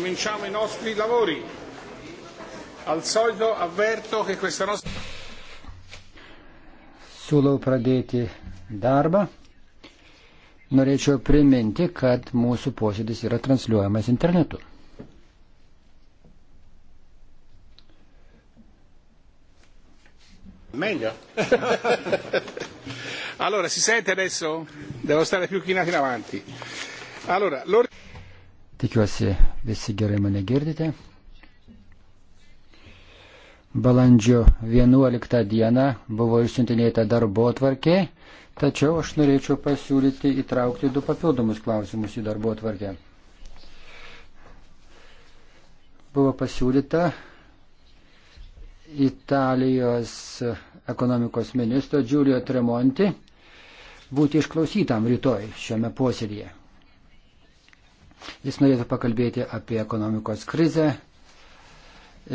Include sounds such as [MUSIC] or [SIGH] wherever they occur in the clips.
cominciamo i nostri lavori. Al solito avverto che questa nostra. Siūlau pradėti darbą. Norėčiau priminti, kad mūsų posėdis yra transliuojamas internetu. Meglio. [LAUGHS] allora, si sente adesso? Devo stare più chinati in avanti. Allora, l'or- Tikiuosi visi gerai mane girdite. Balandžio 11 dieną buvo išsiuntinėta darbo tvarkė, tačiau aš norėčiau pasiūlyti įtraukti du papildomus klausimus į darbo tvarkę. Buvo pasiūlyta Italijos ekonomikos ministro Giulio Tremonti būti išklausytam rytoj šiame posėdėje. Jis norėtų pakalbėti apie ekonomikos krizę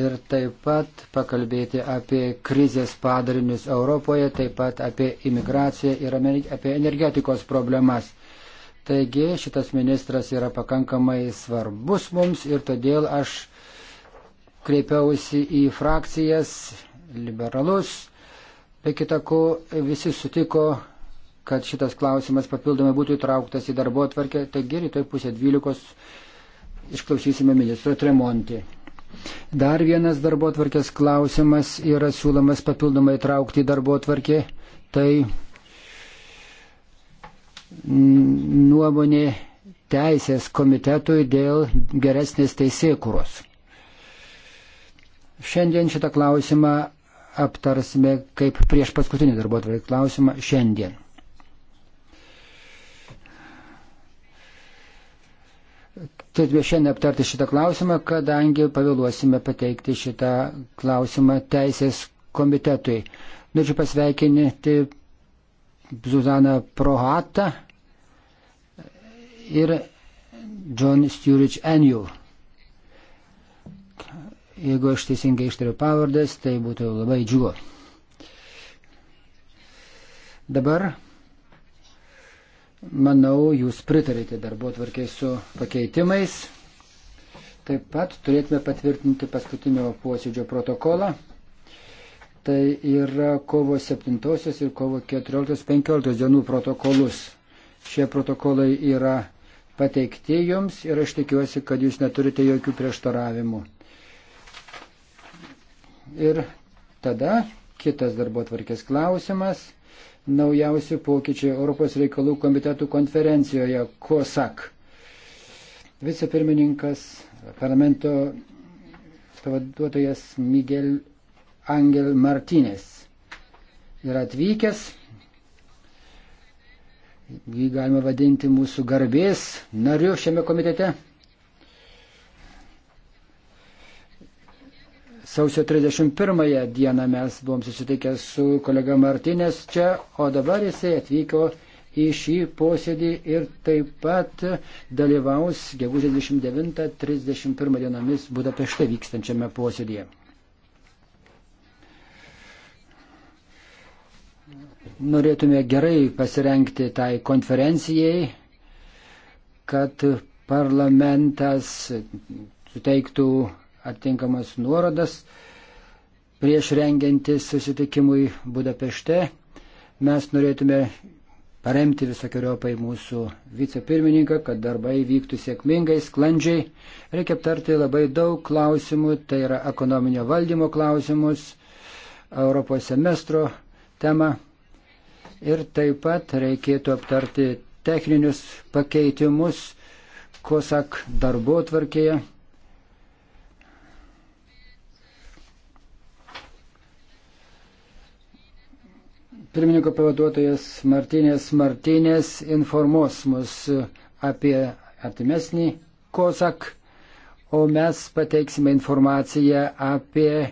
ir taip pat pakalbėti apie krizės padarinius Europoje, taip pat apie imigraciją ir apie energetikos problemas. Taigi šitas ministras yra pakankamai svarbus mums ir todėl aš kreipiausi į frakcijas, liberalus, be kitako visi sutiko kad šitas klausimas papildomai būtų įtrauktas į darbo atvarkę, taigi rytoj pusė dvylikos išklausysime ministro Tremonti. Dar vienas darbo atvarkės klausimas yra siūlomas papildomai įtraukti į darbo atvarkę, tai nuomonė teisės komitetui dėl geresnės teisėkuros. Šiandien šitą klausimą aptarsime kaip prieš paskutinį darbo atvarkį klausimą šiandien. turėtume šiandien aptarti šitą klausimą, kadangi pavėluosime pateikti šitą klausimą teisės komitetui. Norėčiau pasveikinti Zuzaną Prohatą ir John Sturridge Annual. Jeigu aš teisingai ištariu pavardės, tai būtų labai džiugu. Dabar Manau, jūs pritarėte darbo tvarkiai su pakeitimais. Taip pat turėtume patvirtinti paskutinio posėdžio protokolą. Tai yra kovo 7 ir kovo 14-15 dienų protokolus. Šie protokolai yra pateikti jums ir aš tikiuosi, kad jūs neturite jokių prieštaravimų. Ir tada kitas darbo tvarkės klausimas naujausi pokyčiai Europos reikalų komitetų konferencijoje COSAC. Vicepirmininkas, parlamento pavaduotojas Miguel Angel Martinez yra atvykęs. Jį galima vadinti mūsų garbės nariu šiame komitete. Sausio 31 dieną mes buvom susitikę su kolega Martinės čia, o dabar jisai atvyko į šį posėdį ir taip pat dalyvaus gegužės 29-31 dienomis Budapešte vykstančiame posėdėje. Norėtume gerai pasirenkti tai konferencijai, kad parlamentas suteiktų atitinkamas nuorodas prieš rengiantis susitikimui Budapešte. Mes norėtume paremti visokiojopai mūsų vicepirmininką, kad darbai vyktų sėkmingai, sklandžiai. Reikia aptarti labai daug klausimų, tai yra ekonominio valdymo klausimus, Europos semestro temą. Ir taip pat reikėtų aptarti techninius pakeitimus, kosak darbo tvarkėje pirmininko pavaduotojas Martinės Martinės informuos mus apie artimesnį kosak, o mes pateiksime informaciją apie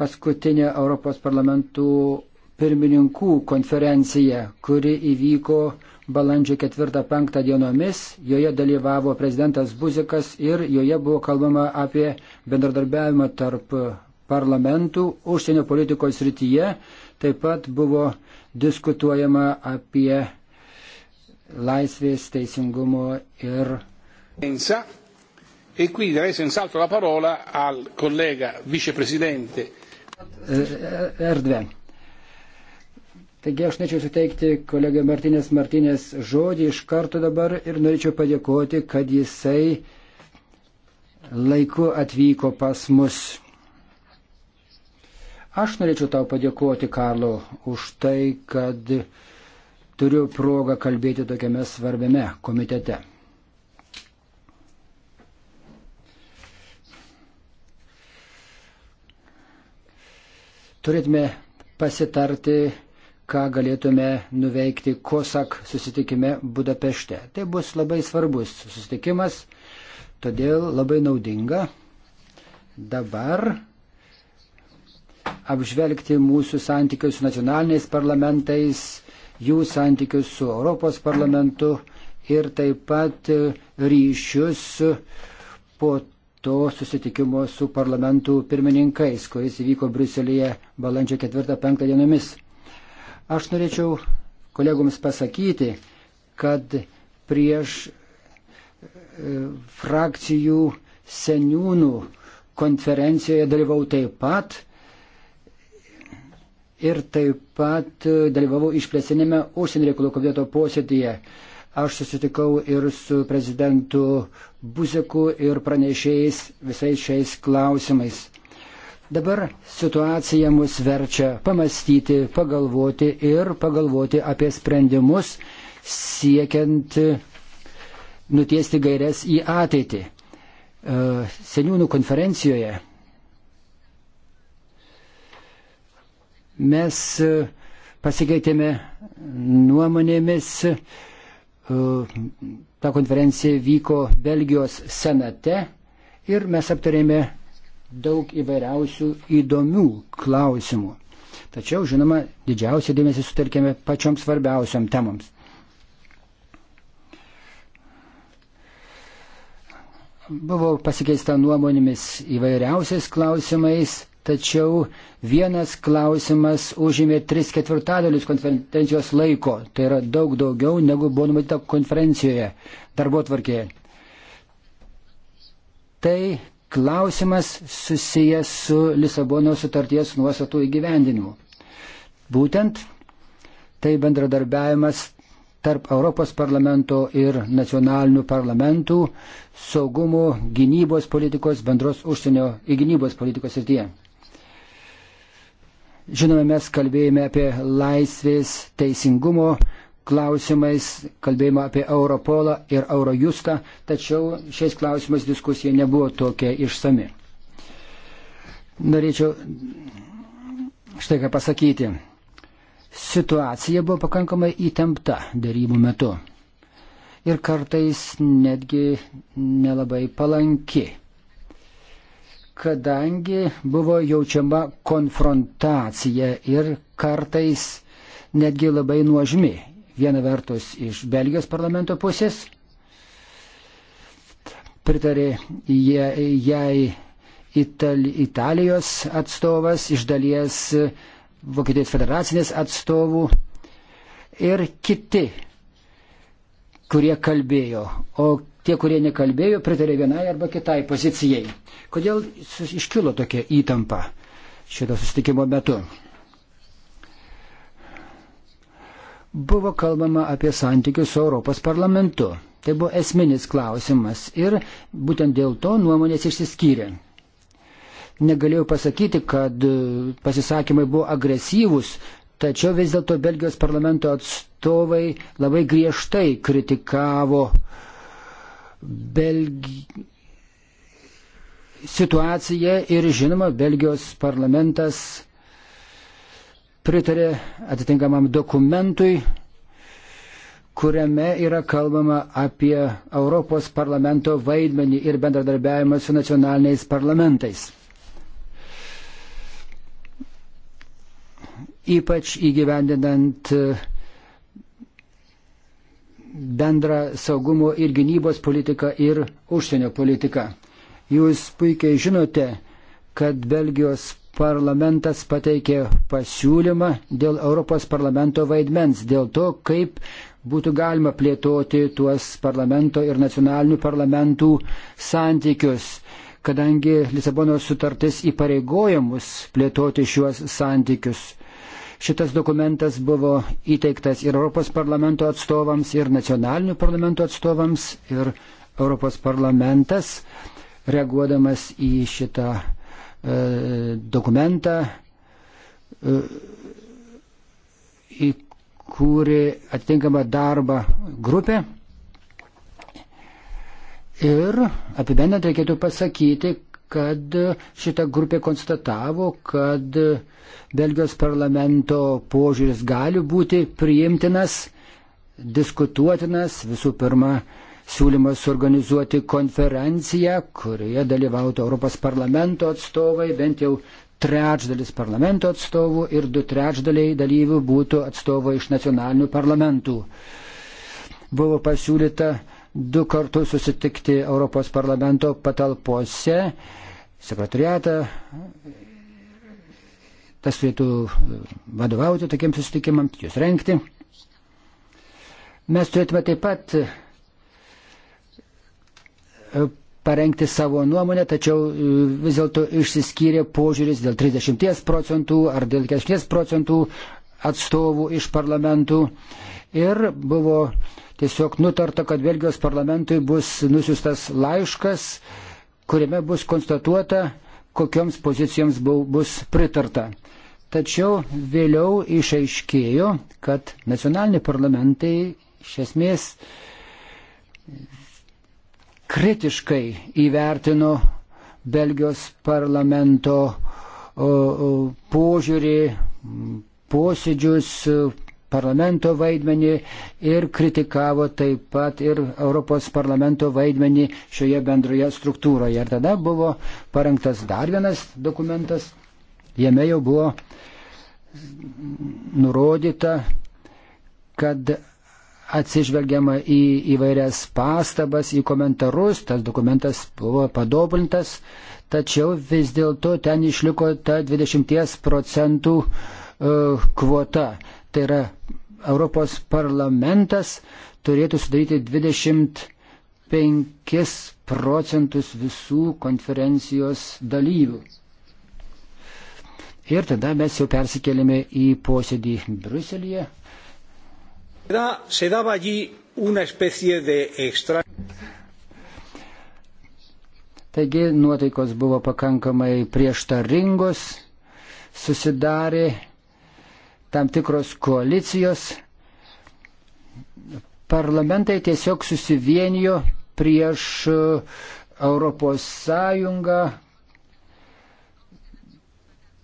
paskutinę Europos parlamentų pirmininkų konferenciją, kuri įvyko balandžio 4-5 dienomis. Joje dalyvavo prezidentas Buzikas ir joje buvo kalbama apie bendradarbiavimą tarp parlamentų užsienio politikos rytyje. Taip pat buvo diskutuojama apie laisvės, teisingumo ir. E qui darei senz'altro la parola al collega vicepresidente. E, Erdvė. Taigi aš norėčiau suteikti kolegai Martinės Martinės žodį iš karto dabar ir norėčiau padėkoti, kad jisai laiku atvyko pas mus. Aš norėčiau tau padėkoti, Karlo, už tai, kad turiu progą kalbėti tokiame svarbiame komitete. Turėtume pasitarti, ką galėtume nuveikti Kosak susitikime Budapešte. Tai bus labai svarbus susitikimas, todėl labai naudinga dabar apžvelgti mūsų santykius su nacionaliniais parlamentais, jų santykius su Europos parlamentu ir taip pat e, ryšius po to susitikimo su parlamentų pirmininkais, kuris įvyko Bruselėje balandžio 4-5 dienomis. Aš norėčiau kolegoms pasakyti, kad prieš e, frakcijų seniūnų konferencijoje dalyvau taip pat ir taip pat dalyvavau išplėsinėme užsienio reikalų komiteto posėdėje. Aš susitikau ir su prezidentu Buzeku ir pranešėjais visais šiais klausimais. Dabar situacija mus verčia pamastyti, pagalvoti ir pagalvoti apie sprendimus siekiant nutiesti gairias į ateitį. E, seniūnų konferencijoje Mes e, pasikeitėme nuomonėmis. E, ta konferencija vyko Belgijos senate ir mes aptarėme daug įvairiausių įdomių klausimų. Tačiau, žinoma, didžiausią dėmesį sutelkėme pačioms svarbiausiam temams. Buvo pasikeista nuomonėmis įvairiausiais klausimais, tačiau vienas klausimas užėmė tris ketvirtadalius konferencijos laiko, tai yra daug daugiau negu buvo numatyta konferencijoje darbo tvarkėje. Tai klausimas susijęs su Lisabono sutarties nuostatų įgyvendinimu. Būtent tai bendradarbiavimas tarp Europos parlamento ir nacionalinių parlamentų saugumo gynybos politikos bendros užsienio ir gynybos politikos srityje. Žinome, mes kalbėjome apie laisvės teisingumo klausimais, kalbėjome apie Europolą ir Eurojustą, tačiau šiais klausimais diskusija nebuvo tokia išsami. Norėčiau štai ką pasakyti. Situacija buvo pakankamai įtempta dėrybų metu ir kartais netgi nelabai palanki kadangi buvo jaučiama konfrontacija ir kartais netgi labai nuožmi. Viena vertus iš Belgijos parlamento pusės pritarė jai Itali, Italijos atstovas, iš dalies Vokietijos federacinės atstovų ir kiti, kurie kalbėjo. O tie, kurie nekalbėjo, pritarė vienai arba kitai pozicijai. Kodėl iškilo tokia įtampa šito susitikimo metu? Buvo kalbama apie santykius su Europos parlamentu. Tai buvo esminis klausimas ir būtent dėl to nuomonės išsiskyrė. Negalėjau pasakyti, kad e, pasisakymai buvo agresyvūs, tačiau vis dėlto Belgijos parlamento atstovai labai griežtai kritikavo uh, Belgi... situacija ir žinoma, Belgijos parlamentas pritarė atitinkamam dokumentui, kuriame yra kalbama apie Europos parlamento vaidmenį ir bendradarbiavimą su nacionaliniais parlamentais. Ypač įgyvendinant uh, bendrą saugumo ir gynybos politiką ir užsienio politiką. Jūs puikiai žinote, kad Belgijos parlamentas pateikė pasiūlymą dėl Europos parlamento vaidmens, dėl to, kaip būtų galima plėtoti tuos parlamento ir nacionalinių parlamentų santykius, kadangi Lisabonos sutartis įpareigoja mus plėtoti šiuos santykius. Šitas dokumentas buvo įteiktas ir Europos parlamento atstovams, ir nacionalinių parlamento atstovams, ir Europos parlamentas, reaguodamas į šitą e, dokumentą, e, įkūrė atitinkamą darbą grupę. Ir apibendrinant reikėtų pasakyti, kad šita grupė konstatavo, kad Belgijos parlamento požiūris gali būti priimtinas, diskutuotinas. Visų pirma, siūlymas suorganizuoti konferenciją, kurioje dalyvautų Europos parlamento atstovai, bent jau trečdalis parlamento atstovų ir du trečdaliai dalyvių būtų atstovai iš nacionalinių parlamentų. Buvo pasiūlyta du kartus susitikti Europos parlamento patalpose, sekretariatą. Tas turėtų e, vadovauti tokiems susitikimams, jūs renkti. Mes turėtume taip pat e, parengti savo nuomonę, tačiau e, vis dėlto išsiskyrė požiūris dėl 30 procentų ar dėl 40 procentų atstovų iš parlamentų ir buvo uh, tiesiog nutarta, kad Belgijos parlamentui bus nusiustas laiškas, kuriame bus konstatuota, kokioms pozicijoms bus pritarta. Tačiau vėliau išaiškėjo, kad nacionaliniai parlamentai iš esmės kritiškai įvertino Belgijos parlamento požiūrį, posėdžius, parlamento vaidmenį ir kritikavo taip pat ir Europos parlamento vaidmenį šioje bendroje struktūroje. Ir tada buvo parengtas dar vienas dokumentas, jame jau buvo nurodyta, kad atsižvelgiama į įvairias pastabas, į komentarus, tas dokumentas buvo padobintas, tačiau vis dėlto ten išliko ta 20 procentų e, kvota tai yra Europos parlamentas turėtų sudaryti 25 procentus visų konferencijos dalyvių. Ir tada mes jau persikėlėme į posėdį Bruselėje. Taigi nuotaikos buvo pakankamai prieštaringos, susidarė tam tikros koalicijos. Parlamentai tiesiog susivienijo prieš e, Europos Sąjungą,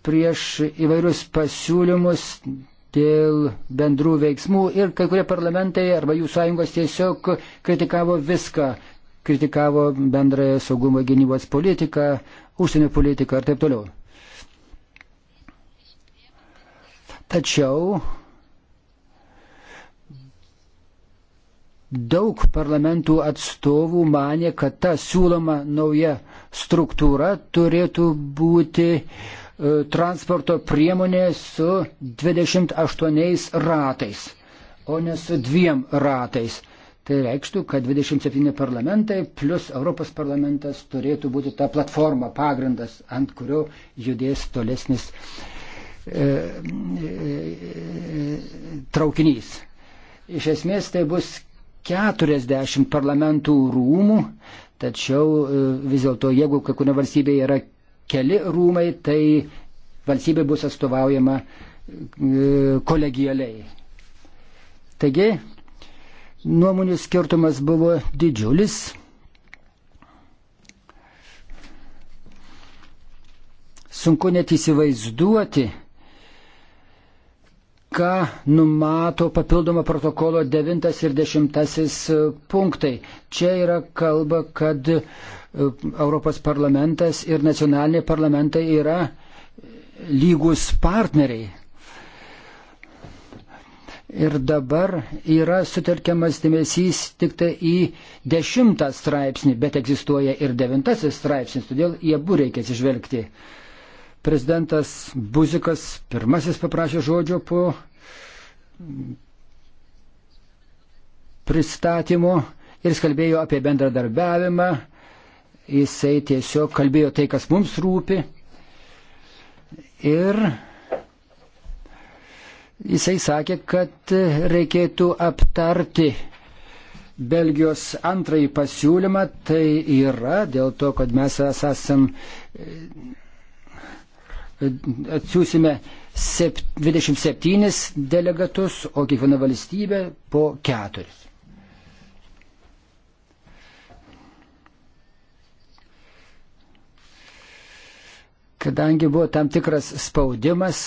prieš įvairius pasiūlymus dėl bendrų veiksmų ir kai kurie parlamentai arba jų sąjungos tiesiog kritikavo viską, kritikavo bendrąją saugumo gynybos politiką, užsienio politiką ir taip toliau. Tačiau daug parlamentų atstovų mane, kad ta siūloma nauja struktūra turėtų būti e, transporto priemonė su 28 ratais, o ne su dviem ratais. Tai reikštų, kad 27 parlamentai plus Europos parlamentas turėtų būti ta platforma, pagrindas, ant kurio judės tolesnis uh, E, traukinys. Iš esmės tai bus 40 parlamentų rūmų, tačiau e, vis dėlto jeigu kiekviena valstybė yra keli rūmai, tai valstybė bus atstovaujama e, kolegialiai. Taigi, nuomonių skirtumas buvo didžiulis. Sunku net įsivaizduoti, ką numato papildomo protokolo 9 ir 10 e, punktai. Čia yra kalba, kad e, Europos parlamentas ir nacionaliniai parlamentai yra lygus partneriai. Ir dabar yra sutelkiamas dėmesys tik tai į dešimtą straipsnį, bet egzistuoja ir devintasis straipsnis, todėl jie būtų reikia atsižvelgti. Uh, Prezidentas Buzikas pirmasis paprašė žodžio po pristatymo ir jis kalbėjo apie bendradarbiavimą, jisai tiesiog kalbėjo tai, kas mums rūpi ir jisai sakė, kad reikėtų aptarti Belgijos antrąjį pasiūlymą, tai yra dėl to, kad mes esam atsiūsime 27 delegatus, o kiekviena valstybė po keturis. Kadangi buvo tam tikras spaudimas,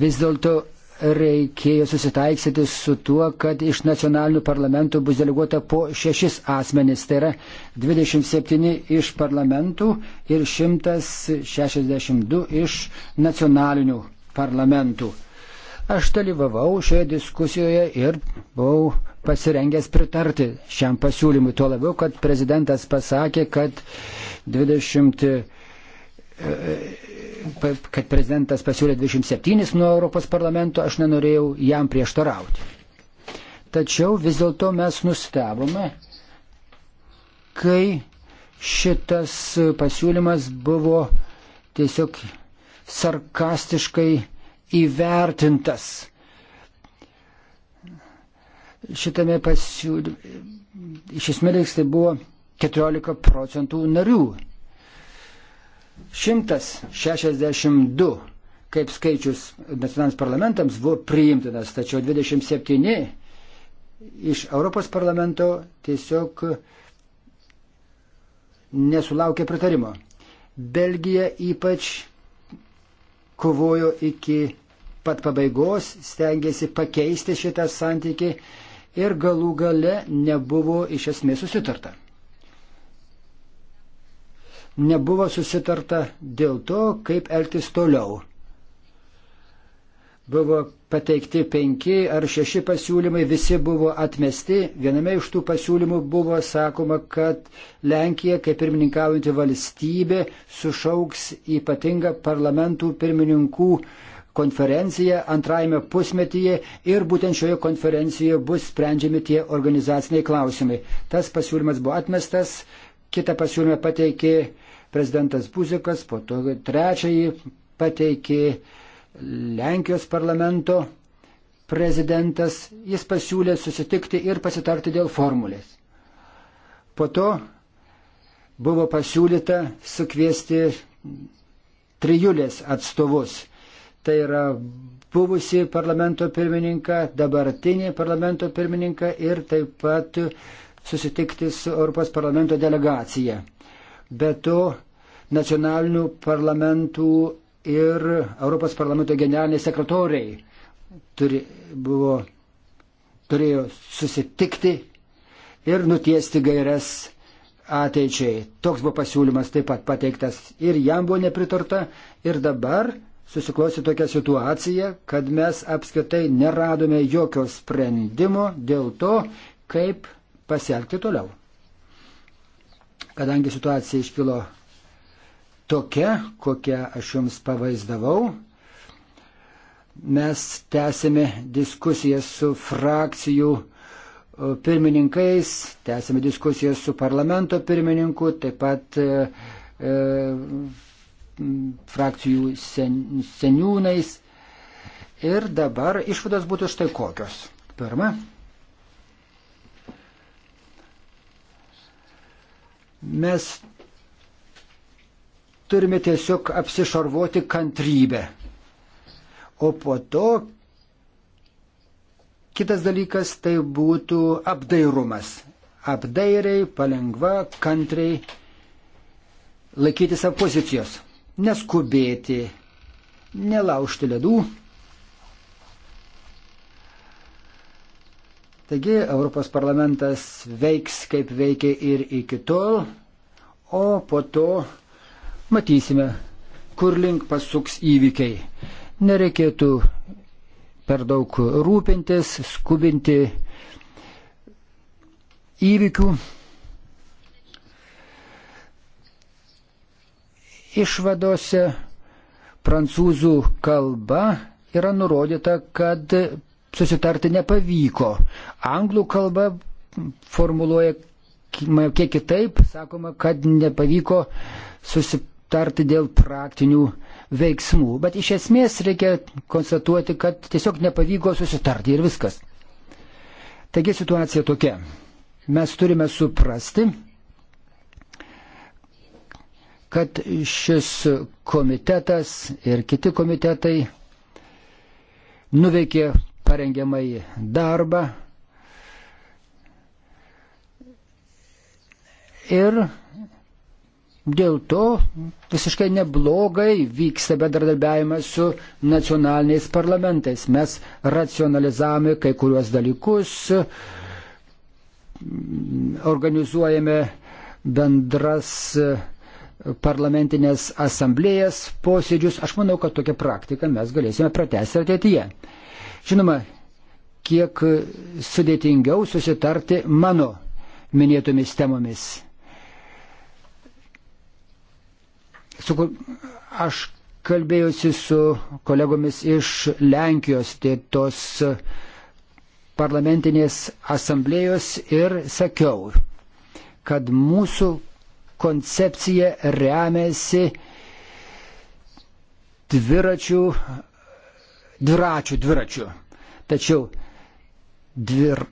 vis dėlto reikėjo susitaiksyti su tuo, kad iš nacionalinių parlamentų bus deleguota po šešis asmenys, tai yra 27 iš parlamentų ir 162 iš nacionalinių parlamentų. Aš dalyvavau šioje diskusijoje ir buvau pasirengęs pritarti šiam pasiūlymui, tuo labiau, kad prezidentas pasakė, kad 20 kad prezidentas pasiūlė 27 nuo Europos parlamento, aš nenorėjau jam prieštarauti. Tačiau vis dėlto mes nustebome, kai šitas pasiūlymas buvo tiesiog sarkastiškai įvertintas. Šitame pasiūlyme, iš esmės tai buvo 14 procentų narių 162 kaip skaičius nacionalinis parlamentams buvo priimtinas, tačiau 27 iš Europos parlamento tiesiog nesulaukė pritarimo. Belgija ypač kovojo iki pat pabaigos, stengėsi pakeisti šitą santykį ir galų gale nebuvo iš esmės susitarta nebuvo susitarta dėl to, kaip elgtis toliau. Buvo pateikti penki ar šeši pasiūlymai, visi buvo atmesti. Viename iš tų pasiūlymų buvo sakoma, kad Lenkija, kaip pirmininkaujanti valstybė, sušauks ypatingą parlamentų pirmininkų konferencija antrajame pusmetyje ir būtent šioje konferencijoje bus sprendžiami tie organizaciniai klausimai. Tas pasiūlymas buvo atmestas, kitą pasiūlymą pateikė prezidentas Buzikas, po to trečiąjį pateikė Lenkijos parlamento prezidentas, jis pasiūlė susitikti ir pasitarti dėl formulės. Po to buvo pasiūlyta sukviesti trijulės atstovus. Tai yra buvusi parlamento pirmininką, dabartinį parlamento pirmininką ir taip pat susitikti su Europos parlamento delegacija. Be to, nacionalinių parlamentų ir Europos parlamento generaliniai sekretoriai turi, buvo, turėjo susitikti ir nutiesti gairias ateičiai. Toks buvo pasiūlymas taip pat pateiktas ir jam buvo nepritarta ir dabar susiklosi tokia situacija, kad mes apskritai neradome jokio sprendimo dėl to, kaip pasielgti toliau. Kadangi situacija iškilo tokia, kokią aš jums pavaizdavau, mes tęsėme diskusijas su frakcijų pirmininkais, tęsėme diskusijas su parlamento pirmininku, taip pat e, e, frakcijų sen, seniūnais. Ir dabar išvados būtų štai kokios. Pirma, Mes turime tiesiog apsišarvuoti kantrybę. O po to kitas dalykas tai būtų apdairumas. Apdairiai, palengva, kantriai laikyti savo pozicijos. Neskubėti, nelaužti ledų. Taigi Europos parlamentas veiks kaip veikia ir iki tol, o po to matysime, kur link pasuks įvykiai. Nereikėtų per daug rūpintis, skubinti įvykių. Išvadose prancūzų kalba yra nurodyta, kad susitarti nepavyko. Anglų kalba formuluoja kiek kitaip, sakoma, kad nepavyko susitarti dėl praktinių veiksmų. Bet iš esmės reikia konstatuoti, kad tiesiog nepavyko susitarti ir viskas. Taigi situacija tokia. Mes turime suprasti, kad šis komitetas ir kiti komitetai nuveikė parengiamai darbą ir dėl to visiškai neblogai vyksta bedradarbiavimas su nacionaliniais parlamentais. Mes racionalizavome kai kuriuos dalykus, organizuojame bendras parlamentinės asamblėjas, posėdžius. Aš manau, kad tokią praktiką mes galėsime pratesti ateityje. Žinoma, kiek sudėtingiau susitarti mano minėtomis temomis. Su, aš kalbėjusi su kolegomis iš Lenkijos, tai tos parlamentinės asamblėjos ir sakiau, kad mūsų koncepcija remiasi dviračių dviračių dviračių. Tačiau dvir...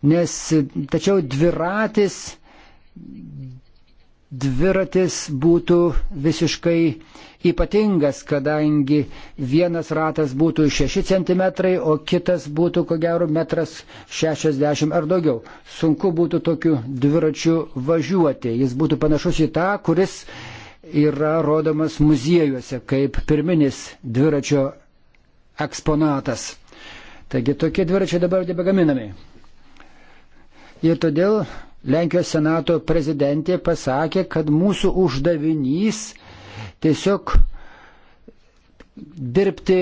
Nes, tačiau dviratis, dviratis būtų visiškai ypatingas, kadangi vienas ratas būtų 6 cm, o kitas būtų ko gero metras 60 ar daugiau. Sunku būtų tokiu dviračiu važiuoti. Jis būtų panašus į tą, kuris uh, yra rodomas muziejuose kaip pirminis dviračio eksponatas. Taigi tokie dviračiai dabar nebegaminami. Ir todėl Lenkijos senato prezidentė pasakė, kad mūsų uždavinys tiesiog dirbti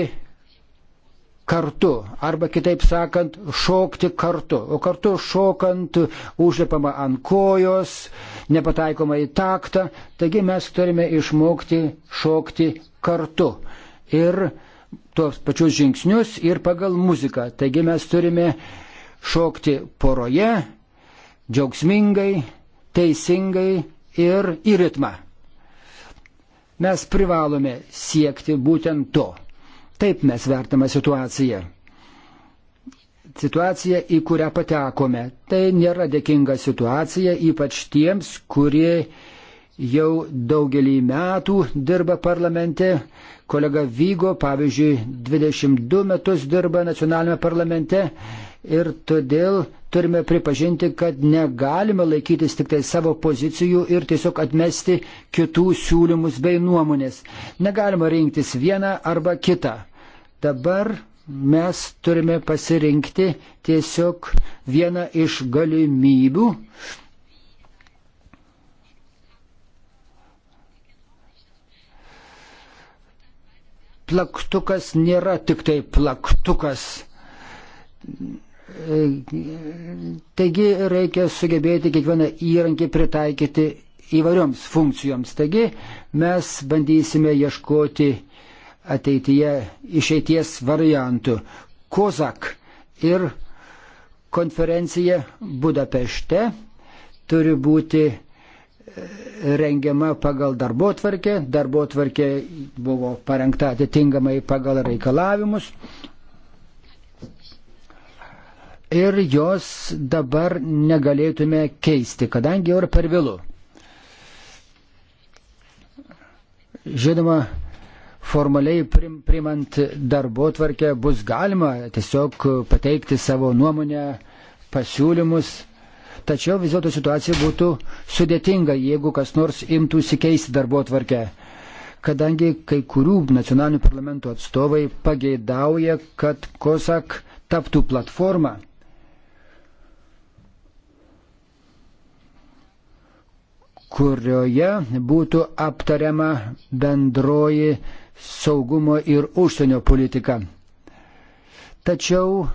kartu, arba kitaip sakant, šokti kartu. O kartu šokant užlipama ant kojos, nepataikoma į taktą, taigi mes turime išmokti šokti kartu. Ir tuos pačius žingsnius ir pagal muziką. Taigi mes turime šokti poroje, džiaugsmingai, teisingai ir į ritmą. Mes privalome siekti būtent to. Taip mes vertame situaciją. Situacija, į kurią patekome, tai nėra dėkinga situacija, ypač tiems, kurie jau daugelį metų dirba parlamente. Kolega Vygo, pavyzdžiui, 22 metus dirba nacionalinėme parlamente ir todėl turime pripažinti, kad negalime laikytis tik tai savo pozicijų ir tiesiog atmesti kitų siūlymus bei nuomonės. Negalima rinktis vieną arba kitą. Dabar mes turime pasirinkti tiesiog vieną iš galimybių. Plaktukas nėra tik tai plaktukas. Taigi reikia sugebėti kiekvieną įrankį pritaikyti įvairioms funkcijoms. Taigi mes bandysime ieškoti ateityje išeities variantų. Kozak ir konferencija Budapešte turi būti e, rengiama pagal darbo tvarkę, darbo tvarkė buvo parengta atitinkamai pagal reikalavimus ir jos dabar negalėtume keisti, kadangi jau yra per vėlų. Žinoma, formaliai primant darbo tvarkę bus galima tiesiog pateikti savo nuomonę, pasiūlymus. Tačiau vis dėlto situacija būtų sudėtinga, jeigu kas nors imtųsi keisti darbo tvarkę. Kadangi kai kurių nacionalinių parlamentų atstovai pageidauja, kad COSAC taptų platformą, kurioje būtų aptariama bendroji saugumo ir užsienio politiką. Tačiau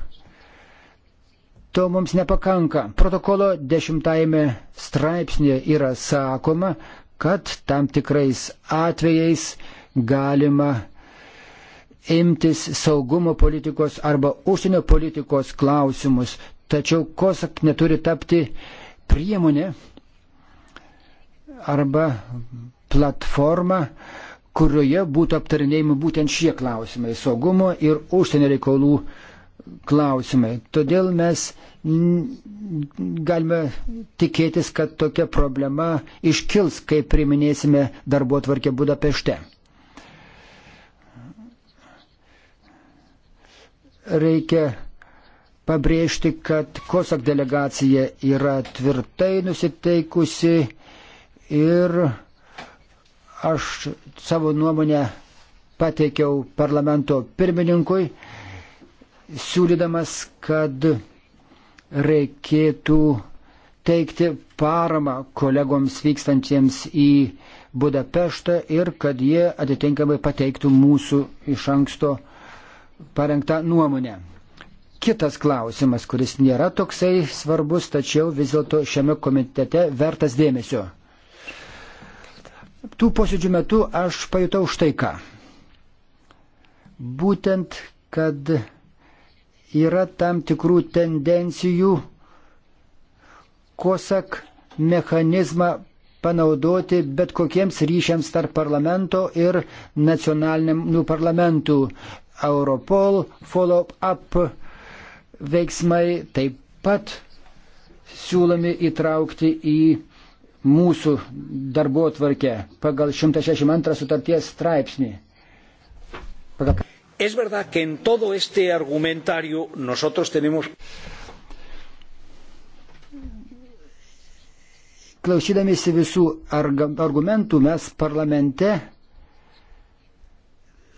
to mums nepakanka. Protokolo dešimtajame straipsnėje yra sakoma, kad tam tikrais atvejais galima imtis saugumo politikos arba užsienio politikos klausimus, tačiau kosak neturi tapti priemonė arba platforma, kurioje būtų aptarinėjami būtent šie klausimai - saugumo ir užsienio reikalų klausimai. Todėl mes galime tikėtis, kad tokia problema iškils, kai priminėsime darbo tvarkę Budapešte. Reikia pabrėžti, kad Kosak delegacija yra tvirtai nusiteikusi ir Aš savo nuomonę pateikiau parlamento pirmininkui, siūlydamas, kad reikėtų teikti paramą kolegoms vykstantiems į Budapeštą ir kad jie atitinkamai pateiktų mūsų iš anksto parengtą nuomonę. Kitas klausimas, kuris nėra toksai svarbus, tačiau vis dėlto šiame komitete vertas dėmesio. Tų posėdžių metu aš pajutau štai ką. Būtent, kad yra tam tikrų tendencijų kosak mechanizmą panaudoti bet kokiems ryšiams tarp parlamento ir nacionalinių nu, parlamentų. Europol follow-up veiksmai taip pat siūlomi įtraukti į mūsų darbo tvarkę pagal 162 sutarties straipsnį. Pagal... Es verdad que en todo este argumentario nosotros tenemos. Klausydamėsi visų argumentų mes parlamente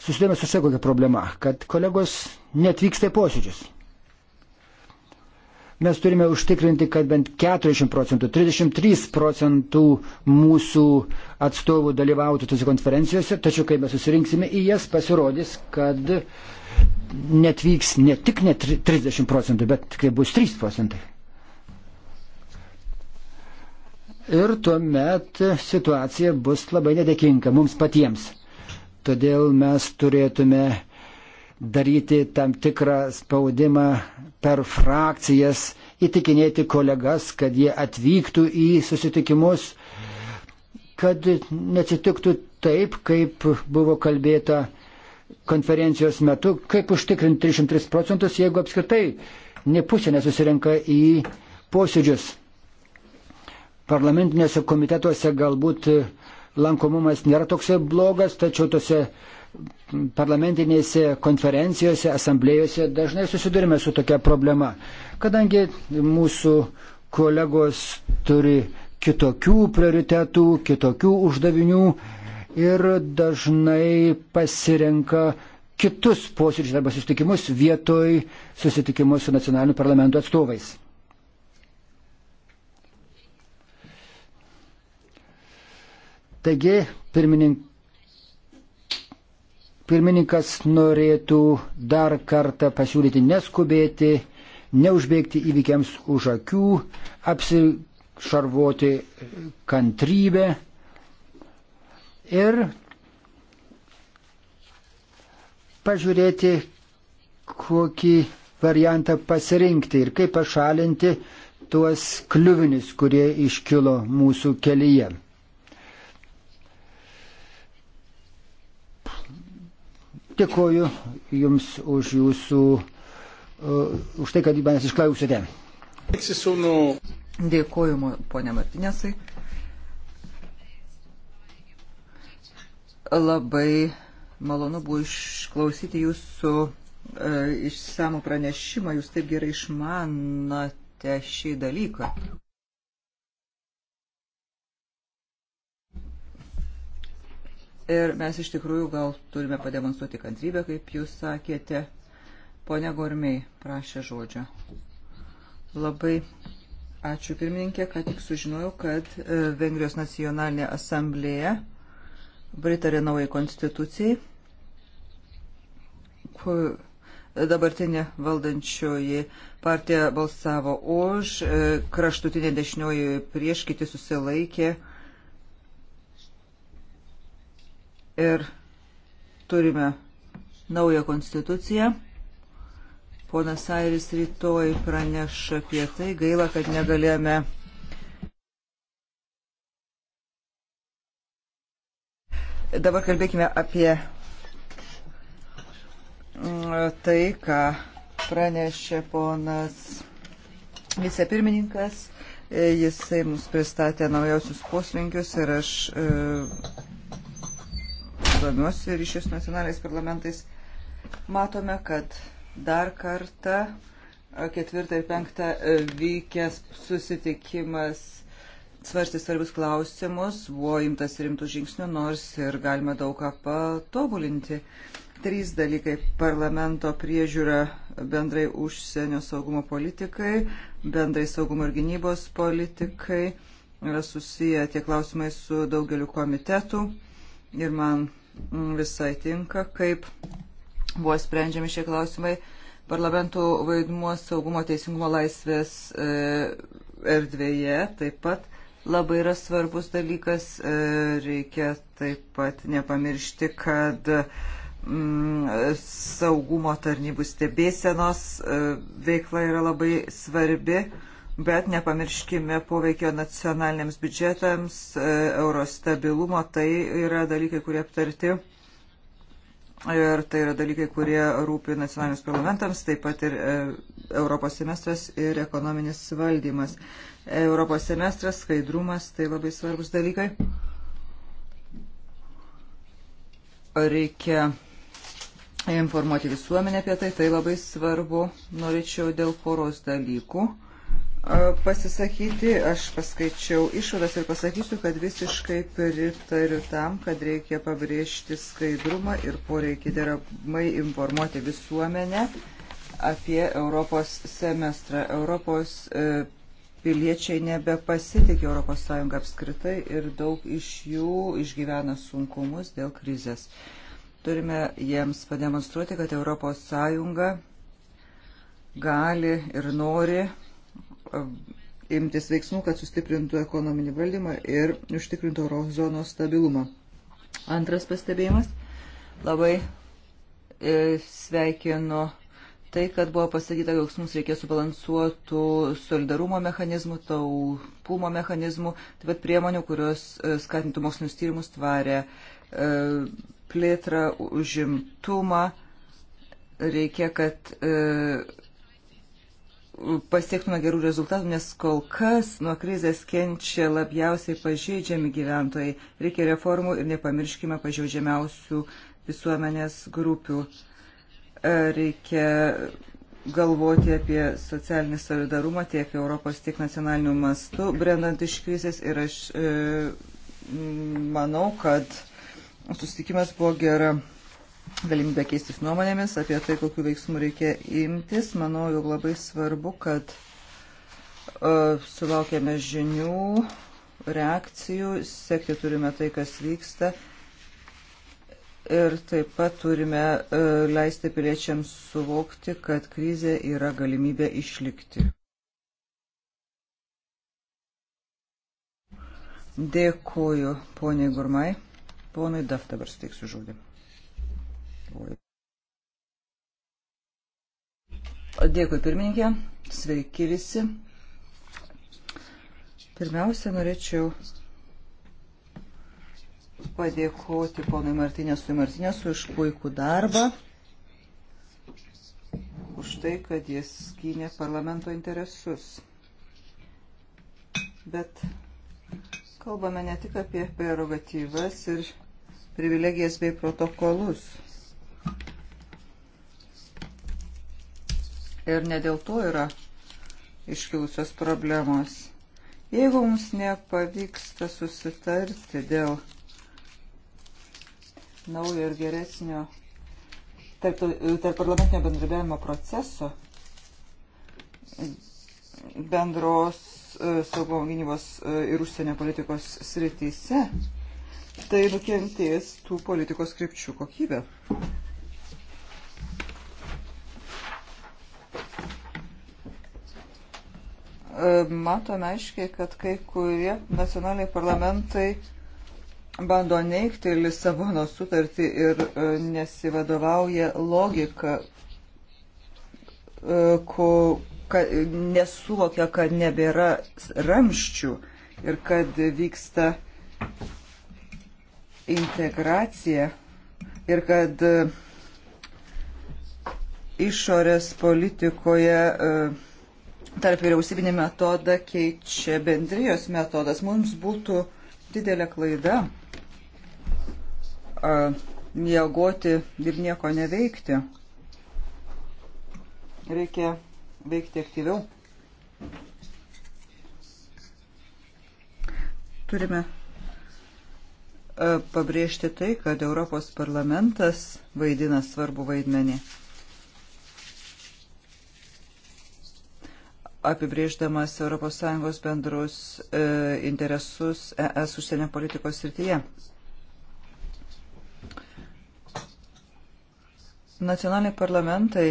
susidurėme su kokia problema, kad kolegos netvyksta į posėdžius mes turime užtikrinti, kad bent 40 procentų, 33 procentų mūsų atstovų dalyvautų tose konferencijose, tačiau kai mes susirinksime į jas, pasirodys, kad net vyks ne tik ne 30 procentų, bet tikrai bus 3 procentai. Ir tuomet situacija bus labai nedėkinga mums patiems. Todėl mes turėtume daryti tam tikrą spaudimą per frakcijas, įtikinėti kolegas, kad jie atvyktų į susitikimus, kad neatsitiktų taip, kaip buvo kalbėta konferencijos metu, kaip užtikrinti 303 procentus, jeigu apskritai ne pusė nesusirenka į posėdžius. Parlamentinėse komitetuose galbūt lankomumas nėra toks blogas, tačiau tose parlamentinėse konferencijose, asamblėjose dažnai susidurime su tokia problema. Kadangi mūsų kolegos turi kitokių prioritetų, kitokių uždavinių ir dažnai pasirenka kitus posėdžius arba susitikimus vietoj susitikimus su nacionaliniu parlamento atstovais. Taigi, pirmininkas Pirmininkas norėtų dar kartą pasiūlyti neskubėti, neužbėgti įvykiams už akių, apsišarvuoti kantrybę ir pažiūrėti, kokį variantą pasirinkti ir kaip pašalinti tuos kliuvinius, kurie iškilo mūsų kelyje. Dėkoju Jums už Jūsų, uh, už tai, kad manęs išklausėte. Dėkoju, ponė Martinėsai. Labai malonu buvo išklausyti Jūsų uh, išsamų pranešimą. Jūs taip gerai išmanote šį dalyką. Ir mes iš tikrųjų gal turime pademonstruoti kantrybę, kaip jūs sakėte. Pone Gormiai prašė žodžio. Labai ačiū pirmininkė, kad tik sužinojau, kad e, Vengrijos nacionalinė asamblėja pritarė naujai konstitucijai. Dabartinė valdančioji partija balsavo už, e, kraštutinė dešinioji prieš, kiti susilaikė. ir turime naują konstituciją. Ponas Airis rytoj praneš apie tai. Gaila, kad negalėjome Dabar kalbėkime apie mm, tai, ką pranešė ponas vicepirmininkas. Jisai mums pristatė naujausius poslinkius ir aš e, domiuosi ryšius nacionaliais parlamentais, matome, kad dar kartą e, ketvirtą ir penktą e, vykęs susitikimas svarstė svarbius klausimus, buvo imtas rimtų žingsnių, nors ir galima daug ką patobulinti. Trys dalykai - parlamento priežiūra bendrai užsienio saugumo politikai, bendrai saugumo ir gynybos politikai, yra susiję tie klausimai su daugeliu komitetų ir man Mm, visai tinka, kaip buvo sprendžiami šie klausimai. Parlamentų vaidmuo saugumo teisingumo laisvės e, erdvėje taip pat labai yra svarbus dalykas. E, reikia taip pat nepamiršti, kad mm, saugumo tarnybų stebėsenos e, veikla yra labai svarbi bet nepamirškime poveikio nacionaliniams biudžetams, e, eurostabilumo, tai yra dalykai, kurie aptarti ir tai yra dalykai, kurie rūpi nacionaliniams parlamentams, taip pat ir e, Europos semestras ir ekonominis valdymas. Europos semestras, skaidrumas, tai labai svarbus dalykai. Reikia informuoti visuomenę apie tai, tai labai svarbu. Norėčiau dėl poros dalykų pasisakyti. Aš paskaičiau išvadas ir pasakysiu, kad visiškai pritariu tam, kad reikia pabrėžti skaidrumą ir poreikį deramai informuoti visuomenę apie Europos semestrą. Europos e, piliečiai nebepasitikė ES apskritai ir daug iš jų išgyvena sunkumus dėl krizės. Turime jiems pademonstruoti, kad ES gali ir nori E, imtis veiksmų, kad sustiprintų ekonominį valdymą ir užtikrintų eurozonos stabilumą. Antras pastebėjimas. Labai e, sveikinu tai, kad buvo pasakyta, jog mums reikia subalansuotų solidarumo mechanizmų, taupumo mechanizmų, taip pat priemonių, kurios e, skatintų mokslinius tyrimus, tvarę plėtrą, užimtumą. Reikia, kad pasiektume gerų rezultatų, nes kol kas nuo krizės kenčia labiausiai pažeidžiami gyventojai. Reikia reformų ir nepamirškime pažeidžiamiausių visuomenės grupių. E, reikia galvoti apie socialinį solidarumą tiek Europos, tiek nacionalinių mastų, brendant iš krizės. Ir aš e, manau, kad susitikimas buvo gera galimybę keistis nuomonėmis apie tai, kokiu veiksmu reikia imtis. Manau, jog labai svarbu, kad uh, sulaukėme žinių, reakcijų, sekti turime tai, kas vyksta. Ir taip pat turime uh, leisti piliečiams suvokti, kad krizė yra galimybė išlikti. Dėkuoju, poniai Gurmai. Ponui Daf dabar suteiksiu žodį. Dėkui pirmininkė, sveiki visi. Pirmiausia, norėčiau padėkoti ponui Martinėsui Martinėsui už puikų darbą, už tai, kad jis skynė parlamento interesus. Bet kalbame ne tik apie prerogatyvas ir privilegijas bei protokolus. Ir ne dėl to yra iškilusios problemos. Jeigu mums nepavyksta susitarti dėl naujo ir geresnio tarp, tarp parlamentinio bendradarbiavimo proceso, bendros e, saugumo gynybos e, ir užsienio politikos srityse, tai nukentės tų politikos krypčių kokybė. E, matome aiškiai, kad kai kurie nacionaliniai parlamentai bando neikti Lisabono sutartį ir e, nesivadovauja logika, e, ko, ka, nesuvokia, kad nebėra ramščių ir kad vyksta integracija ir kad išorės politikoje uh, tarp vyriausybinį metodą keičia bendrijos metodas. Mums būtų didelė klaida miegoti ir nieko neveikti. Reikia veikti aktyviau. Turime pabrėžti tai, kad Europos parlamentas vaidina svarbu vaidmenį. apibrėždamas ES bendrus e, interesus ES užsienio politikos srityje. Nacionaliniai parlamentai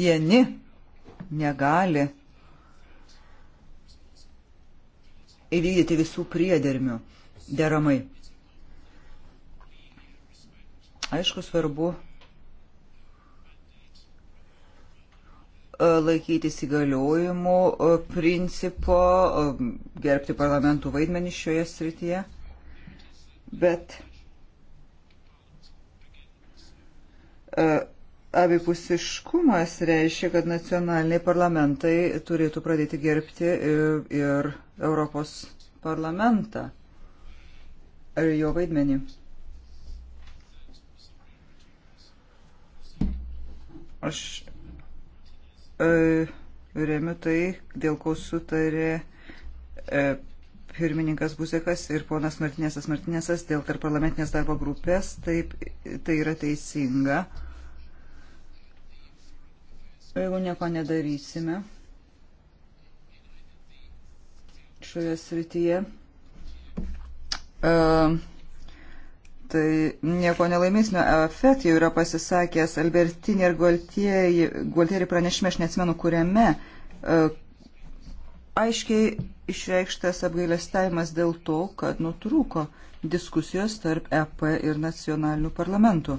vieni negali įvykdyti visų priedermių deramai. Aišku, svarbu E, laikytis įgaliojimų e, principo, e, gerbti parlamentų vaidmenį šioje srityje. Bet abipusiškumas reiškia, kad nacionaliniai parlamentai turėtų pradėti gerbti ir, ir Europos parlamentą ir jo vaidmenį. Aš E, remiu tai, dėl ko sutarė e, pirmininkas Buzekas ir ponas Martinėsas Martinėsas dėl tarp parlamentinės darbo grupės. Taip, tai yra teisinga. Jeigu nieko nedarysime šioje srityje. Uh, tai nieko nelaimėsnio efekt jau yra pasisakęs Albertinė ir Gualtieri pranešime, aš neatsimenu kuriame, e, aiškiai išreikštas apgailestavimas dėl to, kad nutrūko diskusijos tarp EP ir nacionalinių parlamentų.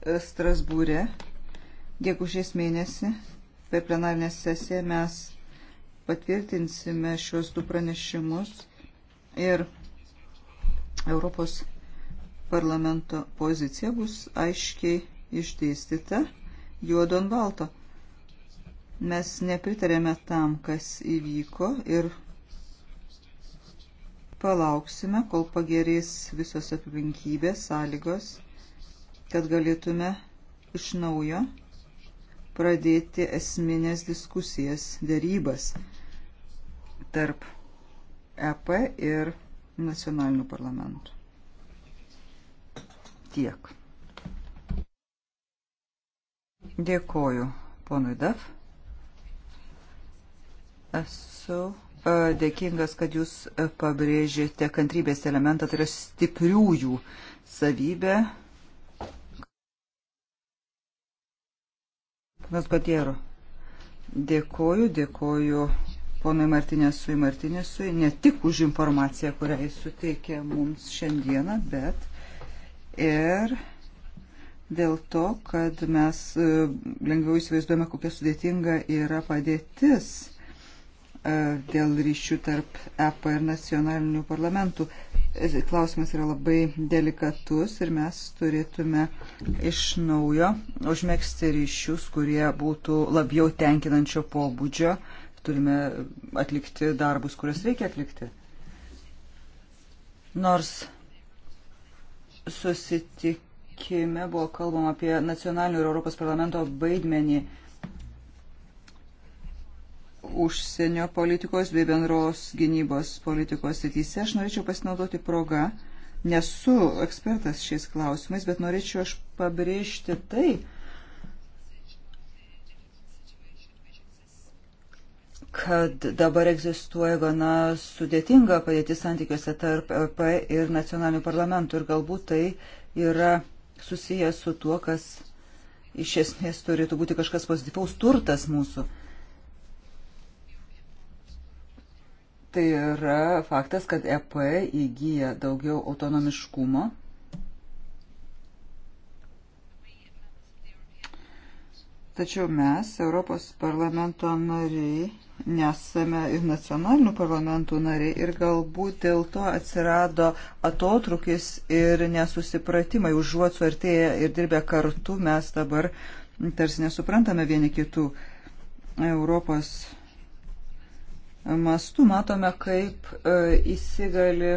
E, Strasbūrė, gegužės mėnesį, per plenarinę sesiją mes patvirtinsime šios du pranešimus Ir Europos parlamento pozicija bus aiškiai išdėstyta juodo ant balto. Mes nepritarėme tam, kas įvyko ir palauksime, kol pagerės visos aplinkybės, sąlygos, kad galėtume iš naujo pradėti esminės diskusijas, dėrybas tarp EP ir nacionalinių parlamentų. Tiek. Dėkoju ponui Daf. Esu e, dėkingas, kad jūs e, pabrėžėte kantrybės elementą, tai yra stipriųjų savybė. Mes patiero. Dėkoju, dėkoju ponui Martinėsui Martinėsui ne tik už informaciją, kurią jis suteikė mums šiandieną, bet ir dėl to, kad mes e, lengviau įsivaizduojame, kokia sudėtinga yra padėtis e, dėl ryšių tarp EP ir nacionalinių parlamentų. E, klausimas yra labai delikatus ir mes turėtume iš naujo užmėgsti ryšius, kurie būtų labiau tenkinančio pobūdžio. Uh, turime atlikti darbus, kuriuos reikia atlikti. Nors susitikime buvo kalbama apie nacionalinių ir Europos parlamento vaidmenį užsienio politikos bei bendros gynybos politikos srityse, aš norėčiau pasinaudoti progą nesu ekspertas šiais klausimais, bet norėčiau aš pabrėžti tai, kad dabar egzistuoja gana sudėtinga padėtis santykiuose tarp EP ir nacionalinių parlamentų ir galbūt tai yra susijęs su tuo, kas iš esmės turėtų būti kažkas pozityvaus turtas mūsų. Tai yra faktas, kad EP įgyja daugiau autonomiškumo. Tačiau mes, Europos parlamento nariai, nesame ir nacionalinių parlamentų nariai ir galbūt dėl to atsirado atotrukis ir nesusipratimai užuot suartėję ir dirbę kartu mes dabar tarsi nesuprantame vieni kitų Europos mastu matome, kaip e, įsigali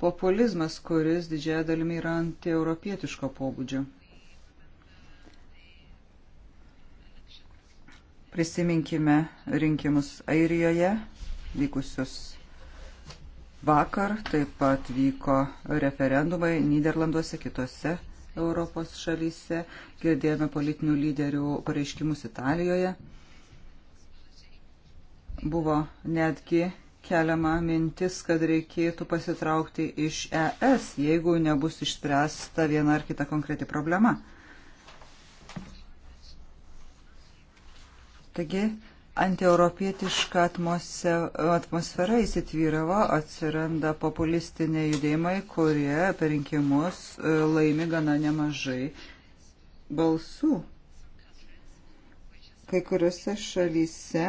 populizmas, kuris didžiaja dalimi yra antieuropietiško pobūdžio. Prisiminkime rinkimus Airijoje, vykusius vakar, taip pat vyko referendumai Niderlanduose, kitose Europos šalyse, girdėjome politinių lyderių pareiškimus Italijoje. Buvo netgi keliama mintis, kad reikėtų pasitraukti iš ES, jeigu nebus išspręsta viena ar kita konkreti problema. Taigi, antieuropietiška atmosfera įsitvyravo, atsiranda populistiniai judėjimai, kurie per rinkimus e, laimi gana nemažai balsų. Kai kuriuose šalyse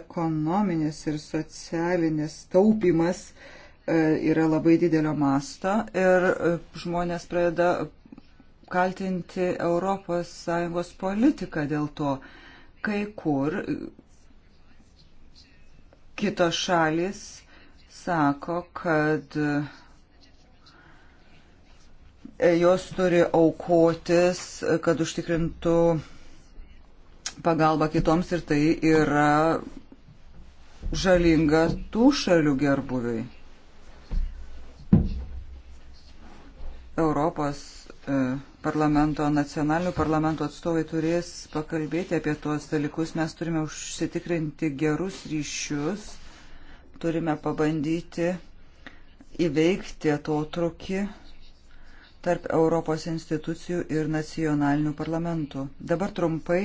ekonominis ir socialinis taupimas e, yra labai didelio masto ir e, žmonės pradeda kaltinti ES politiką dėl to kai kur kitos šalis sako, kad e, jos turi aukotis, kad užtikrintų pagalbą kitoms ir tai yra žalinga tų šalių gerbuviui. Europos uh, parlamento, nacionalinių parlamento atstovai turės pakalbėti apie tuos dalykus. Mes turime užsitikrinti gerus ryšius, turime pabandyti įveikti atotrukį tarp Europos institucijų ir nacionalinių parlamentų. Dabar trumpai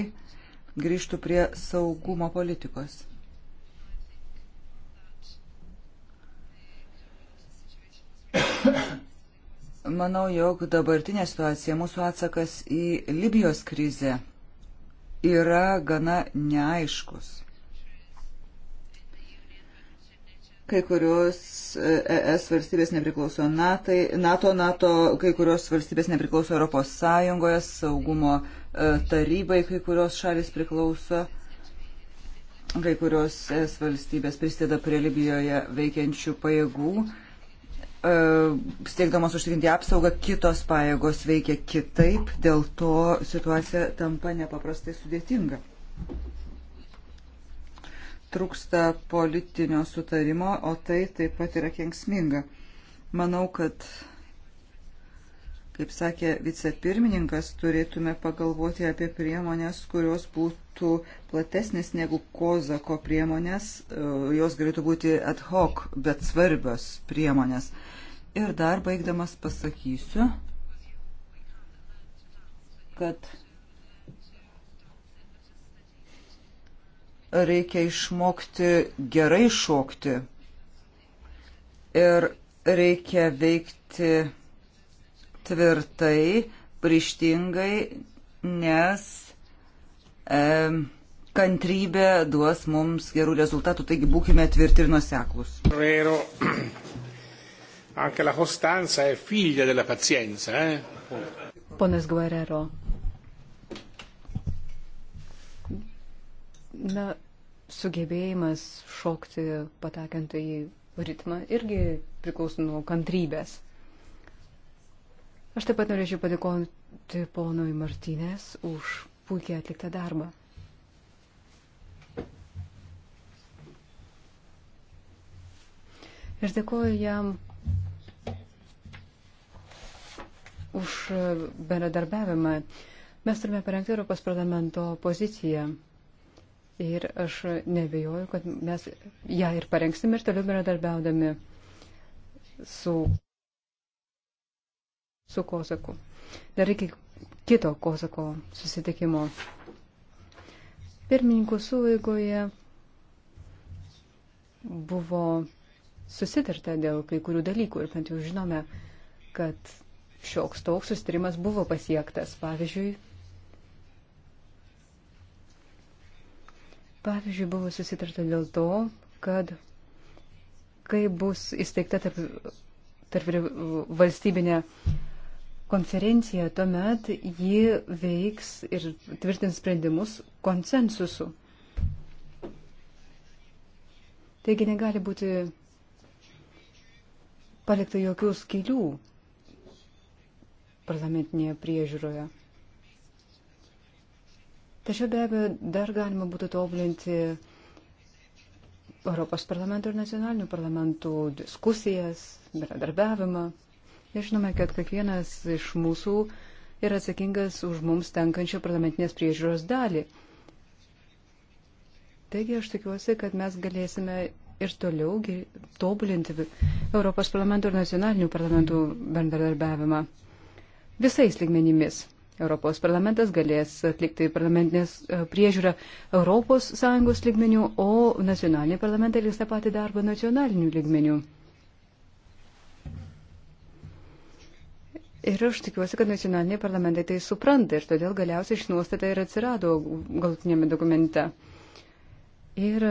grįžtų prie saugumo politikos. Manau, jog dabartinė situacija, mūsų atsakas į Libijos krizę yra gana neaiškus. Kai kurios ES e valstybės nepriklauso NATO, NATO, kai kurios valstybės nepriklauso Europos Sąjungoje, saugumo e, tarybai kai kurios šalis priklauso, kai kurios ES valstybės prisideda prie Libijoje veikiančių pajėgų. E, steigdamos užtikrinti apsaugą, kitos pajėgos veikia kitaip, dėl to situacija tampa nepaprastai sudėtinga. Truksta politinio sutarimo, o tai taip pat yra kengsminga. Manau, kad, kaip sakė vicepirmininkas, turėtume pagalvoti apie priemonės, kurios būtų platesnės negu kozako priemonės, e, jos galėtų būti ad hoc, bet svarbios priemonės. Ir dar baigdamas pasakysiu, kad reikia išmokti gerai šokti ir reikia veikti tvirtai, prištingai, nes e, kantrybė duos mums gerų rezultatų, taigi būkime tvirti ir nuseklus. Rero. Anche la costanza è figlia della pazienza, eh? Ponas Guerrero. Na, sugebėjimas šokti patekant į ritmą irgi priklauso nuo kantrybės. Aš taip pat norėčiau padėkoti ponui Martynės už puikiai atliktą darbą. Ir dėkoju jam už bendradarbiavimą. Mes turime parengti Europos parlamento poziciją. Ir aš nebejoju, kad mes ją ir parengsime ir toliau bendradarbiaudami su, su Kozaku. Dar iki kito Kozako susitikimo. Pirmininkų suvaigoje buvo susitarta dėl kai kurių dalykų ir bent jau žinome, kad šioks toks sustarimas buvo pasiektas. Pavyzdžiui, pavyzdžiui, buvo susitarta dėl to, kad kai bus įsteigta tarp, tarp valstybinė konferencija, tuomet ji veiks ir tvirtins sprendimus konsensusu. Taigi negali būti palikta jokių skylių parlamentinėje priežiūroje. Tačiau be abejo dar galima būtų tobulinti Europos parlamento ir nacionalinių parlamentų diskusijas, bendradarbiavimą. Ir žinome, kad kiekvienas iš mūsų yra atsakingas už mums tenkančią parlamentinės priežiūros dalį. Taigi aš tikiuosi, kad mes galėsime ir toliau tobulinti Europos parlamento ir nacionalinių parlamentų bendradarbiavimą visais ligmenimis. Europos parlamentas galės atlikti parlamentinės e, priežiūrą ES lygmenių, o nacionaliniai parlamentai liks tą patį darbą nacionalinių lygmenių. Ir aš tikiuosi, kad nacionaliniai parlamentai tai supranta ir todėl galiausiai iš nuostata ir atsirado galutinėme dokumente. Ir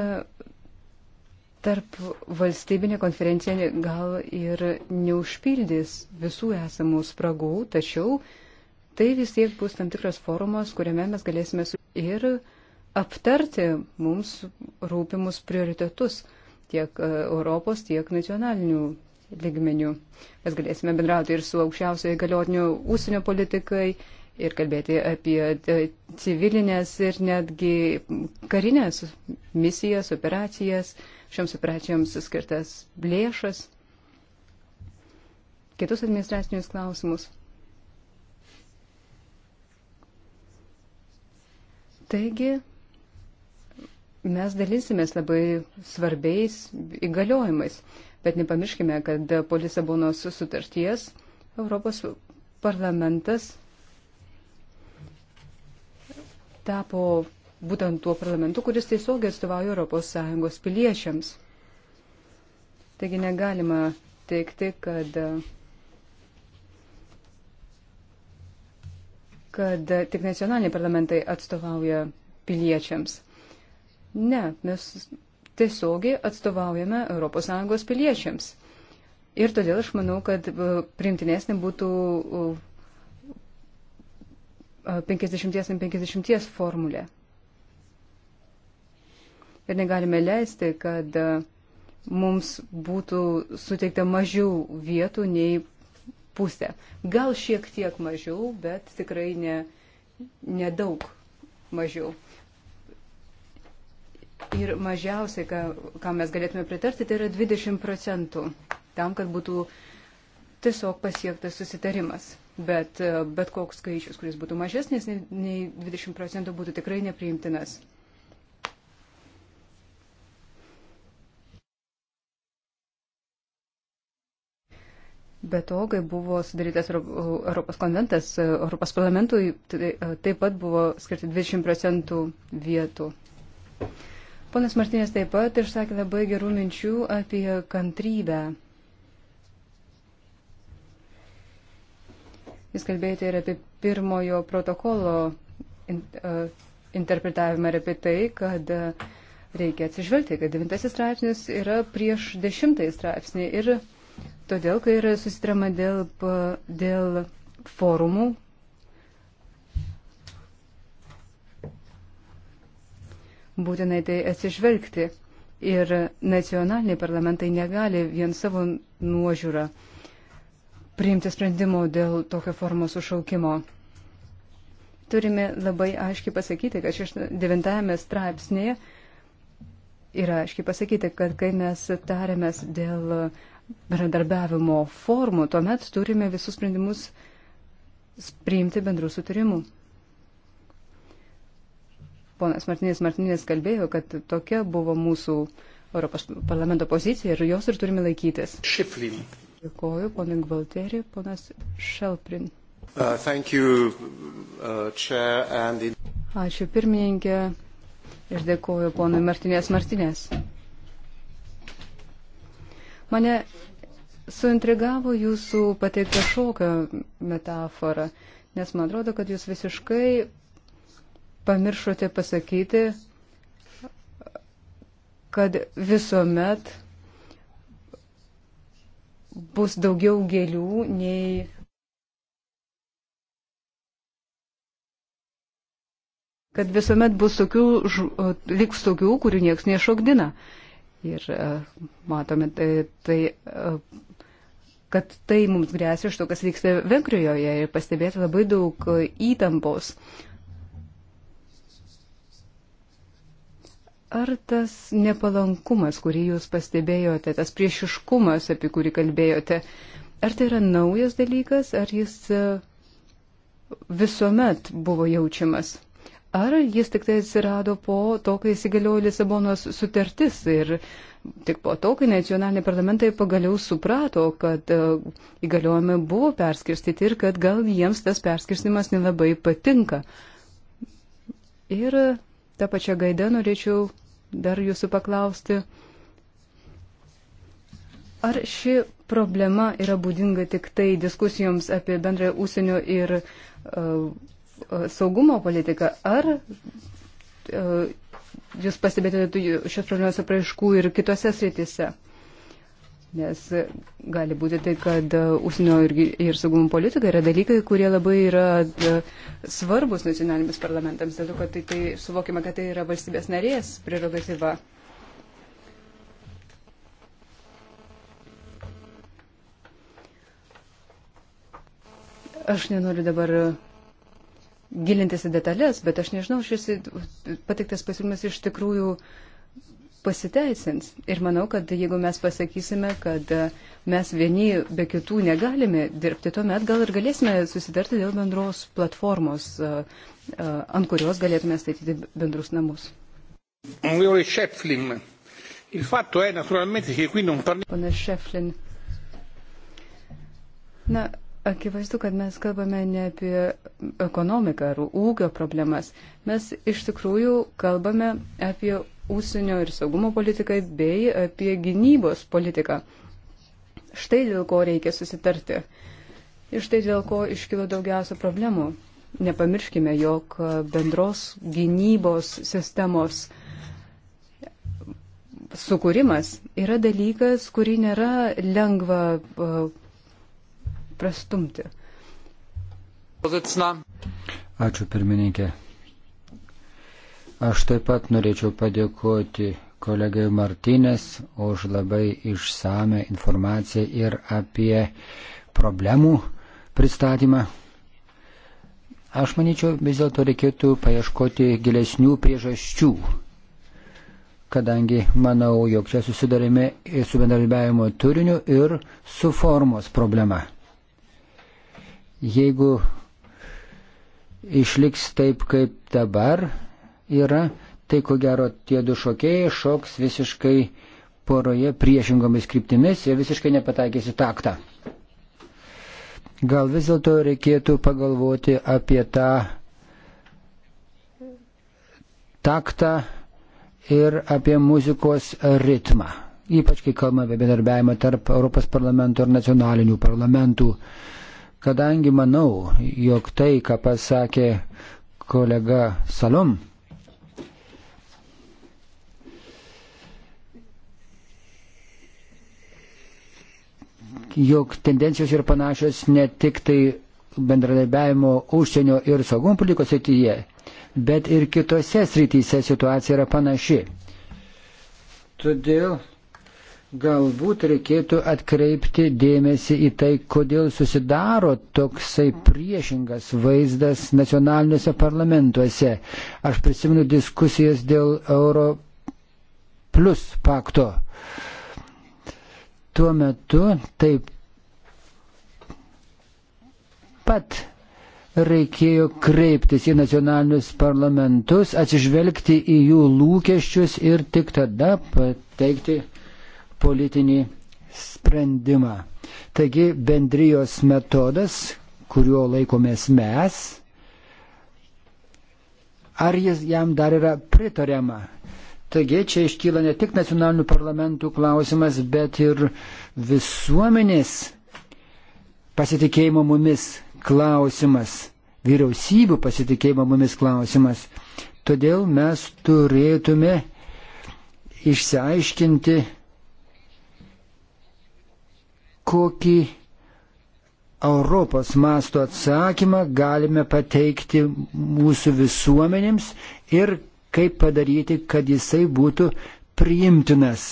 tarp valstybinė konferencija gal ir neužpildys visų esamų spragų, tačiau tai vis tiek bus tam tikras forumas, kuriame mes galėsime ir aptarti mums rūpimus prioritetus tiek e, Europos, tiek nacionalinių lygmenių. Mes galėsime bendrauti ir su aukščiausio įgaliotiniu ūsinio politikai ir kalbėti apie e, civilinės ir netgi karinės misijas, operacijas šioms operacijoms skirtas lėšas, kitus administracinius klausimus. Taigi, mes dalysimės labai svarbiais įgaliojimais, bet nepamirškime, kad po Lisabonos sutarties Europos parlamentas tapo būtent tuo parlamentu, kuris tiesiogiai atstovauja ES piliečiams. Taigi negalima teikti, kad, kad tik nacionaliniai parlamentai atstovauja piliečiams. Ne, mes tiesiogiai atstovaujame ES piliečiams. Ir todėl aš manau, kad e, primtinesnė būtų 50-50 e, e, formulė ir negalime leisti, kad e, mums būtų suteikta mažiau vietų nei pusė. Gal šiek tiek mažiau, bet tikrai ne, nedaug mažiau. Ir mažiausiai, ką, ką mes galėtume pritarti, tai yra 20 procentų tam, kad būtų tiesiog pasiektas susitarimas. Bet, e, bet koks skaičius, kuris būtų mažesnis nei 20 procentų, būtų tikrai nepriimtinas. Be to, kai buvo sudarytas Europos konventas, e, Europos parlamentui tai, e, taip pat buvo skirti 20 procentų vietų. Ponas Martinės taip pat išsakė labai gerų minčių apie kantrybę. Jūs kalbėjote ir apie pirmojo protokolo e, interpretavimą ir apie tai, kad reikia atsižvelgti, kad devintasis straipsnis yra prieš dešimtąjį straipsnį ir Todėl, kai yra susitrama dėl, dėl forumų, būtinai tai atsižvelgti. Ir nacionaliniai parlamentai negali vien savo nuožiūrą priimti sprendimo dėl tokio formos sušaukimo. Turime labai aiškiai pasakyti, kad šeš devintajame straipsnėje yra aiškiai pasakyti, kad kai mes tarėmės dėl bendradarbiavimo formų, tuomet turime visus sprendimus priimti bendrų sutarimų. Ponas Martinės Martinės kalbėjo, kad tokia buvo mūsų Europos parlamento pozicija ir jos ir turime laikytis. Šiflin. Dėkoju, ponai Gvalterį, ponas Šelprin. Uh, you, uh, chair, and... Ačiū pirmininkė ir dėkoju ponui Martinės Martinės. Mane suintrigavo jūsų pateikta šokio metafora, nes man atrodo, kad jūs visiškai pamiršote pasakyti, kad visuomet bus daugiau gėlių nei. kad visuomet bus tokių, liks tokių, kurių nieks nešokdina. Ir e, matome tai, tai e, kad tai mums grėsia iš to, kas vyksta Vengrijoje ir pastebėti labai daug e, įtampos. Ar tas nepalankumas, kurį jūs pastebėjote, tas priešiškumas, apie kurį kalbėjote, ar tai yra naujas dalykas, ar jis visuomet buvo jaučiamas? ar jis tik tai atsirado po to, kai įsigaliojo Lisabonos sutartis ir tik po to, kai nacionaliniai parlamentai pagaliau suprato, kad e, įgaliojimai buvo perskirstyti ir kad gal jiems tas perskirstimas nelabai patinka. Ir tą pačią gaidą norėčiau dar jūsų paklausti. Ar ši problema yra būdinga tik tai diskusijoms apie bendrąją ūsienio ir uh, saugumo politiką, ar e, jūs pastebėtumėte šios problemos apraiškų ir kitose sritise? Nes gali būti tai, kad užsienio ir, ir saugumo politika yra dalykai, kurie labai yra e, svarbus nacionalinėms parlamentams, dėl to, kad tai, tai suvokime, kad tai yra valstybės narės prerogatyva. Aš nenoriu dabar gilintis į detalės, bet aš nežinau, šis patiktas pasiūlymas iš tikrųjų pasiteisins. Ir manau, kad jeigu mes pasakysime, kad mes vieni be kitų negalime dirbti, tuomet gal ir galėsime susidarti dėl bendros platformos, ant kurios galėtume statyti bendrus namus. Pana Šeflin. Na, Akivaizdu, kad mes kalbame ne apie ekonomiką ar ūkio problemas. Mes iš tikrųjų kalbame apie ūsinio ir saugumo politiką bei apie gynybos politiką. Štai dėl ko reikia susitarti. Ir štai dėl ko iškilo daugiausia problemų. Nepamirškime, jog bendros gynybos sistemos sukūrimas yra dalykas, kurį nėra lengva uh, prastumti. Ačiū pirmininkė. Aš taip pat norėčiau padėkoti kolegai Martinės už labai išsame informaciją ir apie problemų pristatymą. Aš manyčiau, vis dėlto reikėtų paieškoti gilesnių priežasčių, kadangi manau, jog čia susidarėme su bendradarbiavimo turiniu ir su formos problema. Jeigu išliks taip, kaip dabar yra, tai ko gero tie du šokėjai šoks visiškai poroje priešingomis kryptimis ir visiškai nepataikys į taktą. Gal vis dėlto reikėtų pagalvoti apie tą taktą ir apie muzikos ritmą. Ypač kai kalbame apie bedarbiavimą tarp Europos parlamento ir nacionalinių parlamentų. Uh, kadangi manau, jog tai, ką pasakė kolega Salom, jog tendencijos yra panašios ne tik tai bendradarbiavimo užsienio ir saugumo politikos srityje, bet ir kitose srityse situacija yra panaši. Todėl Galbūt reikėtų atkreipti dėmesį į tai, kodėl susidaro toksai priešingas vaizdas nacionaliniuose parlamentuose. Aš prisimenu diskusijas dėl Euro plus pakto. Tuo metu taip pat reikėjo kreiptis į nacionalinius parlamentus, atsižvelgti į jų lūkesčius ir tik tada pateikti politinį sprendimą. Taigi bendrijos metodas, kuriuo laikomės mes, ar jis jam dar yra pritariama. Taigi čia iškyla ne tik nacionalinių parlamentų klausimas, bet ir visuomenės pasitikėjimo mumis klausimas, vyriausybių pasitikėjimo mumis klausimas. Todėl mes turėtume išsiaiškinti kokį Europos masto atsakymą galime pateikti mūsų visuomenėms ir kaip padaryti, kad jisai būtų priimtinas.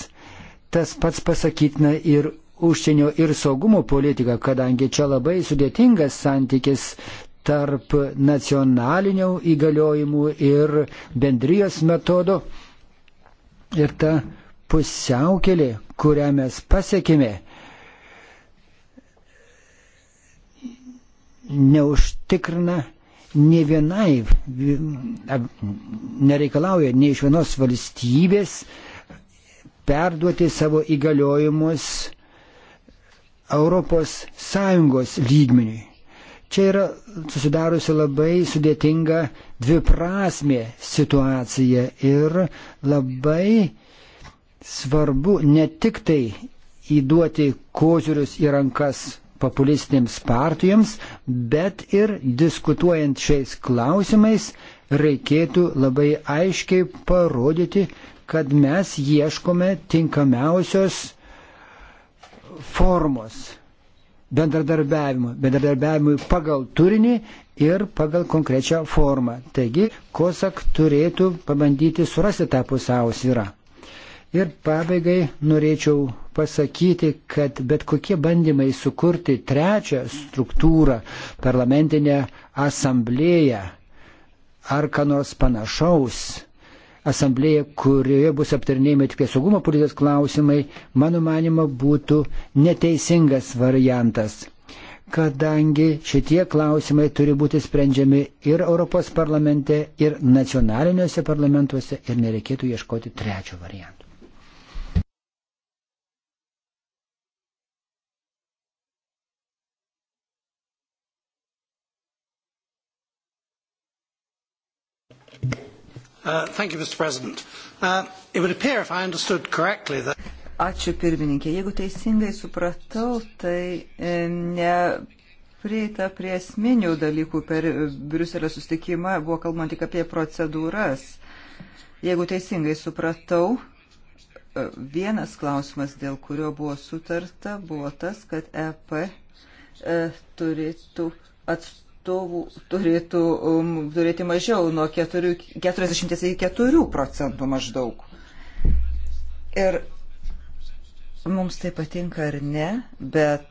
Tas pats pasakytina ir užsienio ir saugumo politika, kadangi čia labai sudėtingas santykis tarp nacionalinių įgaliojimų ir bendrijos metodo. Ir ta pusiaukelė, kurią mes pasiekime, neužtikrina ne vienai, nereikalauja nei iš vienos valstybės perduoti savo įgaliojimus ES lygmeniui. Čia yra susidariusi labai sudėtinga dviprasmė situacija ir labai svarbu ne tik tai įduoti kozirius į rankas populistinėms partijoms, bet ir diskutuojant šiais klausimais reikėtų labai aiškiai parodyti, kad mes ieškome tinkamiausios formos bendradarbiavimui, bendradarbiavimui pagal turinį ir pagal konkrečią formą. Taigi, Kosak turėtų pabandyti surasti tą pusiausvyrą. Ir pabaigai norėčiau pasakyti, kad bet kokie bandymai sukurti trečią struktūrą, parlamentinę asamblėją ar ką nors panašaus, asamblėje, kurioje bus aptarnėjami tik tai saugumo politikos klausimai, mano manimo būtų neteisingas variantas kadangi šitie klausimai turi būti sprendžiami ir Europos parlamente, ir nacionaliniuose parlamentuose ir nereikėtų ieškoti trečio varianto. Uh, you, uh, appear, that... Ačiū pirmininkė. Jeigu teisingai supratau, tai e, ne prieita prie esminių dalykų per Briuselio sustikimą, buvo kalbama tik apie procedūras. Jeigu teisingai supratau, e, vienas klausimas, dėl kurio buvo sutarta, buvo tas, kad EP e, turėtų atstovauti atstovų turėtų um, turėti mažiau nuo 4, 40 iki 4 procentų maždaug. Ir mums tai patinka ar ne, bet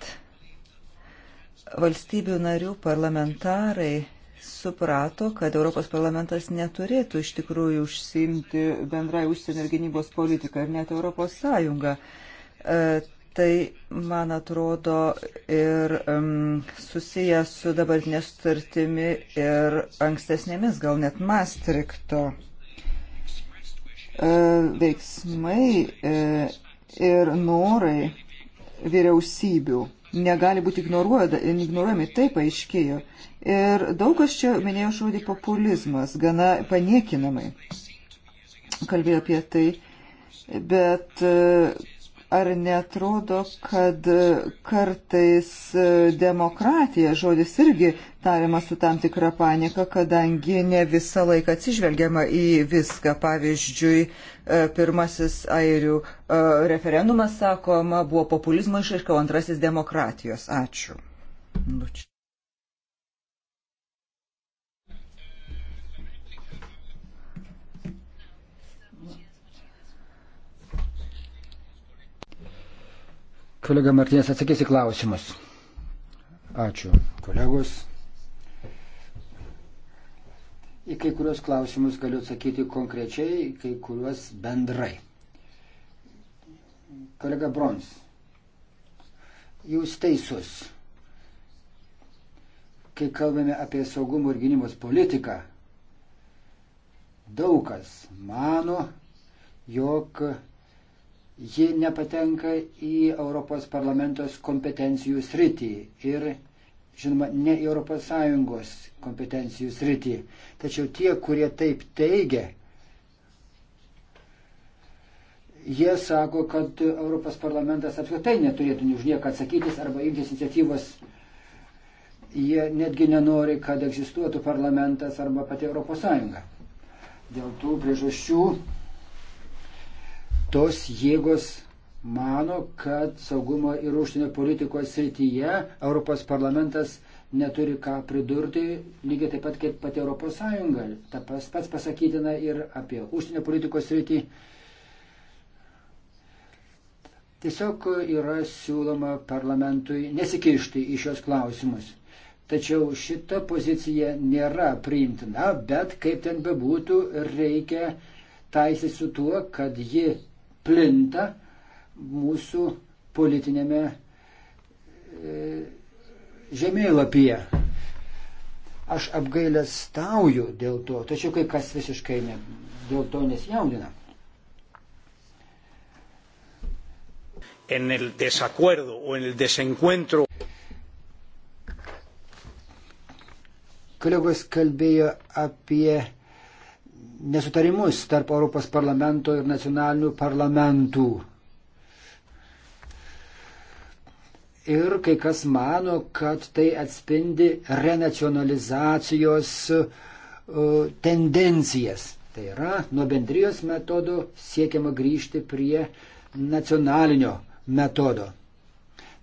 valstybių narių parlamentarai suprato, kad Europos parlamentas neturėtų iš tikrųjų užsimti bendrai užsienio ir gynybos politiką ir net Europos Sąjungą. E, tai, man atrodo, ir um, susijęs su dabartinė sutartimi ir ankstesnėmis, gal net Maastrichto uh, veiksmai uh, ir norai vyriausybių negali būti ignoruojami, tai paaiškėjo. Ir daug kas čia minėjo žodį populizmas, gana paniekinamai kalbėjo apie tai, bet uh, Ar netrodo, kad kartais e, demokratija žodis irgi tariamas su tam tikra panika, kadangi ne visą laiką atsižvelgiama į viską. Pavyzdžiui, e, pirmasis airių e, referendumas, sakoma, buvo populizmo išaiška, o antrasis demokratijos. Ačiū. Bučiu. Nu, Kolega Martinės atsakys į klausimus. Ačiū, kolegos. Į kai kurios klausimus galiu atsakyti konkrečiai, į kai kuriuos bendrai. Kolega Brons, jūs teisus. Kai kalbame apie saugumo ir gynybos politiką, daug kas mano, jog ji nepatenka į Europos parlamentos kompetencijų sritį ir, žinoma, ne į ES kompetencijų sritį. Tačiau tie, kurie taip teigia, jie sako, kad Europos parlamentas apskritai neturėtų už nieką atsakytis arba imtis iniciatyvos. Jie netgi nenori, kad egzistuotų parlamentas arba pati Europos Sąjunga. Dėl tų priežasčių tos jėgos mano, kad saugumo ir užsienio politikos srityje Europos parlamentas neturi ką pridurti, lygiai taip pat kaip pati Europos Sąjunga. Ta pas, pats pasakytina ir apie užsienio politikos srity. Tiesiog yra siūloma parlamentui nesikišti į šios klausimus. Tačiau šita pozicija nėra priimtina, bet kaip ten bebūtų, reikia taisyti su tuo, kad ji plinta mūsų politinėme e, žemėlapyje. Aš apgailęs tauju dėl to, tačiau kai kas visiškai ne, dėl to nesijaudina. En el desacuerdo o en el desencuentro. Kolegos kalbėjo apie nesutarimus tarp Europos parlamento ir nacionalinių parlamentų. Ir kai kas mano, kad tai atspindi renacionalizacijos uh, tendencijas. Tai yra, nuo bendrijos metodo siekiama grįžti prie nacionalinio metodo.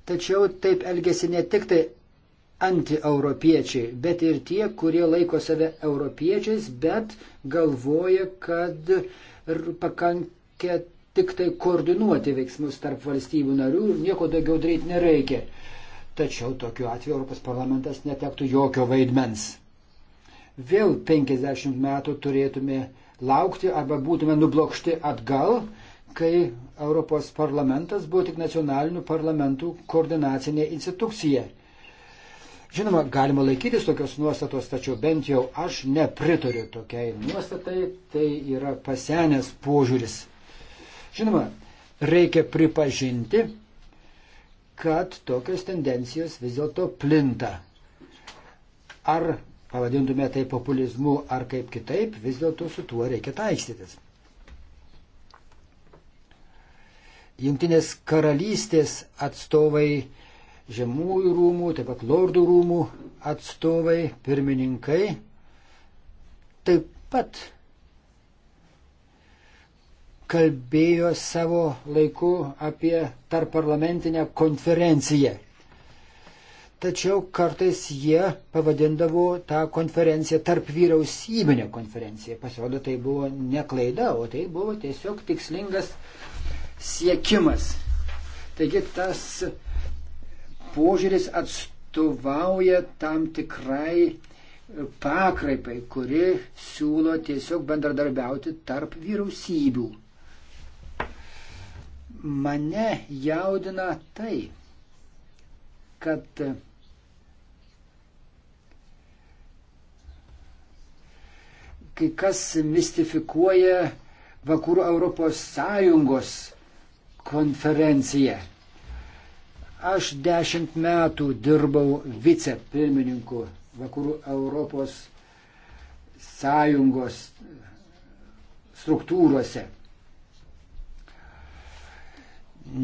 Tačiau taip elgesi ne tik tai antieuropiečiai, bet ir tie, kurie laiko save europiečiais, bet galvoja, kad pakankia tik tai koordinuoti veiksmus tarp valstybių narių ir nieko daugiau daryti nereikia. Tačiau tokiu atveju Europos parlamentas netektų jokio vaidmens. Vėl 50 metų turėtume laukti arba būtume nublokšti atgal, kai Europos parlamentas buvo tik nacionalinių parlamentų koordinacinė institucija Žinoma, galima laikytis tokios nuostatos, tačiau bent jau aš nepritariu tokiai nuostatai, tai yra pasenęs požiūris. Žinoma, reikia pripažinti, kad tokios tendencijos vis dėlto plinta. Ar pavadintume tai populizmu, ar kaip kitaip, vis dėlto su tuo reikia taikstytis. Jungtinės karalystės atstovai žemųjų rūmų, taip pat lordų rūmų atstovai, pirmininkai taip pat kalbėjo savo laiku apie tarparlamentinę konferenciją. Tačiau kartais jie pavadindavo tą konferenciją tarp vyriausybinę konferenciją. Pasirodo, tai buvo ne klaida, o tai buvo tiesiog tikslingas siekimas. Taigi tas uh, požiūris atstovauja tam tikrai e, pakraipai, kuri siūlo tiesiog bendradarbiauti tarp vyriausybių. Mane jaudina tai, kad e, kai kas mistifikuoja Vakarų Europos Sąjungos konferenciją. Aš dešimt metų dirbau vicepirmininku Vakarų Europos sąjungos struktūrose.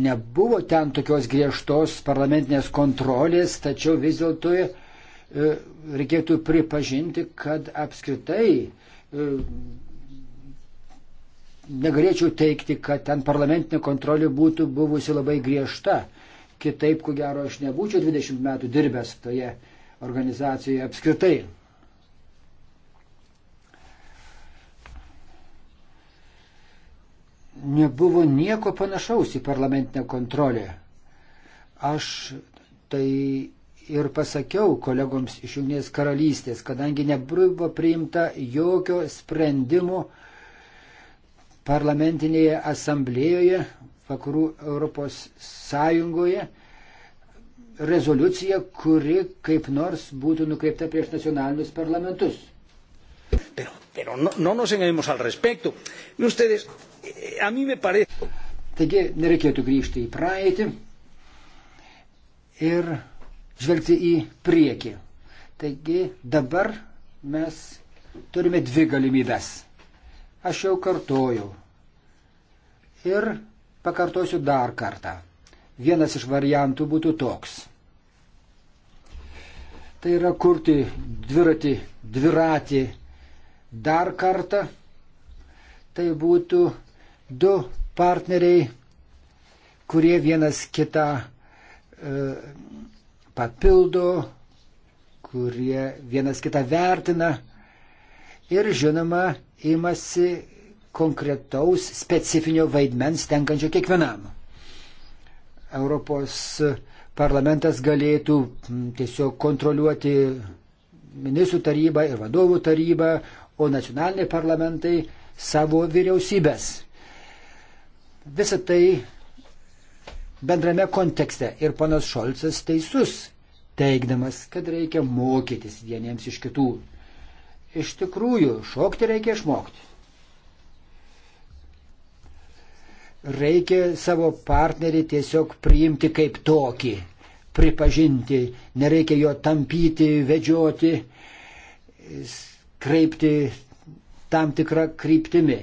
Nebuvo ten tokios griežtos parlamentinės kontrolės, tačiau vis dėlto e, reikėtų pripažinti, kad apskritai e, negalėčiau teikti, kad ten parlamentinė kontrolė būtų buvusi labai griežta. Kitaip, ko gero, aš nebūčiau 20 metų dirbęs toje organizacijoje apskritai. Nebuvo nieko panašaus į parlamentinę kontrolę. Aš tai ir pasakiau kolegoms iš Junginės karalystės, kadangi nebuvo priimta jokio sprendimo parlamentinėje asamblėjoje, vakarų Europos Sąjungoje rezoliucija, kuri kaip nors būtų nukreipta prieš nacionalinius parlamentus. Pero, pero no, no nos engañemos al respecto. Ustedes, eh, a mí me parece... Taigi nereikėtų grįžti į praeitį ir žvelgti į priekį. Taigi dabar mes turime dvi galimybės. Aš jau kartojau. Ir Pakartosiu dar kartą. Vienas iš variantų būtų toks. Tai yra kurti dviratį, dviratį dar kartą. Tai būtų du partneriai, kurie vienas kitą e, papildo, kurie vienas kitą vertina ir žinoma imasi konkretaus specifinio vaidmens tenkančio kiekvienam. Europos parlamentas galėtų tiesiog kontroliuoti ministrų tarybą ir vadovų tarybą, o nacionaliniai parlamentai savo vyriausybės. Visą tai bendrame kontekste ir panas Šolcas teisus, teikdamas, kad reikia mokytis vieniems iš kitų. Iš tikrųjų, šokti reikia išmokti. reikia savo partnerį tiesiog priimti kaip tokį, pripažinti, nereikia jo tampyti, vedžioti, kreipti tam tikrą kryptimį.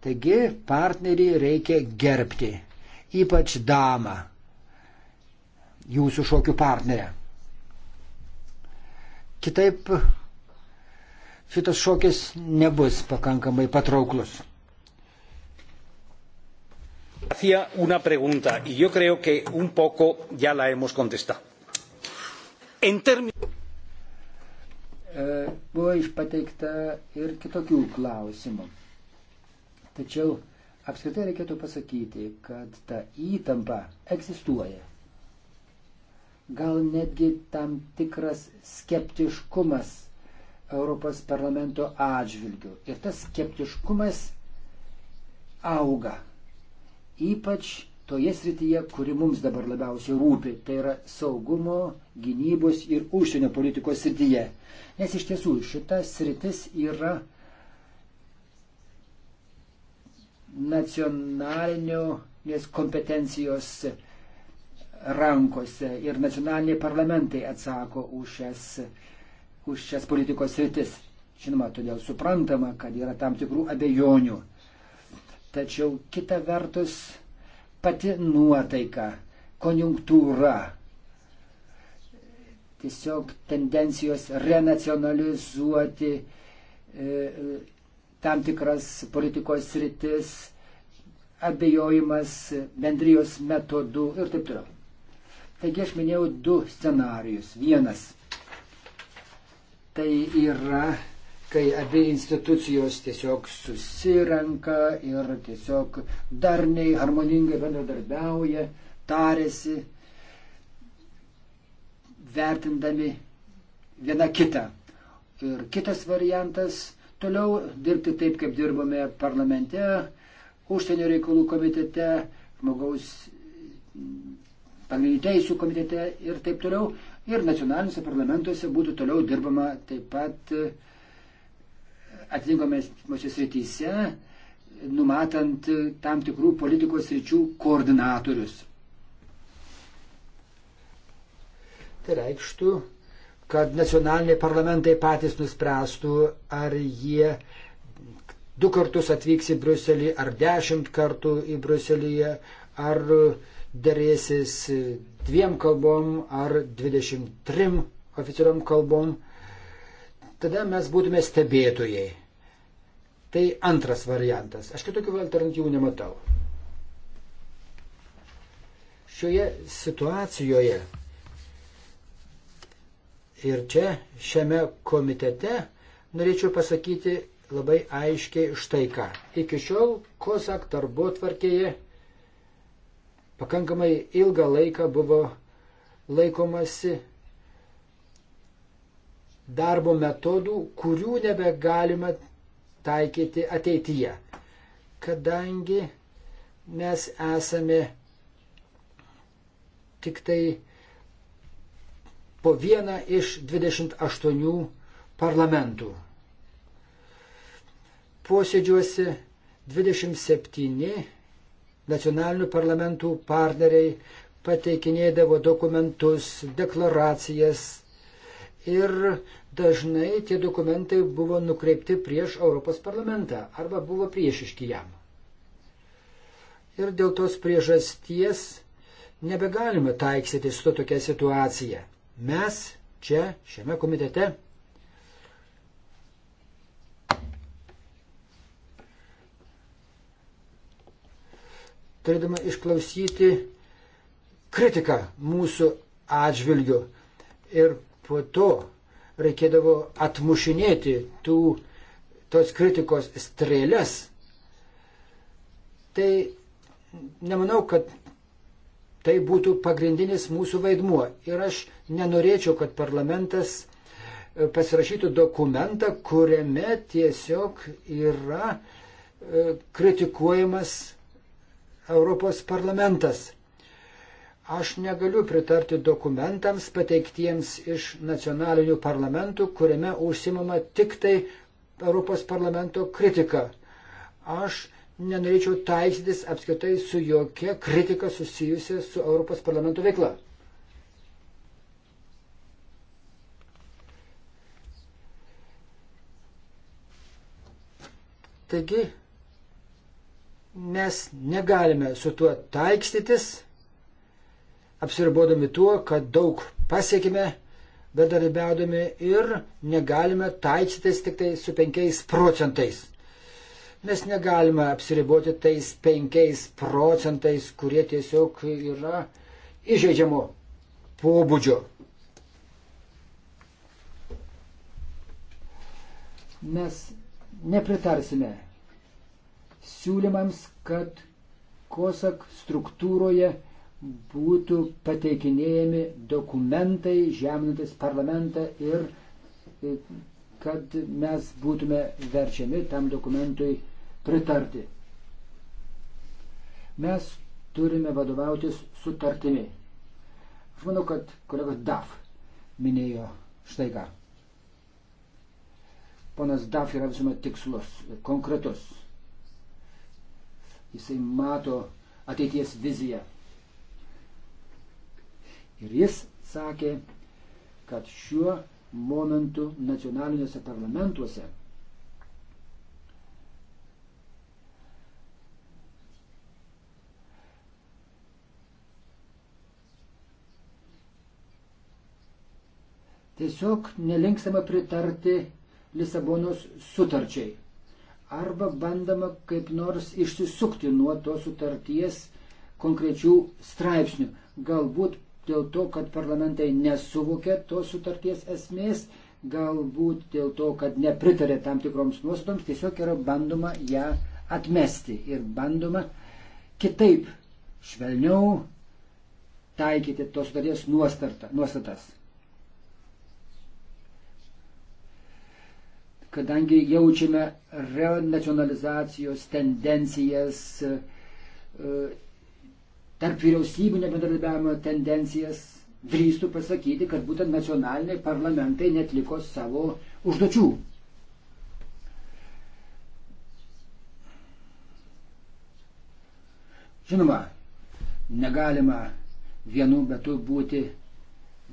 Taigi partnerį reikia gerbti, ypač damą, jūsų šokių partnerę. Kitaip šitas šokis nebus pakankamai patrauklus. Hacía una pregunta y yo creo que un poco ya la hemos contestado. En términos. E, buvo išpateikta ir kitokių klausimų. Tačiau apskritai reikėtų pasakyti, kad ta įtampa egzistuoja. Gal netgi tam tikras skeptiškumas Europos parlamento atžvilgių. Ir tas skeptiškumas auga ypač toje srityje, kuri mums dabar labiausiai rūpi, tai yra saugumo, gynybos ir užsienio politikos srityje. Nes iš tiesų šita sritis yra nacionalinės kompetencijos rankose ir nacionaliniai parlamentai atsako už šias, už šias politikos sritis. Žinoma, todėl suprantama, kad yra tam tikrų abejonių tačiau kita vertus pati nuotaika, konjunktūra, tiesiog tendencijos renacionalizuoti e, tam tikras politikos sritis, abejojimas bendrijos metodų ir taip toliau. Taigi aš minėjau du scenarius. Vienas tai yra kai abi institucijos tiesiog susirenka ir tiesiog darniai, harmoningai bendradarbiauja, tarėsi, vertindami vieną kitą. Ir kitas variantas - toliau dirbti taip, kaip dirbome parlamente, užsienio reikalų komitete, žmogaus pagrindinių teisų komitete ir taip toliau. Ir nacionaliniuose parlamentuose būtų toliau dirbama taip pat uh, atitinkamose srityse, numatant e, tam tikrų politikos sričių koordinatorius. Tai reikštų, kad nacionaliniai parlamentai patys nuspręstų, ar jie du kartus atvyks į Bruselį, ar dešimt kartų į Bruselyje, ar dėrėsis dviem kalbom, ar dvidešimt trim oficialiom kalbom. Tada mes būtume stebėtojai. Tai antras variantas. Aš kitokių alternatyvų nematau. Šioje situacijoje ir čia, šiame komitete, norėčiau pasakyti labai aiškiai štai ką. Iki šiol Kosak darbo tvarkėje pakankamai ilgą laiką buvo laikomasi darbo metodų, kurių nebegalima taikyti ateityje. Kadangi mes esame tik tai po vieną iš 28 parlamentų. Posėdžiuosi 27 nacionalinių parlamentų partneriai pateikinėdavo dokumentus, deklaracijas ir dažnai tie dokumentai buvo nukreipti prieš Europos parlamentą arba buvo priešiški jam. Ir dėl tos priežasties nebegalime taiksyti su tokia situacija. Mes čia, šiame komitete, turėdama išklausyti kritiką mūsų atžvilgiu ir po to reikėdavo atmušinėti tų, tos kritikos strėlės. Tai nemanau, kad tai būtų pagrindinis mūsų vaidmuo. Ir aš nenorėčiau, kad parlamentas e, pasirašytų dokumentą, kuriame tiesiog yra e, kritikuojamas Europos parlamentas. Aš negaliu pritarti dokumentams pateiktiems iš nacionalinių parlamentų, kuriame užsimama tik tai Europos parlamento kritika. Aš nenorėčiau taisytis apskritai su jokia kritika susijusia su Europos parlamento veikla. Taigi, mes negalime su tuo taikstytis apsiribodami tuo, kad daug pasiekime, bedarbiaudami ir negalime taikytis tik tai su 5 procentais. Mes negalime apsiriboti tais 5 procentais, kurie tiesiog yra įžeidžiamo pobūdžio. Mes nepritarsime siūlymams, kad kosak struktūroje būtų pateikinėjami dokumentai, žeminantis parlamentą ir e, kad mes būtume verčiami tam dokumentui pritarti. Mes turime vadovautis sutartimi. Aš manau, kad kolegos DAF minėjo štai ką. Ponas DAF yra visuomet tikslus, konkretus. Jisai mato ateities viziją. Ir jis sakė, kad šiuo momentu nacionaliniuose parlamentuose tiesiog nelinksama pritarti Lisabonos sutarčiai arba bandama kaip nors išsisukti nuo tos sutarties konkrečių straipsnių. Galbūt dėl to, kad parlamentai nesuvokė tos sutarties esmės, galbūt dėl to, kad nepritarė tam tikroms nuostatoms, tiesiog yra bandoma ją atmesti ir bandoma kitaip, švelniau taikyti tos sutarties nuostatas. Kadangi jaučiame renacionalizacijos tendencijas, e, tarp vyriausybinio bendradarbiavimo tendencijas, drįstu pasakyti, kad būtent nacionaliniai parlamentai netliko savo užduočių. Žinoma, negalima vienu metu būti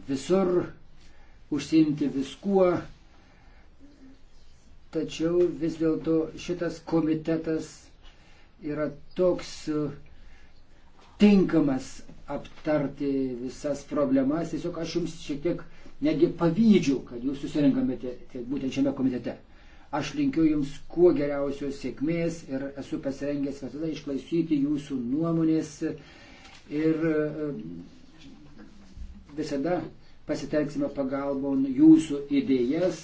visur, užsiimti viskuo, tačiau vis dėlto šitas komitetas yra toks uh, tinkamas aptarti visas problemas. Tiesiog aš jums šiek tiek netgi pavydžiu, kad jūs susirinkame būtent šiame komitete. Aš linkiu jums kuo geriausios sėkmės ir esu pasirengęs visada išklausyti jūsų nuomonės ir e, visada pasitelksime pagalbon jūsų idėjas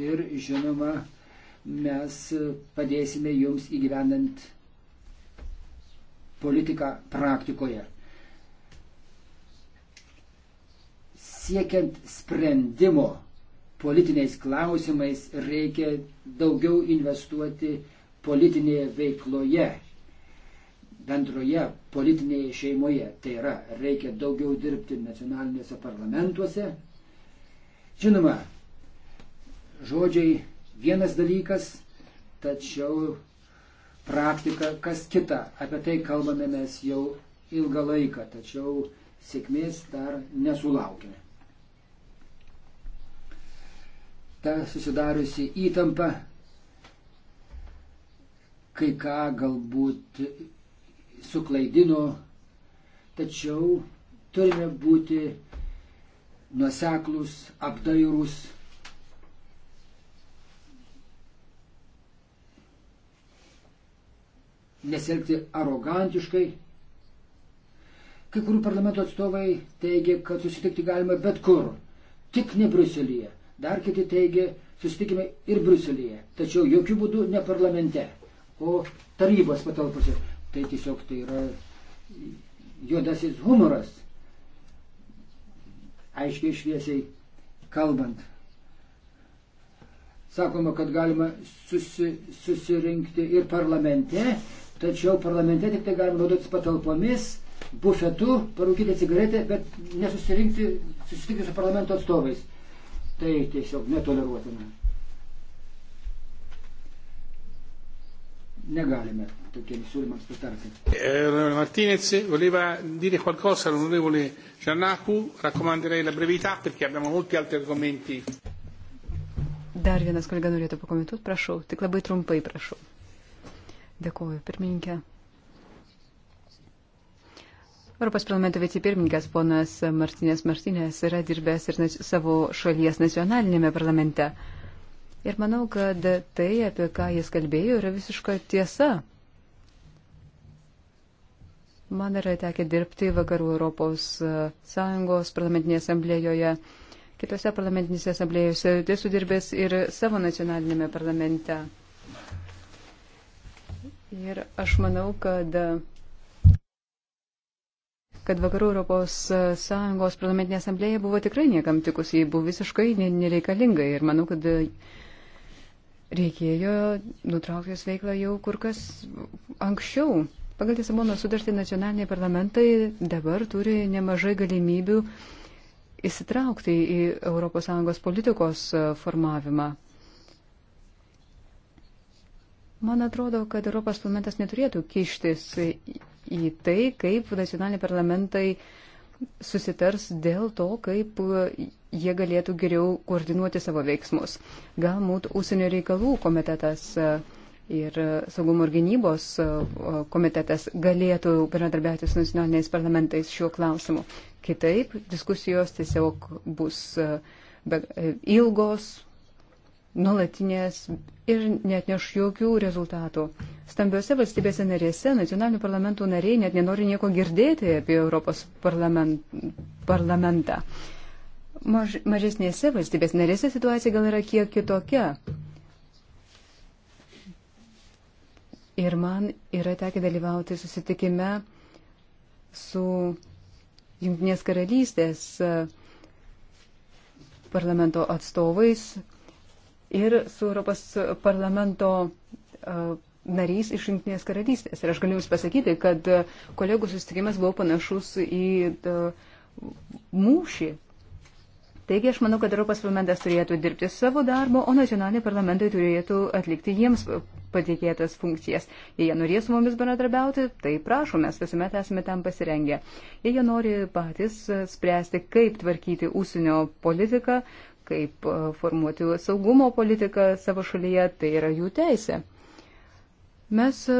ir žinoma, mes padėsime jums įgyvendant politiką praktikoje. Siekiant sprendimo politiniais klausimais reikia daugiau investuoti politinėje veikloje, bendroje politinėje šeimoje. Tai yra, reikia daugiau dirbti nacionalinėse parlamentuose. Žinoma, žodžiai vienas dalykas, tačiau praktika, kas kita. Apie tai kalbame mes jau ilgą laiką, tačiau sėkmės dar nesulaukime. Ta susidariusi įtampa kai ką galbūt suklaidino, tačiau turime būti nuoseklus, apdairūs nesielgti arogantiškai. Kai kurių parlamento atstovai teigia, kad susitikti galima bet kur, tik ne Bruselėje. Dar kiti teigia, susitikime ir Bruselėje, tačiau jokių būdų ne parlamente, o tarybos patalpose. Tai tiesiog tai yra juodasis humoras, aiškiai šviesiai kalbant. Sakoma, kad galima susi, susirinkti ir parlamente, Tačiau parlamente tik tai galima naudotis patalpomis, bufetu, parūkyti cigaretę, bet nesusirinkti, susitikti su parlamento atstovais. Tai tiesiog netoleruotina. Negalime tokiems siūlymams pritarti. Eh, Martinez voleva dire qualcosa all'onorevole Giannaku, raccomanderei la brevità perché abbiamo molti altri argomenti. Dar vienas kolega norėtų pakomentuoti, prašau, tik labai trumpai prašau. Dėkuoju, pirmininkė. Europos parlamento vicepirmininkas ponas Martinės Martinės yra dirbęs ir savo šalies nacionalinėme parlamente. Ir manau, kad tai, apie ką jis kalbėjo, yra visiška tiesa. Man yra tekę dirbti Vakarų Europos e, Sąjungos parlamentinėje asamblėjoje, kitose parlamentinėse asamblėjose, tai sudirbęs ir savo nacionalinėme parlamente. Ir aš manau, kad, kad Vakarų Europos Sąjungos parlamentinė asamblėja buvo tikrai niekam tikusi, ji buvo visiškai nereikalinga. Ir manau, kad reikėjo nutraukti jos veiklą jau kur kas anksčiau. Pagal Lisabono sudartį nacionaliniai parlamentai dabar turi nemažai galimybių įsitraukti į ES politikos formavimą. Man atrodo, kad Europos parlamentas neturėtų kištis į tai, kaip nacionaliniai parlamentai susitars dėl to, kaip jie galėtų geriau koordinuoti savo veiksmus. Galbūt ūsienio reikalų komitetas ir saugumo ir gynybos komitetas galėtų bendradarbiauti su nacionaliniais parlamentais šiuo klausimu. Kitaip diskusijos tiesiog bus ilgos, nuolatinės ir net neš jokių rezultatų. Stambiose valstybėse narėse nacionalinių parlamentų nariai net nenori nieko girdėti apie Europos parlament, parlamentą. Maž, mažesnėse valstybės narėse situacija gal yra kiek kitokia. Ir man yra tekę dalyvauti susitikime su Junktinės karalystės e, parlamento atstovais, ir su Europos parlamento narys iš Junktinės karalystės. Ir aš galiu Jums pasakyti, kad kolegų susitikimas buvo panašus į mūšį. Taigi aš manau, kad Europos parlamentas turėtų dirbti savo darbą, o nacionaliniai parlamentai turėtų atlikti jiems patikėtas funkcijas. Jei jie norės su mumis bendradarbiauti, tai prašom, mes visuomet esame tam pasirengę. Jei jie nori patys spręsti, kaip tvarkyti ūsinio politiką, kaip e, formuoti saugumo politiką savo šalyje, tai yra jų teisė. Mes e,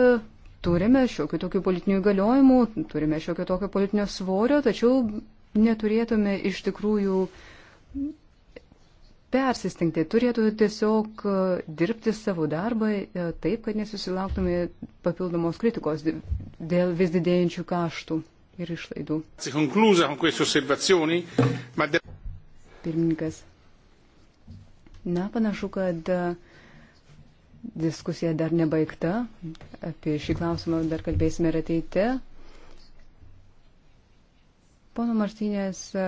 turime šiokių tokių politinių įgaliojimų, turime šiokio tokio politinio svorio, tačiau neturėtume iš tikrųjų persistengti, turėtų tiesiog e, dirbti savo darbą taip, kad nesusilauktume papildomos kritikos dėl vis didėjančių kaštų ir išlaidų. Pirmininkas. Na, panašu, kad e, diskusija dar nebaigta. Apie šį klausimą dar kalbėsime ir ateite. Pono Martynės e,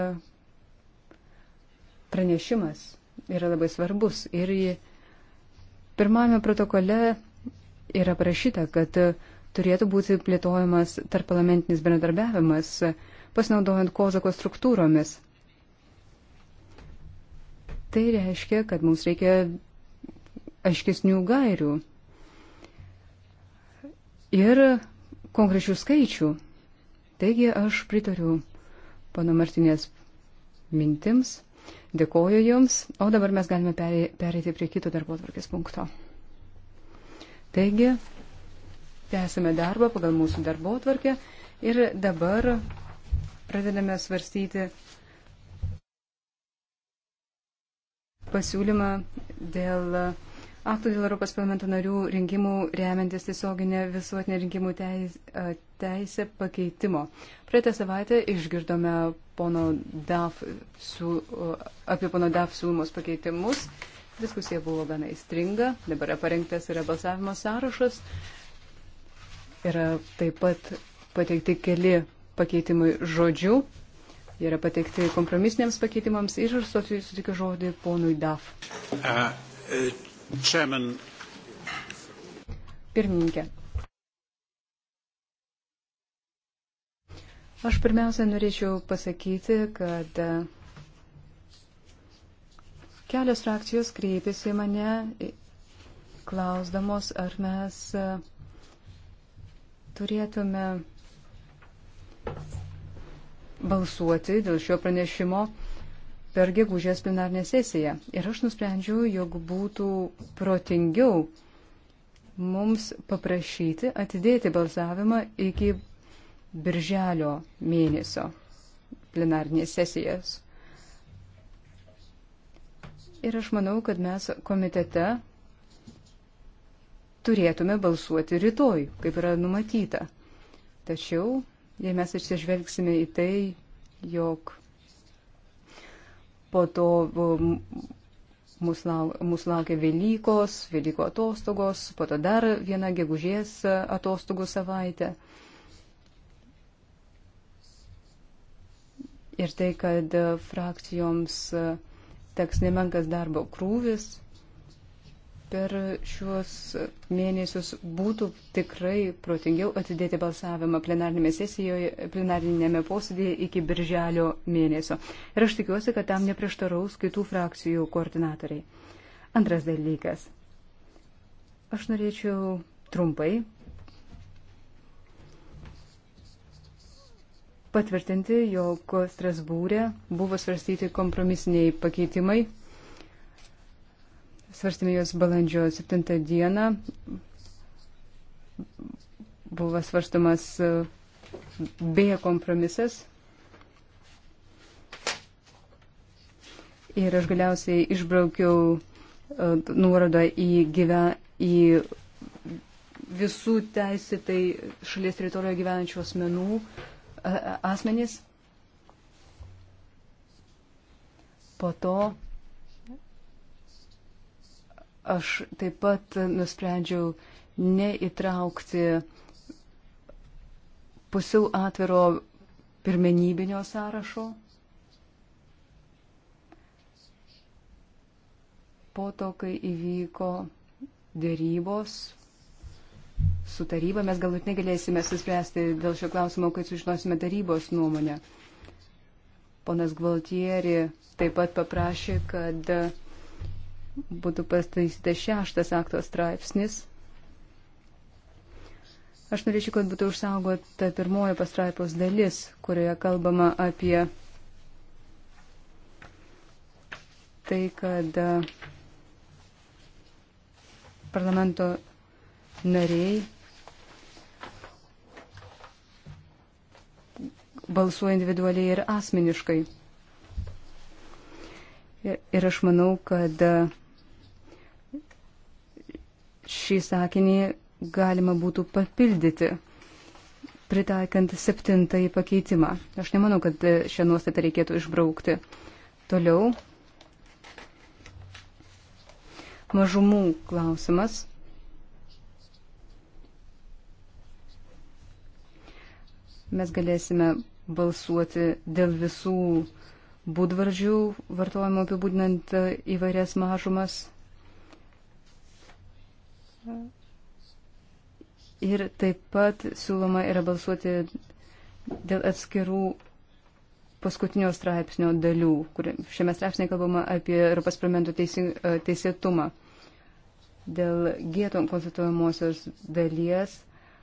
pranešimas yra labai svarbus ir pirmame protokole yra parašyta, kad e, turėtų būti plėtojamas tarp parlamentinis bendradarbiavimas, pasinaudojant kozako struktūromis. Tai reiškia, kad mums reikia aiškesnių gairių ir konkrečių skaičių. Taigi aš pritariu pono Martinės mintims, dėkoju jums, o dabar mes galime pereiti prie kito darbo tvarkės punkto. Taigi, tęsime darbą pagal mūsų darbo tvarkę ir dabar pradedame svarstyti pasiūlymą dėl aktų dėl Europos parlamento narių rinkimų remiantis tiesioginė visuotinė rinkimų teisė pakeitimo. Praeitą savaitę išgirdome pono DAF su, apie pono DAF siūlymus pakeitimus. Diskusija buvo gana įstringa, dabar yra parengtas yra balsavimo sąrašas. Yra taip pat pateikti keli pakeitimai žodžių Jie yra pateikti kompromisiniams pakeitimams ir sutikiu žodį ponui DAF. Uh, uh, Pirmininkė. Aš pirmiausia norėčiau pasakyti, kad uh, kelios frakcijos kreipėsi mane klausdamos, ar mes uh, turėtume balsuoti dėl šio pranešimo per gegužės plenarnę sesiją. Ir aš nusprendžiau, jog būtų protingiau mums paprašyti atidėti balsavimą iki birželio mėnesio plenarnės sesijas. Ir aš manau, kad mes komitete turėtume balsuoti rytoj, kaip yra numatyta. Tačiau jei mes atsižvelgsime į tai, jog po to mus, lauk, mus laukia Velykos, Velyko atostogos, po to dar viena gegužės atostogų savaitė. Ir tai, kad frakcijoms teks nemenkas darbo krūvis per šiuos mėnesius būtų tikrai protingiau atidėti balsavimą plenarinėme sesijoje, plenarinėme posėdėje iki birželio mėnesio. Ir aš tikiuosi, kad tam neprieštaraus kitų frakcijų koordinatoriai. Antras dalykas. Aš norėčiau trumpai patvirtinti, jog Strasbūrė buvo svarstyti kompromisiniai pakeitimai Svarstėme juos balandžio 7 dieną. Buvo svarstamas e, B kompromisas. Ir aš galiausiai išbraukiau e, nuorodą į, gyve, į visų teisėtai šalies teritorijoje gyvenančių asmenų e, asmenys. Po to aš taip pat nusprendžiau neįtraukti pusiau atviro pirmenybinio sąrašo. Po to, kai įvyko dėrybos su taryba, mes galbūt negalėsime suspręsti dėl šio klausimo, kai sužinosime tarybos nuomonę. Ponas Gvaltieri taip pat paprašė, kad būtų pastaisytas šeštas akto straipsnis. Aš norėčiau, kad būtų užsaugota pirmoji pastraipos dalis, kurioje kalbama apie tai, kad e, parlamento nariai balsuoja individualiai ir asmeniškai. Ir, ir aš manau, kad e, šį sakinį galima būtų papildyti, pritaikant septintąjį pakeitimą. Aš nemanau, kad e, šią nuostatą reikėtų išbraukti. Toliau. Mažumų klausimas. Mes galėsime balsuoti dėl visų būdvardžių vartojimo apibūdinant e, įvairias mažumas. Ir taip pat siūloma yra balsuoti dėl atskirų paskutinio straipsnio dalių, kur šiame straipsnėje kalbama apie Europos parlamento e, teisėtumą. Dėl gėto konstatuojamosios dalies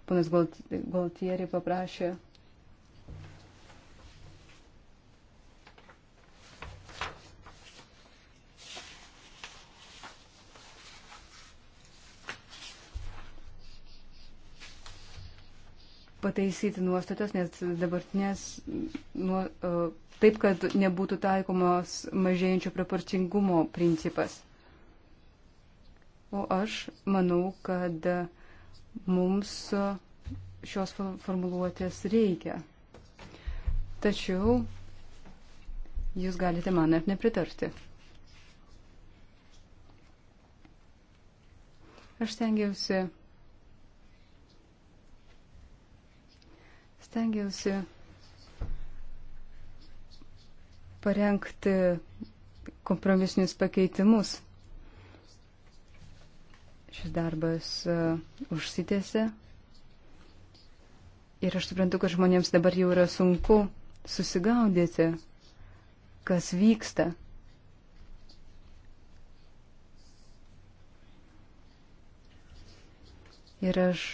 ponas Galtieri paprašė pataisyti nuostatas, nes dabartinės nuo, e, taip, kad nebūtų taikomos mažėjančio proporcingumo principas. O aš manau, kad mums šios formuluotės reikia. Tačiau jūs galite man net nepritarti. Aš stengiausi stengiausi parengti kompromisinius pakeitimus. Šis darbas uh, e, užsitėse ir aš suprantu, kad žmonėms dabar jau yra sunku susigaudyti, kas vyksta. Ir aš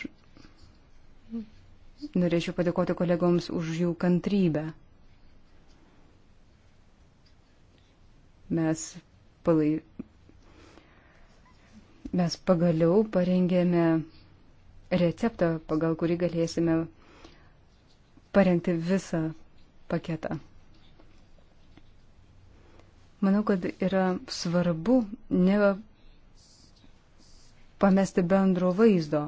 Norėčiau padėkoti kolegoms už jų kantrybę. Mes, palai... Mes pagaliau parengėme receptą, pagal kurį galėsime parengti visą paketą. Manau, kad yra svarbu ne pamesti bendro vaizdo,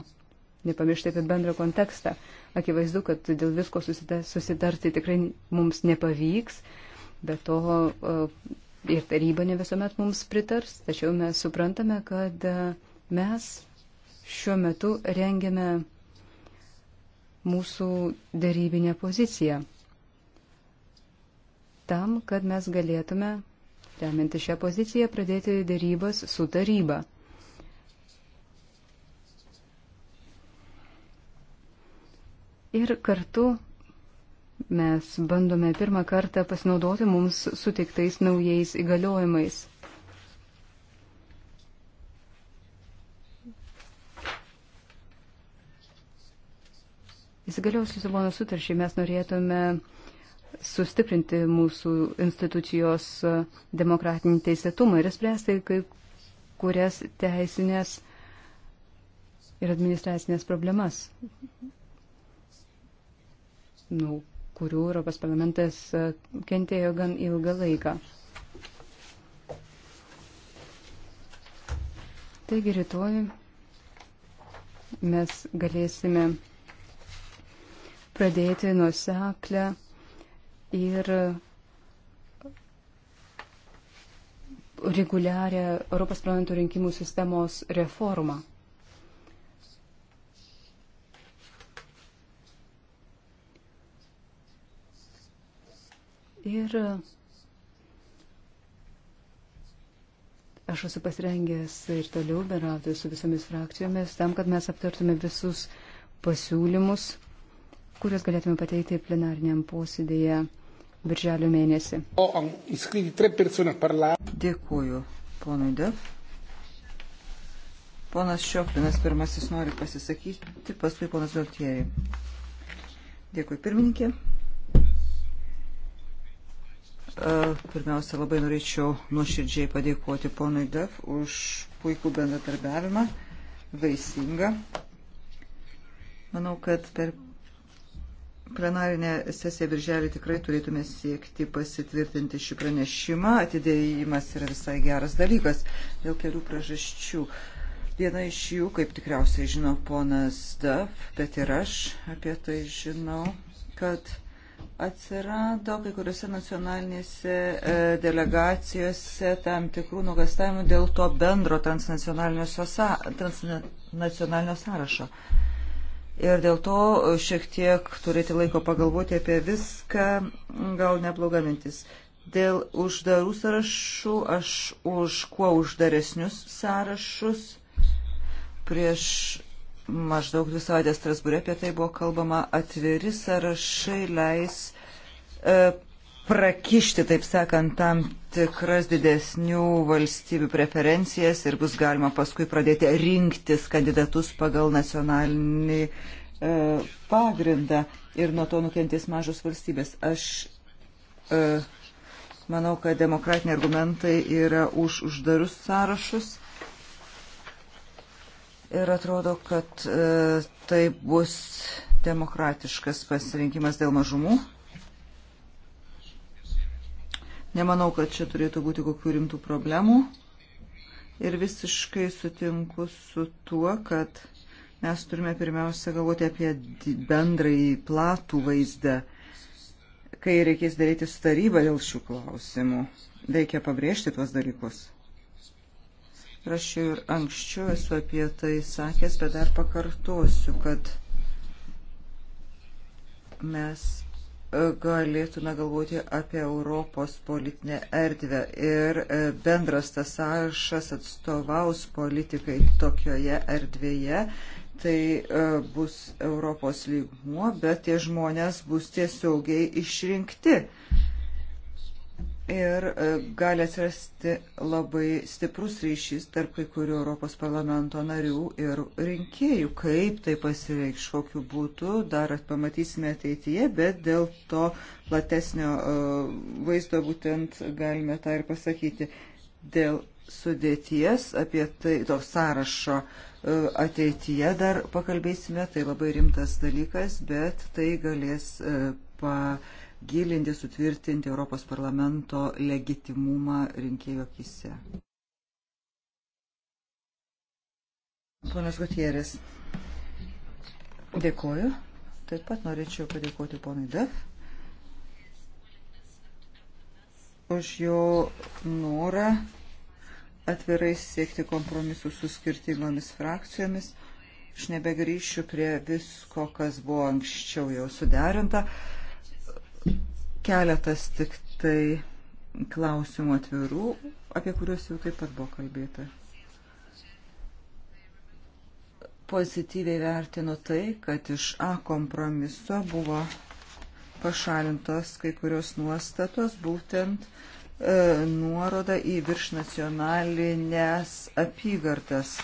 nepamiršti apie bendrą kontekstą. Akivaizdu, kad dėl visko susitarti tikrai mums nepavyks, bet to e, ir taryba ne visuomet mums pritars, tačiau mes suprantame, kad e, mes šiuo metu rengiame mūsų darybinę poziciją tam, kad mes galėtume, remiantį šią poziciją, pradėti darybas su taryba. Ir kartu mes bandome pirmą kartą pasinaudoti mums suteiktais naujais įgaliojimais. Įsigaliaus Lisabono sutaršį mes norėtume sustiprinti mūsų institucijos demokratinį teisėtumą ir spręsti kai kurias teisinės ir administracinės problemas nuo kurių Europos parlamentas e, kentėjo gan ilgą laiką. Taigi rytoj mes galėsime pradėti nuseklę ir reguliarią Europos parlamento rinkimų sistemos reformą. Ir aš esu pasirengęs ir toliau berauti su visomis frakcijomis tam, kad mes aptartume visus pasiūlymus, kuriuos galėtume pateikti plenariniam posėdėje birželio mėnesį. Dėkuoju, ponui Def. Ponas Šioplinas pirmasis nori pasisakyti, paskui ponas Galtieri. Dėkui, pirmininkė. Pirmiausia, labai norėčiau nuoširdžiai padėkoti ponui Def už puikų bendradarbiavimą, vaisingą. Manau, kad per plenarinę sesiją birželį tikrai turėtume siekti pasitvirtinti šį pranešimą. Atidėjimas yra visai geras dalykas dėl kelių priežasčių. Viena iš jų, kaip tikriausiai žino ponas Daf, bet ir aš apie tai žinau, kad Atsirado kai kuriuose nacionalinėse e, delegacijose tam tikrų nugastavimų dėl to bendro transnacionalinio, sosa, transnacionalinio sąrašo. Ir dėl to šiek tiek turėti laiko pagalvoti apie viską, gal nebloga mintis. Dėl uždarų sąrašų aš už kuo uždaresnius sąrašus prieš maždaug dvi savaitės Strasbūrė apie tai buvo kalbama, atviri sąrašai leis e, prakišti, taip sakant, tam tikras didesnių valstybių preferencijas ir bus galima paskui pradėti rinktis kandidatus pagal nacionalinį e, pagrindą ir nuo to nukentės mažos valstybės. Aš e, manau, kad demokratiniai argumentai yra už uždarus sąrašus ir atrodo, kad e, tai bus demokratiškas pasirinkimas dėl mažumų. Nemanau, kad čia turėtų būti kokių rimtų problemų. Ir visiškai sutinku su tuo, kad mes turime pirmiausia galvoti apie bendrąjį platų vaizdą, kai reikės daryti starybą dėl šių klausimų. Reikia pabrėžti tuos dalykus. Ir aš jau ir anksčiau esu apie tai sakęs, bet dar pakartosiu, kad mes e, galėtume galvoti apie Europos politinę erdvę ir e, bendras tas sąrašas atstovaus politikai tokioje erdvėje. Tai e, bus Europos lygmuo, bet tie žmonės bus tiesiogiai išrinkti ir e, gali atsirasti labai stiprus ryšys tarp kai kurių Europos parlamento narių ir rinkėjų. Kaip tai pasireikš, kokiu būtų, dar pamatysime ateityje, bet dėl to platesnio e, vaizdo būtent galime tą ir pasakyti. Dėl sudėties apie tai, to sąrašo e, ateityje dar pakalbėsime, tai labai rimtas dalykas, bet tai galės pa gilinti, sutvirtinti Europos parlamento legitimumą rinkėjo akise. Ponas Gutierės, dėkoju. Taip pat norėčiau padėkoti ponui Def už jo norą atvirai siekti kompromisų su skirtingomis frakcijomis. Aš nebegrįšiu prie visko, kas buvo anksčiau jau suderinta. Uh, Keletas tik tai klausimų atvirų, apie kuriuos jau taip pat buvo kalbėta. Pozityviai vertinu tai, kad iš A kompromiso buvo pašalintos kai kurios nuostatos, būtent e, nuoroda į viršnacionalinės apygardas.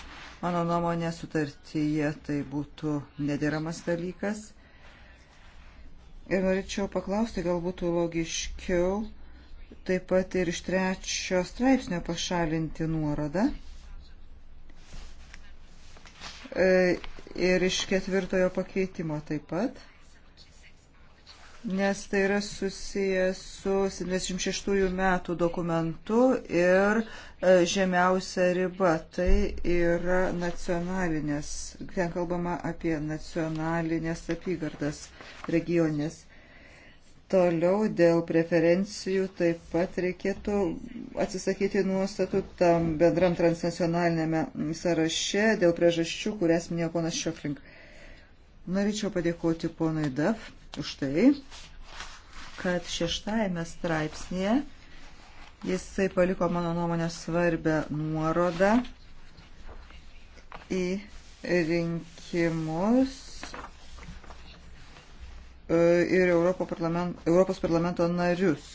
Mano nuomonė sutartyje tai būtų nederamas dalykas. Ir norėčiau paklausti, gal būtų logiškiau taip pat ir iš trečio straipsnio pašalinti nuorodą. E, ir iš ketvirtojo pakeitimo taip pat nes tai yra susijęs su 76 metų dokumentu ir e, žemiausia riba. Tai yra nacionalinės, ten kalbama apie nacionalinės apygardas regionės. Toliau dėl preferencijų taip pat reikėtų atsisakyti nuostatų tam bendram transnacionalinėme sąraše dėl priežasčių, kurias minėjo ponas Šioflink. Norėčiau padėkoti ponui DAF už tai, kad šeštajame straipsnėje jisai paliko mano nuomonę svarbę nuorodą į rinkimus e, ir Europos parlamento, Europos parlamento narius.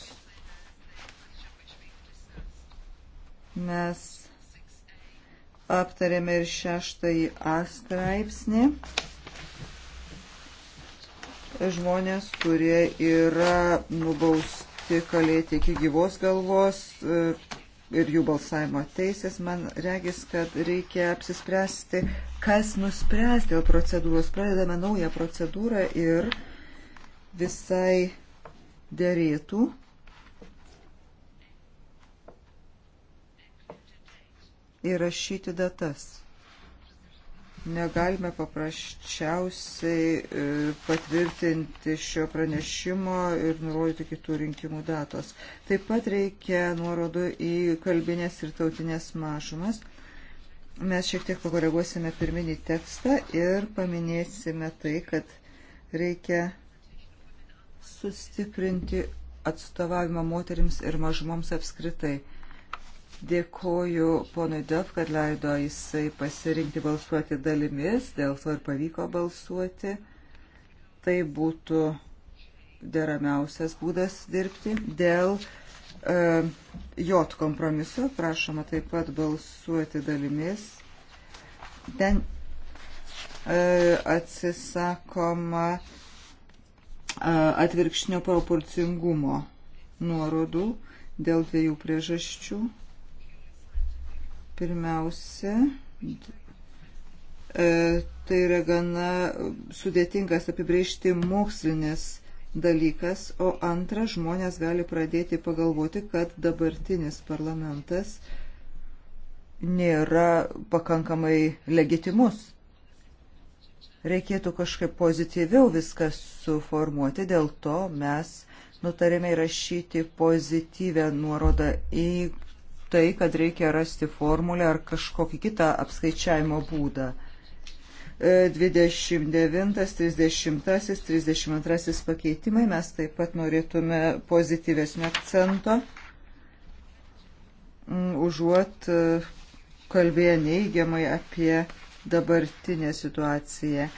Mes aptarėme ir šeštąjį A straipsnį žmonės, kurie yra nubausti kalėti iki gyvos galvos e, ir jų balsavimo teisės. Man regis, kad reikia apsispręsti, kas nuspręs dėl procedūros. Pradedame naują procedūrą ir visai dėrėtų. Įrašyti datas negalime paprasčiausiai e, patvirtinti šio pranešimo ir nurodyti kitų rinkimų datos. Taip pat reikia nuorodų į kalbinės ir tautinės mažumas. Mes šiek tiek pakoreguosime pirminį tekstą ir paminėsime tai, kad reikia sustiprinti atstovavimą moterims ir mažumoms apskritai. Dėkoju ponui Dov, kad leido jisai pasirinkti balsuoti dalimis, dėl to ir pavyko balsuoti. Tai būtų deramiausias būdas dirbti. Dėl e, J kompromiso prašoma taip pat balsuoti dalimis. Ten e, atsisakoma e, atvirkšnio proporcingumo nuorodų dėl dviejų priežasčių. Pirmiausia, e, tai yra gana sudėtingas apibriežti mokslinis dalykas, o antra, žmonės gali pradėti pagalvoti, kad dabartinis parlamentas nėra pakankamai legitimus. Reikėtų kažkaip pozityviau viską suformuoti, dėl to mes nutarėme įrašyti pozityvę nuorodą į tai, kad reikia rasti formulę ar kažkokį kitą apskaičiavimo būdą. 29, 30, 32 pakeitimai mes taip pat norėtume pozityvesnio akcento, mm, užuot e, kalbėję neigiamai apie dabartinę situaciją.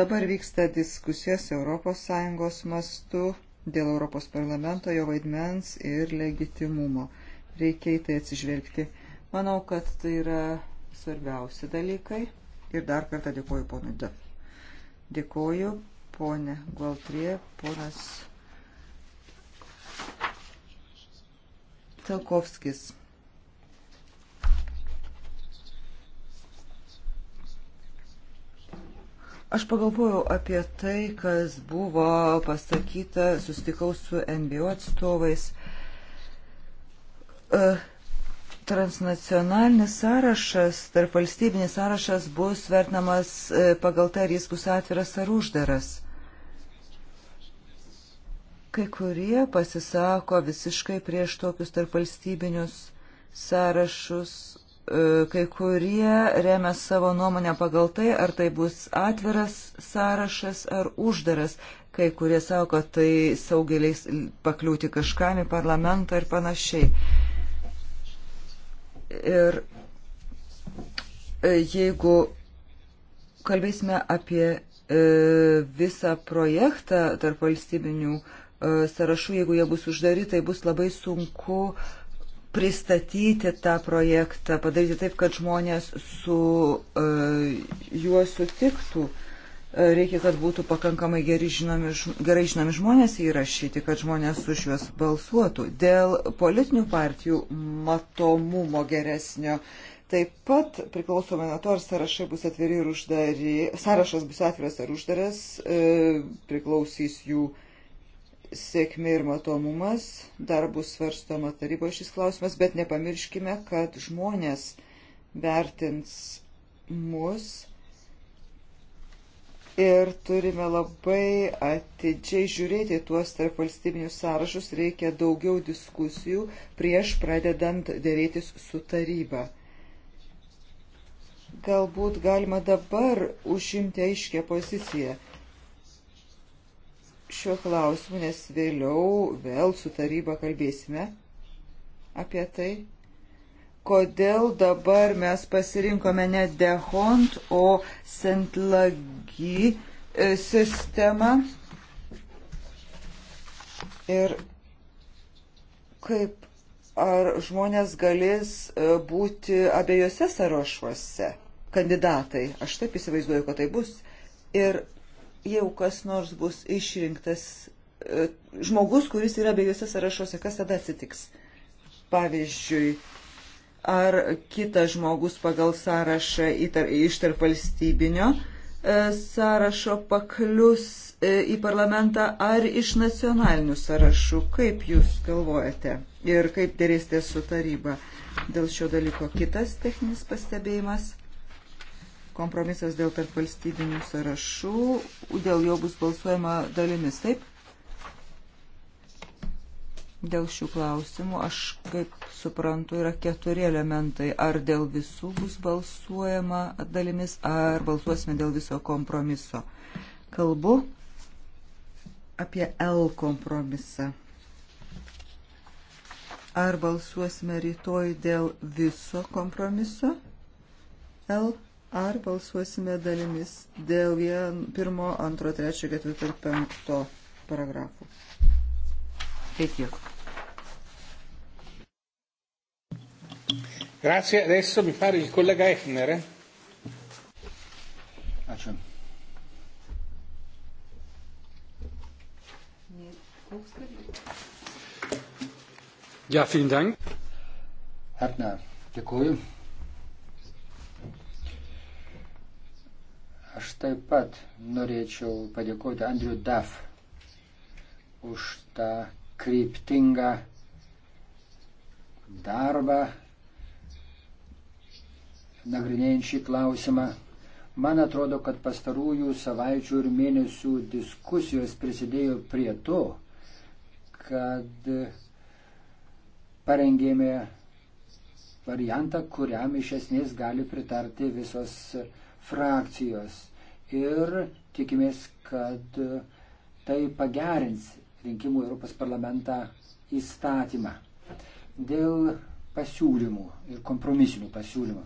Dabar vyksta diskusijos ES mastu dėl Europos parlamento, jo vaidmens ir legitimumo reikia į tai atsižvelgti. Manau, kad tai yra svarbiausi dalykai. Ir dar kartą dėkoju ponui Daf. Dėkoju ponė Gualtrie, ponas Talkovskis. Aš pagalvojau apie tai, kas buvo pasakyta, sustikau su NBO atstovais. E, transnacionalinis sąrašas, tarp valstybinis sąrašas bus vertinamas e, pagal tai, ar jis bus atviras ar uždaras. Kai kurie pasisako visiškai prieš tokius tarp valstybinius sąrašus, e, kai kurie remia savo nuomonę pagal tai, ar tai bus atviras sąrašas ar uždaras. Kai kurie savo, kad tai saugiai leis pakliūti kažkam į parlamentą ir panašiai. Ir e, jeigu kalbėsime apie e, visą projektą tarp valstybinių e, sąrašų, jeigu jie bus uždaryti, tai bus labai sunku pristatyti tą projektą, padaryti taip, kad žmonės su juo sutiktų. Reikia, kad būtų pakankamai gerai žinomi, gerai žinomi žmonės įrašyti, kad žmonės už juos balsuotų. Dėl politinių partijų matomumo geresnio taip pat priklausomai nuo to, ar sąrašai bus atviri ir uždari, sąrašas bus atviras ar uždaras, e, priklausys jų sėkmė ir matomumas. Dar bus svarstoma taryboje šis klausimas, bet nepamirškime, kad žmonės vertins mus ir turime labai atidžiai žiūrėti tuos tarp valstybinius sąrašus, reikia daugiau diskusijų prieš pradedant dėrėtis su taryba. Galbūt galima dabar užimti aiškę poziciją šiuo klausimu, nes vėliau vėl su taryba kalbėsime apie tai kodėl dabar mes pasirinkome ne Dehont, o Sentlagi e, sistemą. Ir kaip ar žmonės galės e, būti abiejose sąrašuose kandidatai. Aš taip įsivaizduoju, kad tai bus. Ir jau kas nors bus išrinktas e, žmogus, kuris yra abiejose sąrašuose, kas tada atsitiks? Pavyzdžiui, ar kitas žmogus pagal sąrašą iš tarp valstybinio e, sąrašo paklius e, į parlamentą ar iš nacionalinių sąrašų. Kaip Jūs galvojate ir kaip dėrėsite su taryba dėl šio dalyko? Kitas techninis pastebėjimas. Kompromisas dėl tarp valstybinių sąrašų, dėl jo bus balsuojama dalimis, taip? dėl šių klausimų. Aš kaip suprantu, yra keturi elementai. Ar dėl visų bus balsuojama dalimis, ar balsuosime dėl viso kompromiso. Kalbu apie L kompromisą. Ar balsuosime rytoj dėl viso kompromiso L, ar balsuosime dalimis dėl 1, 2, 3, 4, 5 paragrafų. Tai tiek. Grazie, adesso mi pare il collega Efner. Ačiū. Ja, vielen Dank. Hefner, dėkuoju. Aš taip pat norėčiau padėkoti Andriu Daf už tą kryptingą darbą, nagrinėjant šį klausimą. Man atrodo, kad pastarųjų savaičių ir mėnesių diskusijos prisidėjo prie to, kad parengėme variantą, kuriam iš esmės gali pritarti visos frakcijos. Ir tikimės, kad tai pagerins rinkimų Europos parlamentą įstatymą dėl pasiūlymų ir kompromisinių pasiūlymų.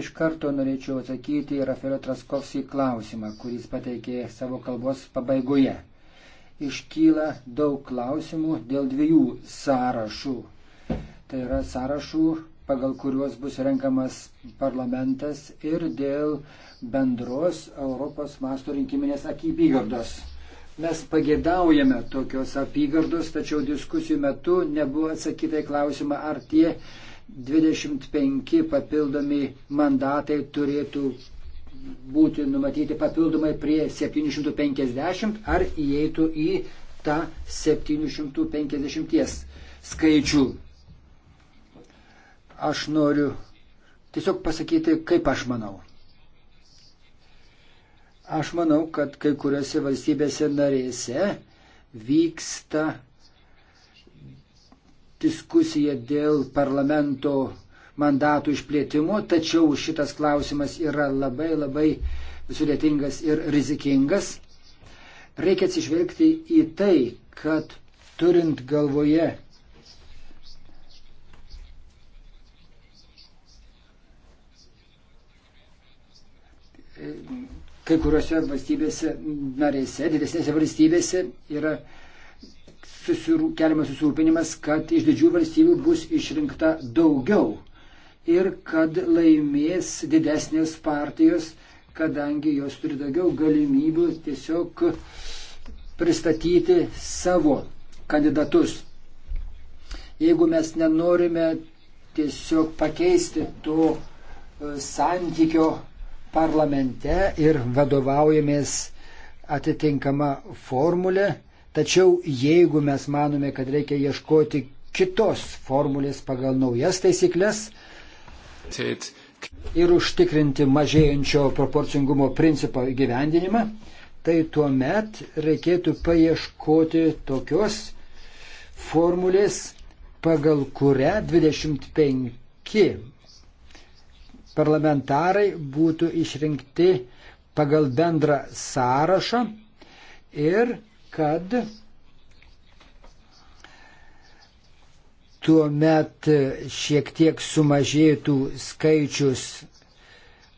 Iš karto norėčiau atsakyti Rafaelio Traskovskį klausimą, kuris pateikė savo kalbos pabaigoje. Iškyla daug klausimų dėl dviejų sąrašų. Tai yra sąrašų, pagal kuriuos bus renkamas parlamentas ir dėl bendros Europos masto rinkiminės apygardos. Mes pagėdaujame tokios apygardos, tačiau diskusijų metu nebuvo atsakyta į klausimą, ar tie 25 papildomi mandatai turėtų būti numatyti papildomai prie 750 ar įeitų į tą 750 skaičių. Aš noriu tiesiog pasakyti, kaip aš manau. Aš manau, kad kai kuriuose valstybėse narėse vyksta diskusija dėl parlamento mandatų išplėtimo, tačiau šitas klausimas yra labai labai sudėtingas ir rizikingas. Reikia atsižvelgti į tai, kad turint galvoje kai kuriuose valstybėse narėse, didesnėse valstybėse yra susirū, keliamas susirūpinimas, kad iš didžiųjų valstybių bus išrinkta daugiau ir kad laimės didesnės partijos, kadangi jos turi daugiau galimybių tiesiog pristatyti savo kandidatus. Jeigu mes nenorime tiesiog pakeisti to e, santykio parlamente ir vadovaujamės atitinkama formulė, tačiau jeigu mes manome, kad reikia ieškoti kitos formulės pagal naujas taisyklės ir užtikrinti mažėjančio proporcingumo principo įgyvendinimą, tai tuomet reikėtų paieškoti tokios formulės, pagal kurią 25 parlamentarai būtų išrinkti pagal bendrą sąrašą ir kad tuo met šiek tiek sumažėtų skaičius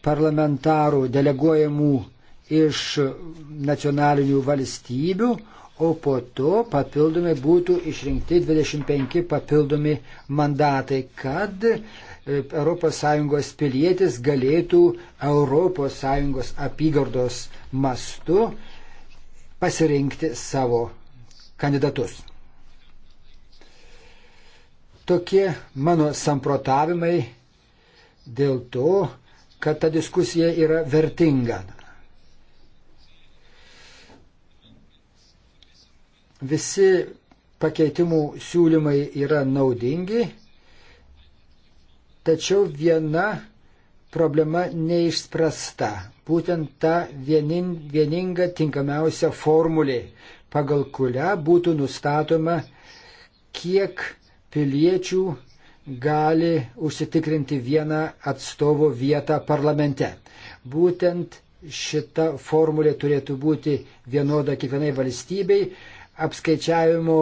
parlamentarų deleguojamų iš nacionalinių valstybių, o po to papildomai būtų išrinkti 25 papildomi mandatai, kad ES pilietis galėtų ES apygardos mastu pasirinkti savo kandidatus. Tokie mano samprotavimai dėl to, kad ta diskusija yra vertinga. Visi pakeitimų siūlymai yra naudingi Tačiau viena problema neišspręsta. Būtent ta vienin, vieninga tinkamiausia formulė, pagal kurią būtų nustatoma, kiek piliečių gali užsitikrinti vieną atstovo vietą parlamente. Būtent šita formulė turėtų būti vienoda kiekvienai valstybei, apskaičiavimo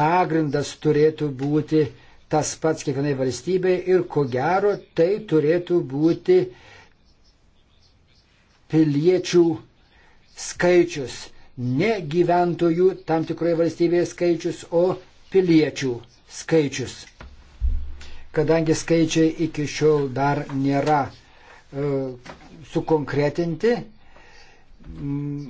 pagrindas turėtų būti tas pats kiekvienai valstybei ir ko gero tai turėtų būti piliečių skaičius, ne gyventojų tam tikroje valstybėje skaičius, o piliečių skaičius. Kadangi skaičiai iki šiol dar nėra e, sukonkretinti, m,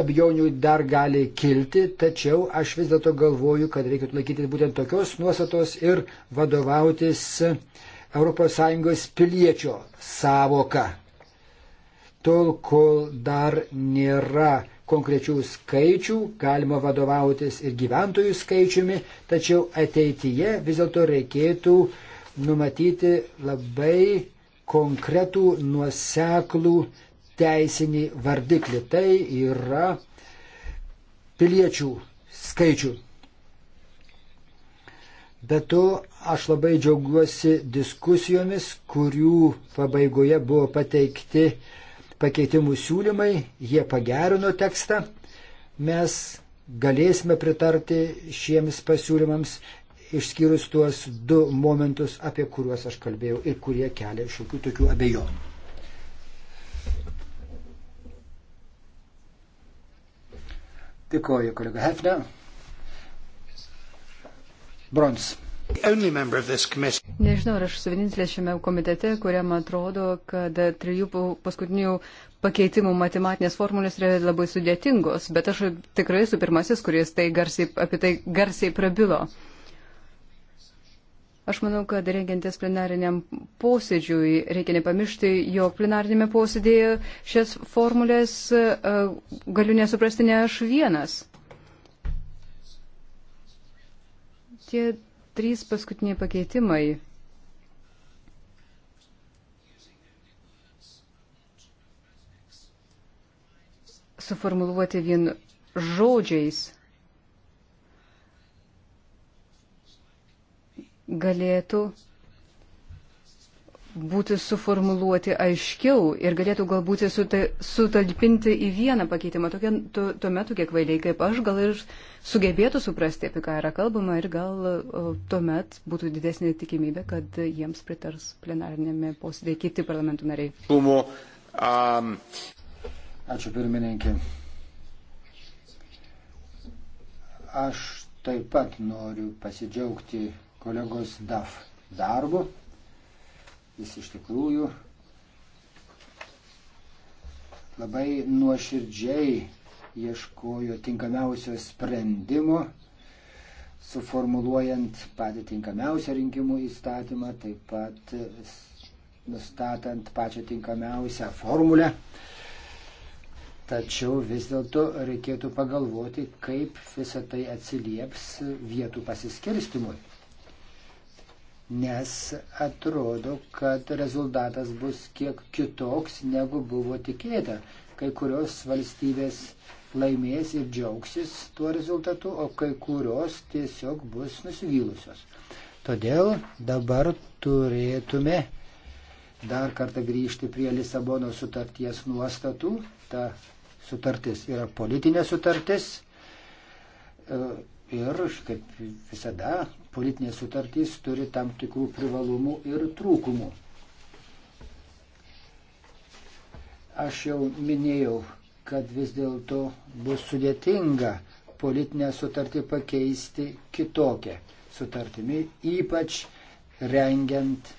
abejonių dar gali kilti, tačiau aš vis dėlto galvoju, kad reikėtų laikyti būtent tokios nuostatos ir vadovautis ES piliečio savoka. Tol, kol dar nėra konkrečių skaičių, galima vadovautis ir gyventojų skaičiumi, tačiau ateityje vis dėlto reikėtų numatyti labai konkretų nuoseklų teisinį vardiklį. Tai yra piliečių skaičių. Be to, aš labai džiaugiuosi diskusijomis, kurių pabaigoje buvo pateikti pakeitimų siūlymai, jie pagerino tekstą. Mes galėsime pritarti šiems pasiūlymams, išskyrus tuos du momentus, apie kuriuos aš kalbėjau ir kurie kelia šiokių tokių abejonių. Dėkuoju, kolega Hefne. Brons. Nežinau, ar aš esu vienintelė šiame komitete, kuriam atrodo, kad trijų paskutinių pakeitimų matematinės formulės yra labai sudėtingos, bet aš tikrai esu pirmasis, kuris tai garsiai, apie tai garsiai prabilo. Aš manau, kad rengiantis plenariniam posėdžiui reikia nepamiršti, jog plenarinėme posėdėje šias formulės e, galiu nesuprasti ne aš vienas. Tie trys paskutiniai pakeitimai. suformuluoti vien žodžiais galėtų būti suformuluoti aiškiau ir galėtų galbūt sutalpinti į vieną pakeitimą. Tokie, tu, tuomet tokie kvailiai kaip aš gal ir sugebėtų suprasti, apie ką yra kalbama ir gal o, tuomet būtų didesnė tikimybė, kad jiems pritars plenarinėme posėdėje kiti parlamentų nariai. Bumo, um... Ačiū pirmininkė. Aš taip pat noriu pasidžiaugti kolegos DAF darbu. Jis iš tikrųjų labai nuoširdžiai ieškojo tinkamiausio sprendimo, suformuluojant patį tinkamiausią rinkimų įstatymą, taip pat nustatant pačią tinkamiausią formulę. Tačiau vis dėlto reikėtų pagalvoti, kaip visą tai atsilieps vietų pasiskirstimui nes atrodo, kad rezultatas bus kiek kitoks, negu buvo tikėta. Kai kurios valstybės laimės ir džiaugsis tuo rezultatu, o kai kurios tiesiog bus nusivylusios. Todėl dabar turėtume dar kartą grįžti prie Lisabono sutarties nuostatų. Ta sutartis yra politinė sutartis. E, ir kaip visada politinės sutartys turi tam tikrų privalumų ir trūkumų. Aš jau minėjau, kad vis dėlto bus sudėtinga politinę sutartį pakeisti kitokią sutartimi, ypač rengiant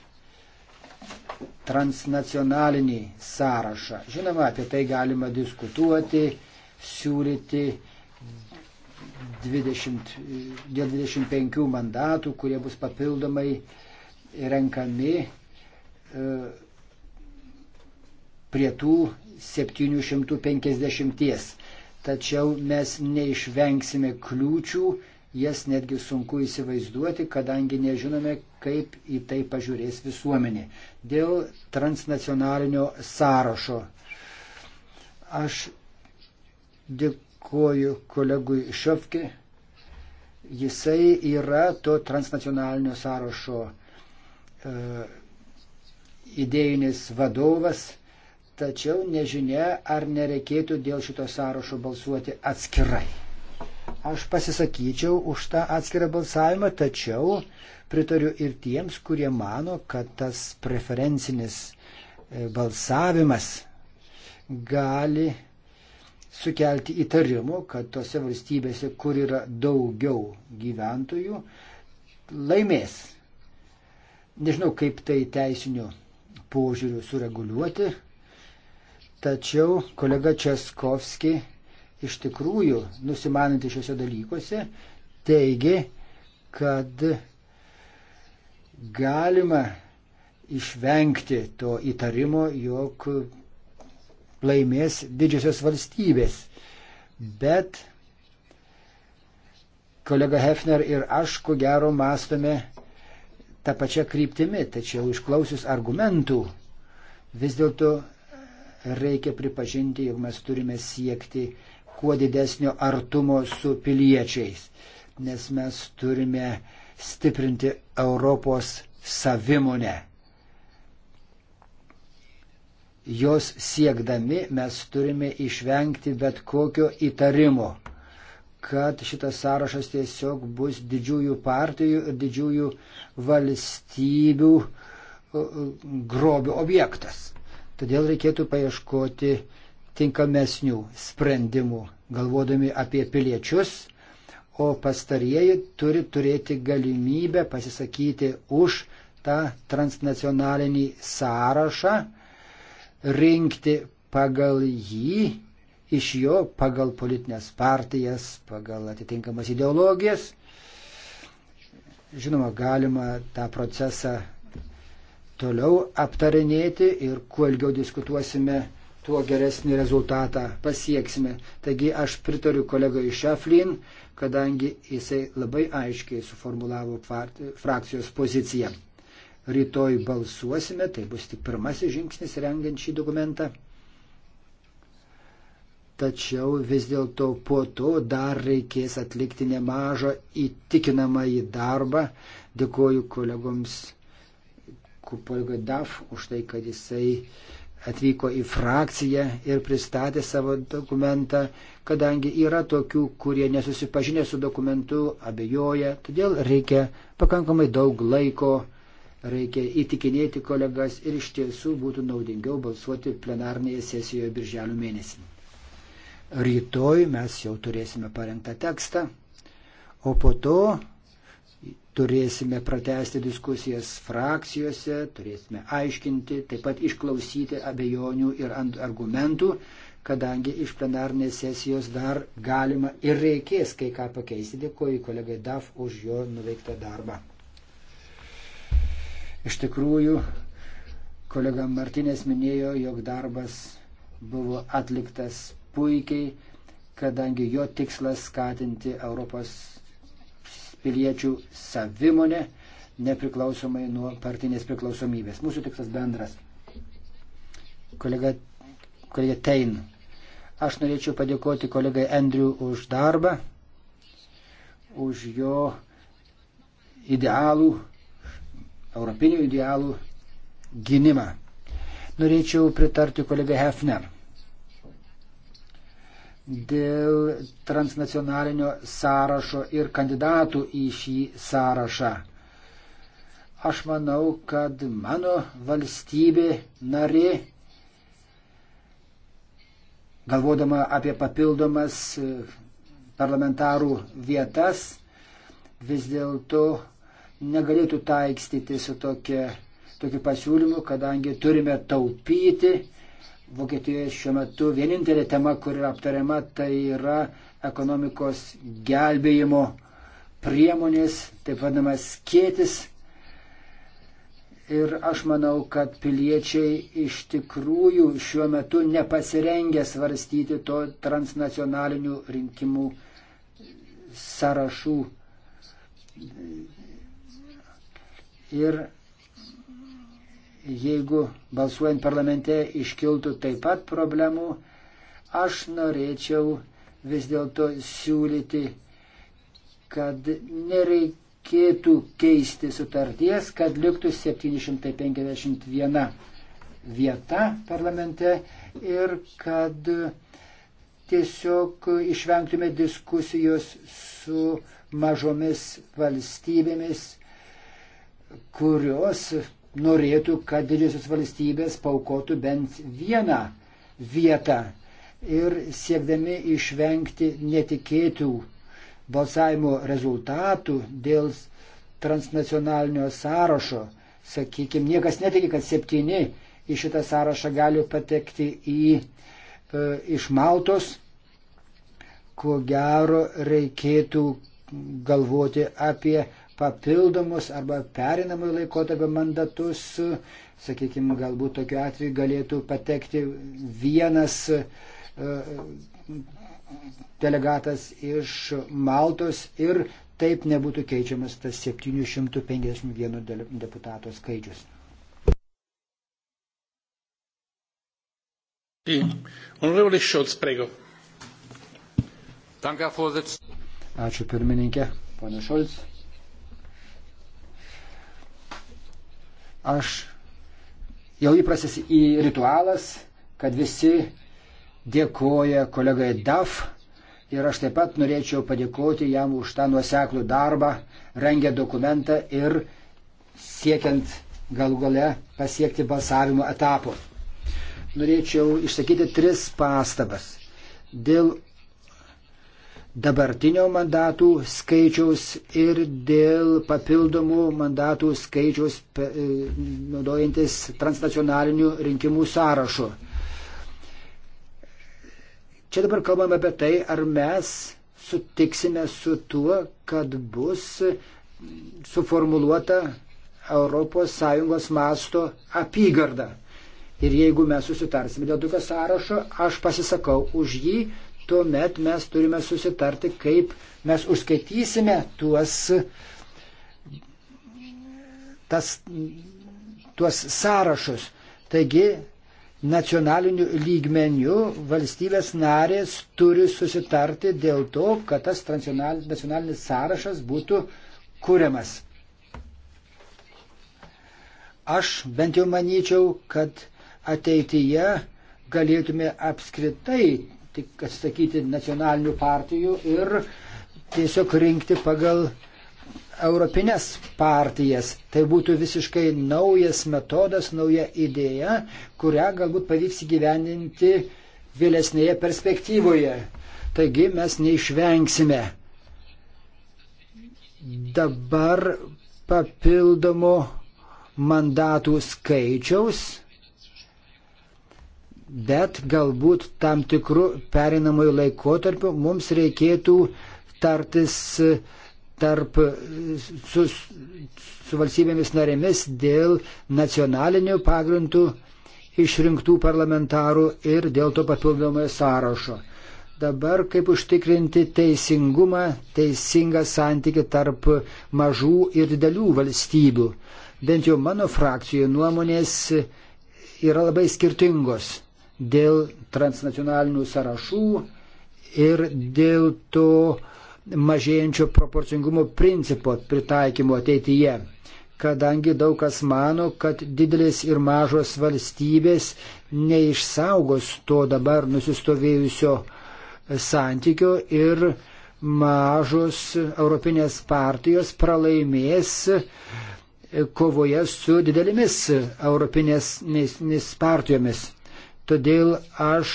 transnacionalinį sąrašą. Žinoma, apie tai galima diskutuoti, siūlyti 20, dėl 25 mandatų, kurie bus papildomai renkami e, prie tų 750. Tačiau mes neišvengsime kliūčių, jas netgi sunku įsivaizduoti, kadangi nežinome, kaip į tai pažiūrės visuomenė. Dėl transnacionalinio sąrašo. Aš dėkuoju dėkuoju kolegui Šiofki. Jisai yra to transnacionalinio sąrašo e, idėjinis vadovas, tačiau nežinia, ar nereikėtų dėl šito sąrašo balsuoti atskirai. Aš pasisakyčiau už tą atskirą balsavimą, tačiau pritariu ir tiems, kurie mano, kad tas preferencinis e, balsavimas gali sukelti įtarimų, kad tose valstybėse, kur yra daugiau gyventojų, laimės. Nežinau, kaip tai teisiniu požiūriu sureguliuoti, tačiau kolega Českovski iš tikrųjų, nusimananti šiuose dalykuose, teigia, kad galima išvengti to įtarimo, jog laimės didžiosios valstybės. Bet kolega Hefner ir aš, ko gero, mastome tą pačią kryptimį, tačiau išklausius argumentų, vis dėlto reikia pripažinti, jog mes turime siekti kuo didesnio artumo su piliečiais, nes mes turime stiprinti Europos savimonę jos siekdami mes turime išvengti bet kokio įtarimo, kad šitas sąrašas tiesiog bus didžiųjų partijų ir didžiųjų valstybių uh, uh, grobių objektas. Todėl reikėtų paieškoti tinkamesnių sprendimų, galvodami apie piliečius, o pastarieji turi turėti galimybę pasisakyti už tą transnacionalinį sąrašą, rinkti pagal jį, iš jo, pagal politinės partijas, pagal atitinkamas ideologijas. Žinoma, galima tą procesą toliau aptarinėti ir kuo ilgiau diskutuosime, tuo geresnį rezultatą pasieksime. Taigi aš pritariu kolegai Šeflin, kadangi jisai labai aiškiai suformulavo frakcijos poziciją rytoj balsuosime, tai bus tik pirmasis žingsnis rengiant šį dokumentą. Tačiau vis dėlto po to dar reikės atlikti nemažą įtikinamąjį darbą. Dėkoju kolegoms Kupolgo Daf už tai, kad jisai atvyko į frakciją ir pristatė savo dokumentą, kadangi yra tokių, kurie nesusipažinę su dokumentu, abejoja, todėl reikia pakankamai daug laiko reikia įtikinėti kolegas ir iš tiesų būtų naudingiau balsuoti plenarnėje sesijoje birželio mėnesį. Rytoj mes jau turėsime parengtą tekstą, o po to turėsime pratesti diskusijas frakcijose, turėsime aiškinti, taip pat išklausyti abejonių ir argumentų, kadangi iš plenarnės sesijos dar galima ir reikės kai ką pakeisti. Dėkuoju kolegai DAF už jo nuveiktą darbą. Iš tikrųjų, kolega Martinės minėjo, jog darbas buvo atliktas puikiai, kadangi jo tikslas skatinti Europos piliečių savimonę nepriklausomai nuo partinės priklausomybės. Mūsų tikslas bendras. Kolega, kolega Tein, aš norėčiau padėkoti kolegai Andriu už darbą, už jo idealų europinių idealų gynimą. Norėčiau pritarti kolegai Hefner dėl transnacionalinio sąrašo ir kandidatų į šį sąrašą. Aš manau, kad mano valstybė nari, galvodama apie papildomas e, parlamentarų vietas, vis dėlto negalėtų taikstyti su tokia, tokiu pasiūlymu, kadangi turime taupyti. Vokietijoje šiuo metu vienintelė tema, kur yra aptariama, tai yra ekonomikos gelbėjimo priemonės, taip vadinamas skėtis. Ir aš manau, kad piliečiai iš tikrųjų šiuo metu nepasirengę svarstyti to transnacionalinių rinkimų sąrašų Ir jeigu balsuojant parlamente iškiltų taip pat problemų, aš norėčiau vis dėlto siūlyti, kad nereikėtų keisti sutarties, kad liktų 751 vieta parlamente ir kad tiesiog išvengtume diskusijos su mažomis valstybėmis kurios norėtų, kad didžiosios valstybės paukotų bent vieną vietą ir siekdami išvengti netikėtų balsavimo rezultatų dėl transnacionalinio sąrašo, sakykime, niekas netiki, kad septyni į šitą sąrašą gali patekti į, e, iš Maltos, ko gero reikėtų galvoti apie papildomus arba perinamojo laikotarpio mandatus. Sakykime, galbūt tokiu atveju galėtų patekti vienas e, delegatas iš Maltos ir taip nebūtų keičiamas tas 751 deputato skaičius. Ačiū pirmininkė, pana Šolts. Aš jau įprasis į ritualas, kad visi dėkoja kolegai DAF ir aš taip pat norėčiau padėkoti jam už tą nuoseklų darbą, rengę dokumentą ir siekiant galų gale pasiekti balsavimo etapo. Norėčiau išsakyti tris pastabas dėl dabartinio mandatų skaičiaus ir dėl papildomų mandatų skaičiaus e, naudojantis transnacionaliniu rinkimų sąrašu. Čia dabar kalbame apie tai, ar mes sutiksime su tuo, kad bus suformuluota ES masto apygarda. Ir jeigu mes susitarsime dėl tokio sąrašo, aš pasisakau už jį, tuomet mes turime susitarti, kaip mes užskaitysime tuos, tas, tuos sąrašus. Taigi, nacionaliniu lygmeniu valstybės narės turi susitarti dėl to, kad tas nacionalinis sąrašas būtų kuriamas. Aš bent jau manyčiau, kad ateityje galėtume apskritai tik atsakyti nacionalinių partijų ir tiesiog rinkti pagal europinės partijas. Tai būtų visiškai naujas metodas, nauja idėja, kurią galbūt pavyks įgyvendinti vėlesnėje perspektyvoje. Taigi mes neišvengsime dabar papildomo mandatų skaičiaus bet galbūt tam tikrų perinamųjų laikotarpių mums reikėtų tartis e, tarp e, su, su valstybėmis narėmis dėl nacionalinių pagrindų išrinktų parlamentarų ir dėl to papildomojo sąrašo. Dabar kaip užtikrinti teisingumą, teisingą santyki tarp mažų ir didelių valstybių. Bent jau mano frakcijų nuomonės yra labai skirtingos dėl transnacionalinių sąrašų ir dėl to mažėjančio proporcingumo principo pritaikymo ateityje, kadangi daug kas mano, kad didelis ir mažos valstybės neišsaugos to dabar nusistovėjusio santykio ir mažos europinės partijos pralaimės kovoje su didelėmis europinės partijomis. Todėl aš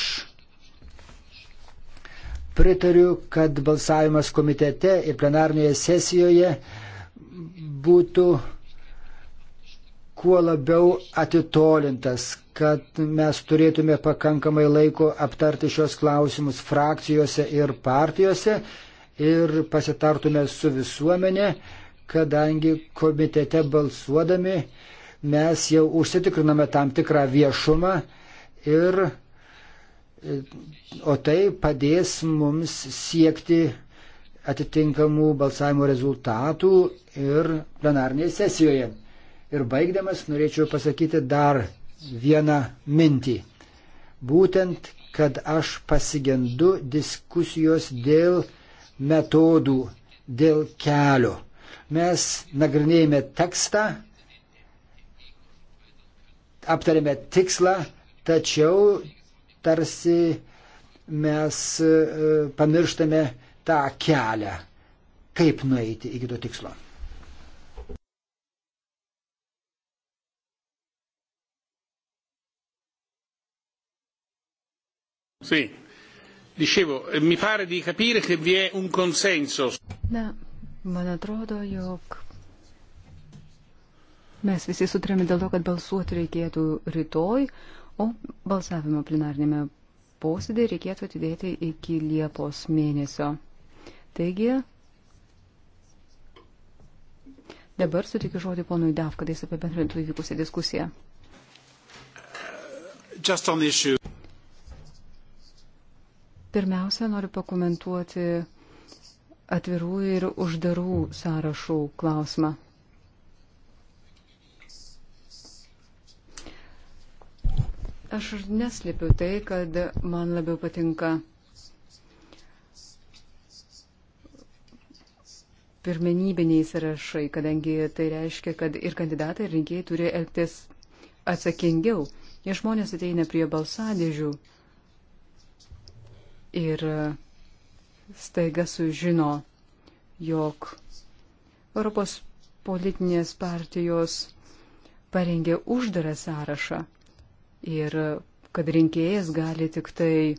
pritariu, kad balsavimas komitete ir plenarnėje sesijoje būtų kuo labiau atitolintas, kad mes turėtume pakankamai laiko aptarti šios klausimus frakcijose ir partijose ir pasitartume su visuomenė, kadangi komitete balsuodami mes jau užsitikriname tam tikrą viešumą ir o tai padės mums siekti atitinkamų balsavimo rezultatų ir plenarnėje sesijoje. Ir baigdamas norėčiau pasakyti dar vieną mintį. Būtent, kad aš pasigendu diskusijos dėl metodų, dėl kelio. Mes nagrinėjame tekstą, aptarėme tikslą, tačiau tarsi mes e, pamirštame tą kelią, kaip nueiti iki to tikslo. Sì, dicevo, eh, mi pare di capire che vi è un consenso. Na, man atrodo, jog mes visi sutrėme dėl to, kad balsuoti reikėtų rytoj, o balsavimo plenarnėme posėdį reikėtų atidėti iki Liepos mėnesio. Taigi, dabar sutikiu žodį ponui Dav, kad jis apibendrintų įvykusią diskusiją. Pirmiausia, noriu pakomentuoti atvirų ir uždarų sąrašų klausimą. Aš ir neslipiu tai, kad man labiau patinka pirmenybiniai sąrašai, kadangi tai reiškia, kad ir kandidatai, ir rinkėjai turi elgtis atsakingiau. Jie žmonės ateina prie balsadėžių ir staiga sužino, jog Europos politinės partijos parengė uždarą sąrašą ir kad rinkėjas gali tik tai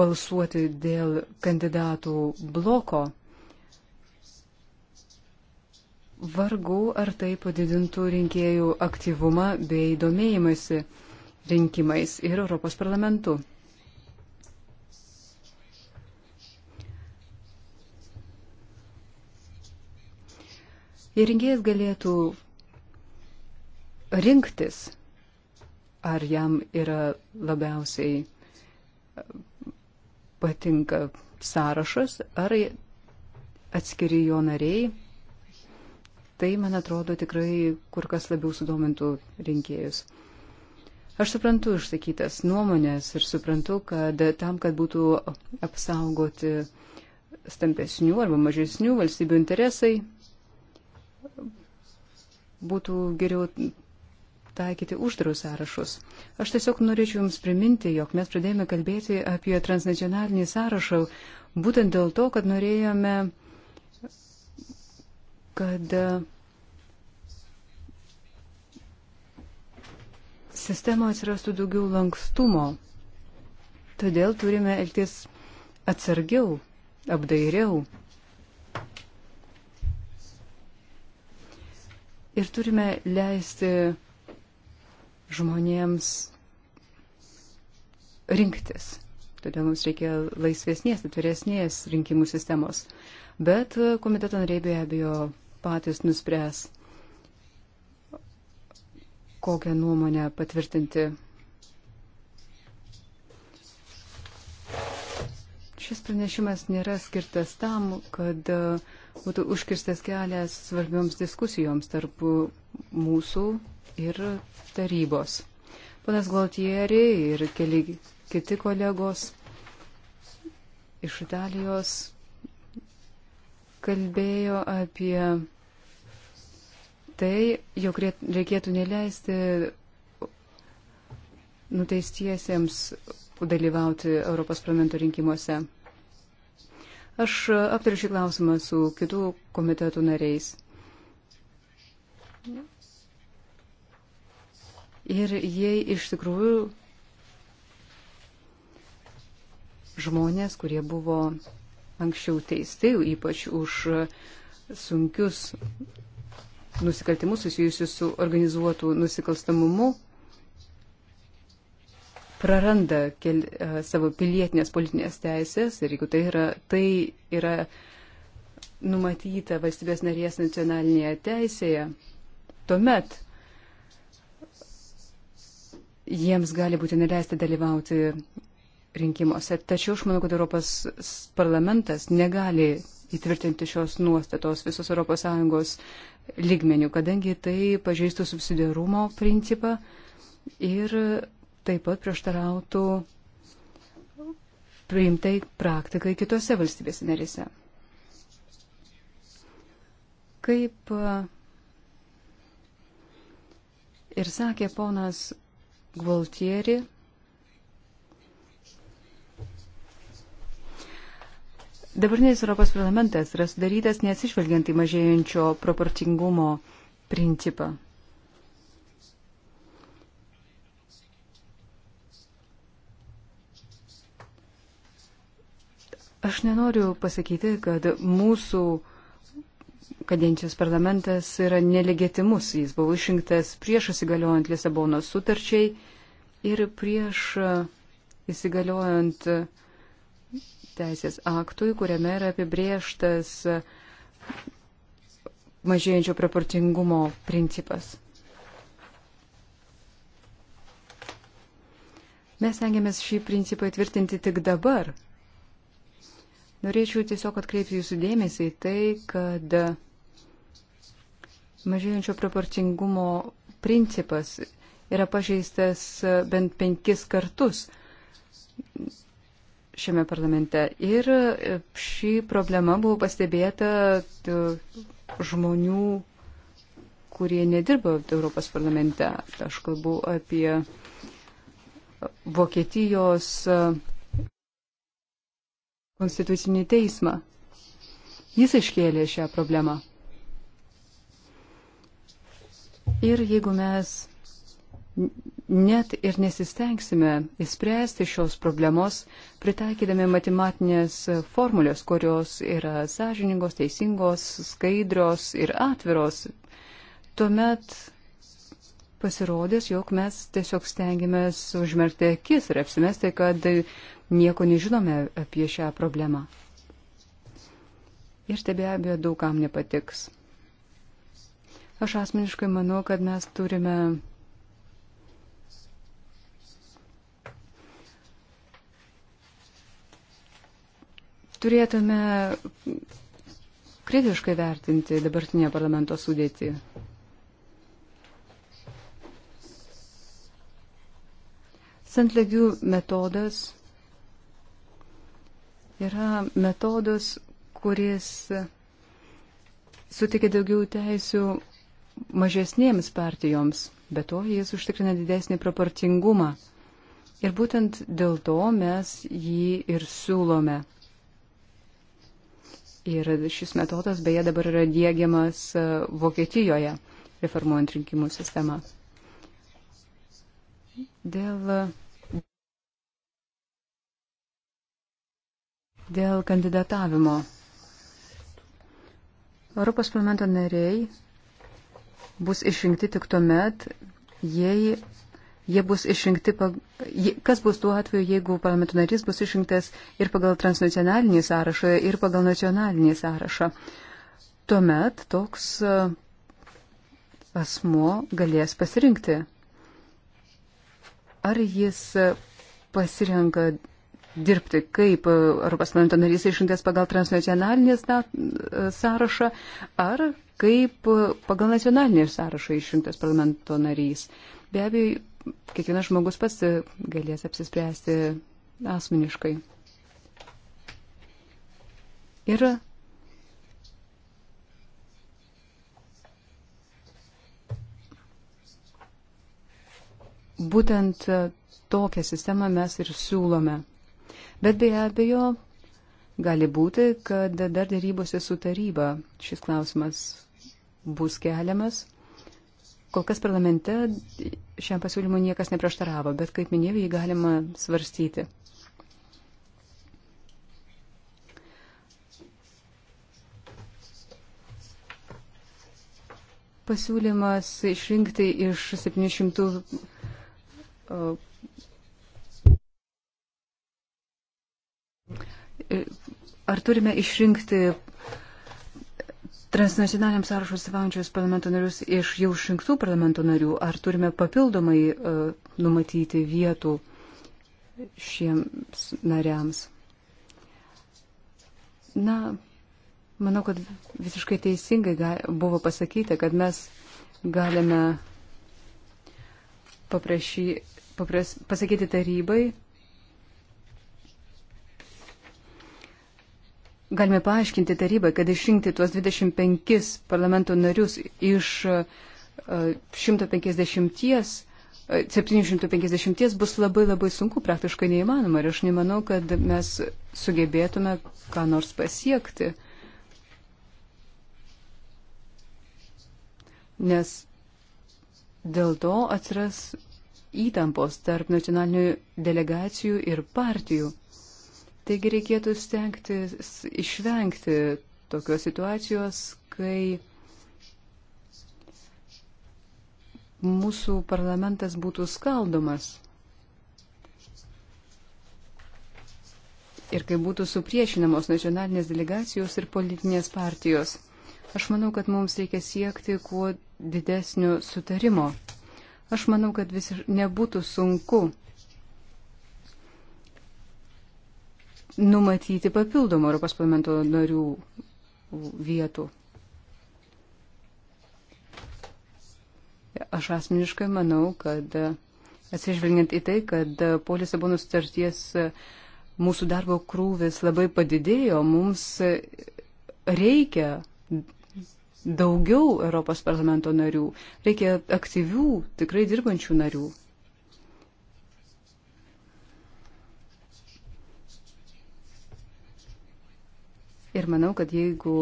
balsuoti dėl kandidatų bloko, vargu ar tai padidintų rinkėjų aktyvumą bei domėjimąsi rinkimais ir Europos parlamentu. Jei rinkėjas galėtų rinktis, ar jam yra labiausiai e, patinka sąrašas, ar atskiri jo nariai. Tai, man atrodo, tikrai kur kas labiau sudomintų rinkėjus. Aš suprantu išsakytas nuomonės ir suprantu, kad tam, kad būtų apsaugoti stambesnių arba mažesnių valstybių interesai, būtų geriau taikyti uždarus sąrašus. Aš tiesiog norėčiau Jums priminti, jog mes pradėjome kalbėti apie transnacionalinį sąrašą būtent dėl to, kad norėjome, kad e, sistemoje atsirastų daugiau lankstumo. Todėl turime elgtis atsargiau, apdairiau. Ir turime leisti žmonėms rinktis. Todėl mums reikia laisvesnės, atviresnės rinkimų sistemos. Bet komiteto nariai be abejo patys nuspręs, kokią nuomonę patvirtinti. Šis pranešimas nėra skirtas tam, kad būtų užkirstas kelias svarbioms diskusijoms tarp mūsų ir tarybos. Panas Galtieri ir keli kiti kolegos iš Italijos kalbėjo apie tai, jog reikėtų neleisti nuteistiesiems dalyvauti Europos parlamento rinkimuose. Aš aptariu šį klausimą su kitų komitetų nariais ir jei iš tikrųjų žmonės, kurie buvo anksčiau teisti, ypač už sunkius nusikaltimus susijusius su organizuotų nusikalstamumu, praranda kel, e, savo pilietinės politinės teisės ir jeigu tai yra, tai yra numatyta valstybės narės nacionalinėje teisėje, tuomet jiems gali būti neleisti dalyvauti rinkimuose. Tačiau aš manau, kad Europos parlamentas negali įtvirtinti šios nuostatos visos ES lygmenių, kadangi tai pažeistų subsidiarumo principą ir taip pat prieštarautų priimtai praktikai kitose valstybės narėse. Kaip e, ir sakė ponas Gualtieri. Dabartinis Europos parlamentas yra sudarytas neatsižvelgiant į mažėjančio proporcingumo principą. Aš nenoriu pasakyti, kad mūsų uh, kadencijos parlamentas yra nelegitimus. Jis buvo išrinktas prieš įsigaliojant Lisabono sutarčiai ir prieš e, įsigaliojant e, teisės aktui, kuriame yra apibrieštas e, mažėjančio proporcingumo principas. Mes stengiamės šį principą įtvirtinti tik dabar. Norėčiau tiesiog atkreipti jūsų dėmesį į tai, kad mažėjančio proporcingumo principas yra pažeistas bent penkis kartus šiame parlamente. Ir ši problema buvo pastebėta žmonių, kurie nedirba Europos parlamente. Aš kalbu apie Vokietijos konstitucinį teismą. Jis iškėlė šią problemą. Ir jeigu mes net ir nesistengsime įspręsti šios problemos, pritaikydami matematinės formulės, kurios yra sąžiningos, teisingos, skaidrios ir atviros, tuomet pasirodės, jog mes tiesiog stengiamės užmerkti akis ir apsimesti, kad nieko nežinome apie šią problemą. Ir tai be abejo daugam nepatiks. Aš asmeniškai manau, kad mes turime turėtume kritiškai vertinti dabartinę parlamento sudėtį. Santlegių metodas yra metodas, kuris sutikia daugiau teisių mažesnėms partijoms, bet to jis užtikrina didesnį proporcingumą. Ir būtent dėl to mes jį ir siūlome. Ir šis metodas beje dabar yra dėgiamas e, Vokietijoje, reformuojant rinkimų sistemą. Dėl, dėl kandidatavimo. Europos parlamento nariai bus išrinkti tik tuo met, jei jie bus išrinkti, kas bus tuo atveju, jeigu parlamento narys bus išrinktas ir pagal transnacionalinį sąrašą, ir pagal nacionalinį sąrašą. Tuomet toks e, asmo galės pasirinkti, ar jis e, pasirenka dirbti kaip e, Europos parlamento narys išrinktas pagal transnacionalinį sąrašą, ar kaip pagal nacionalinį sąrašą išrinktas parlamento narys. Be abejo, kiekvienas žmogus pats galės apsispręsti asmeniškai. Ir būtent tokią sistemą mes ir siūlome. Bet be abejo, gali būti, kad dar dėrybose su taryba šis klausimas bus keliamas. Kol kas parlamente šiam pasiūlymui niekas neprieštaravo, bet, kaip minėjau, jį galima svarstyti. Pasiūlymas išrinkti iš 700 e, Ar turime išrinkti transnacionaliniam sąrašus savančius parlamento narius iš jau išrinktų parlamento narių, ar turime papildomai uh, numatyti vietų šiems nariams? Na, manau, kad visiškai teisingai buvo pasakyta, kad mes galime paprašy, papras, pasakyti tarybai galime paaiškinti tarybai, kad išrinkti tuos 25 parlamento narius iš 150, e, 750 e, bus labai labai sunku, praktiškai neįmanoma. Ir aš nemanau, kad mes sugebėtume ką nors pasiekti. Nes dėl to atsiras įtampos tarp nacionalinių delegacijų ir partijų. Taigi reikėtų stengtis išvengti tokios situacijos, kai mūsų parlamentas būtų skaldomas ir kai būtų supriešinamos nacionalinės delegacijos ir politinės partijos. Aš manau, kad mums reikia siekti kuo didesnio sutarimo. Aš manau, kad vis nebūtų sunku numatyti papildomų Europos parlamento narių vietų. Aš asmeniškai manau, kad atsižvelgiant į tai, kad po Lisabonos sutarties mūsų darbo krūvis labai padidėjo, mums reikia daugiau Europos parlamento narių, reikia aktyvių, tikrai dirbančių narių. Ir manau, kad jeigu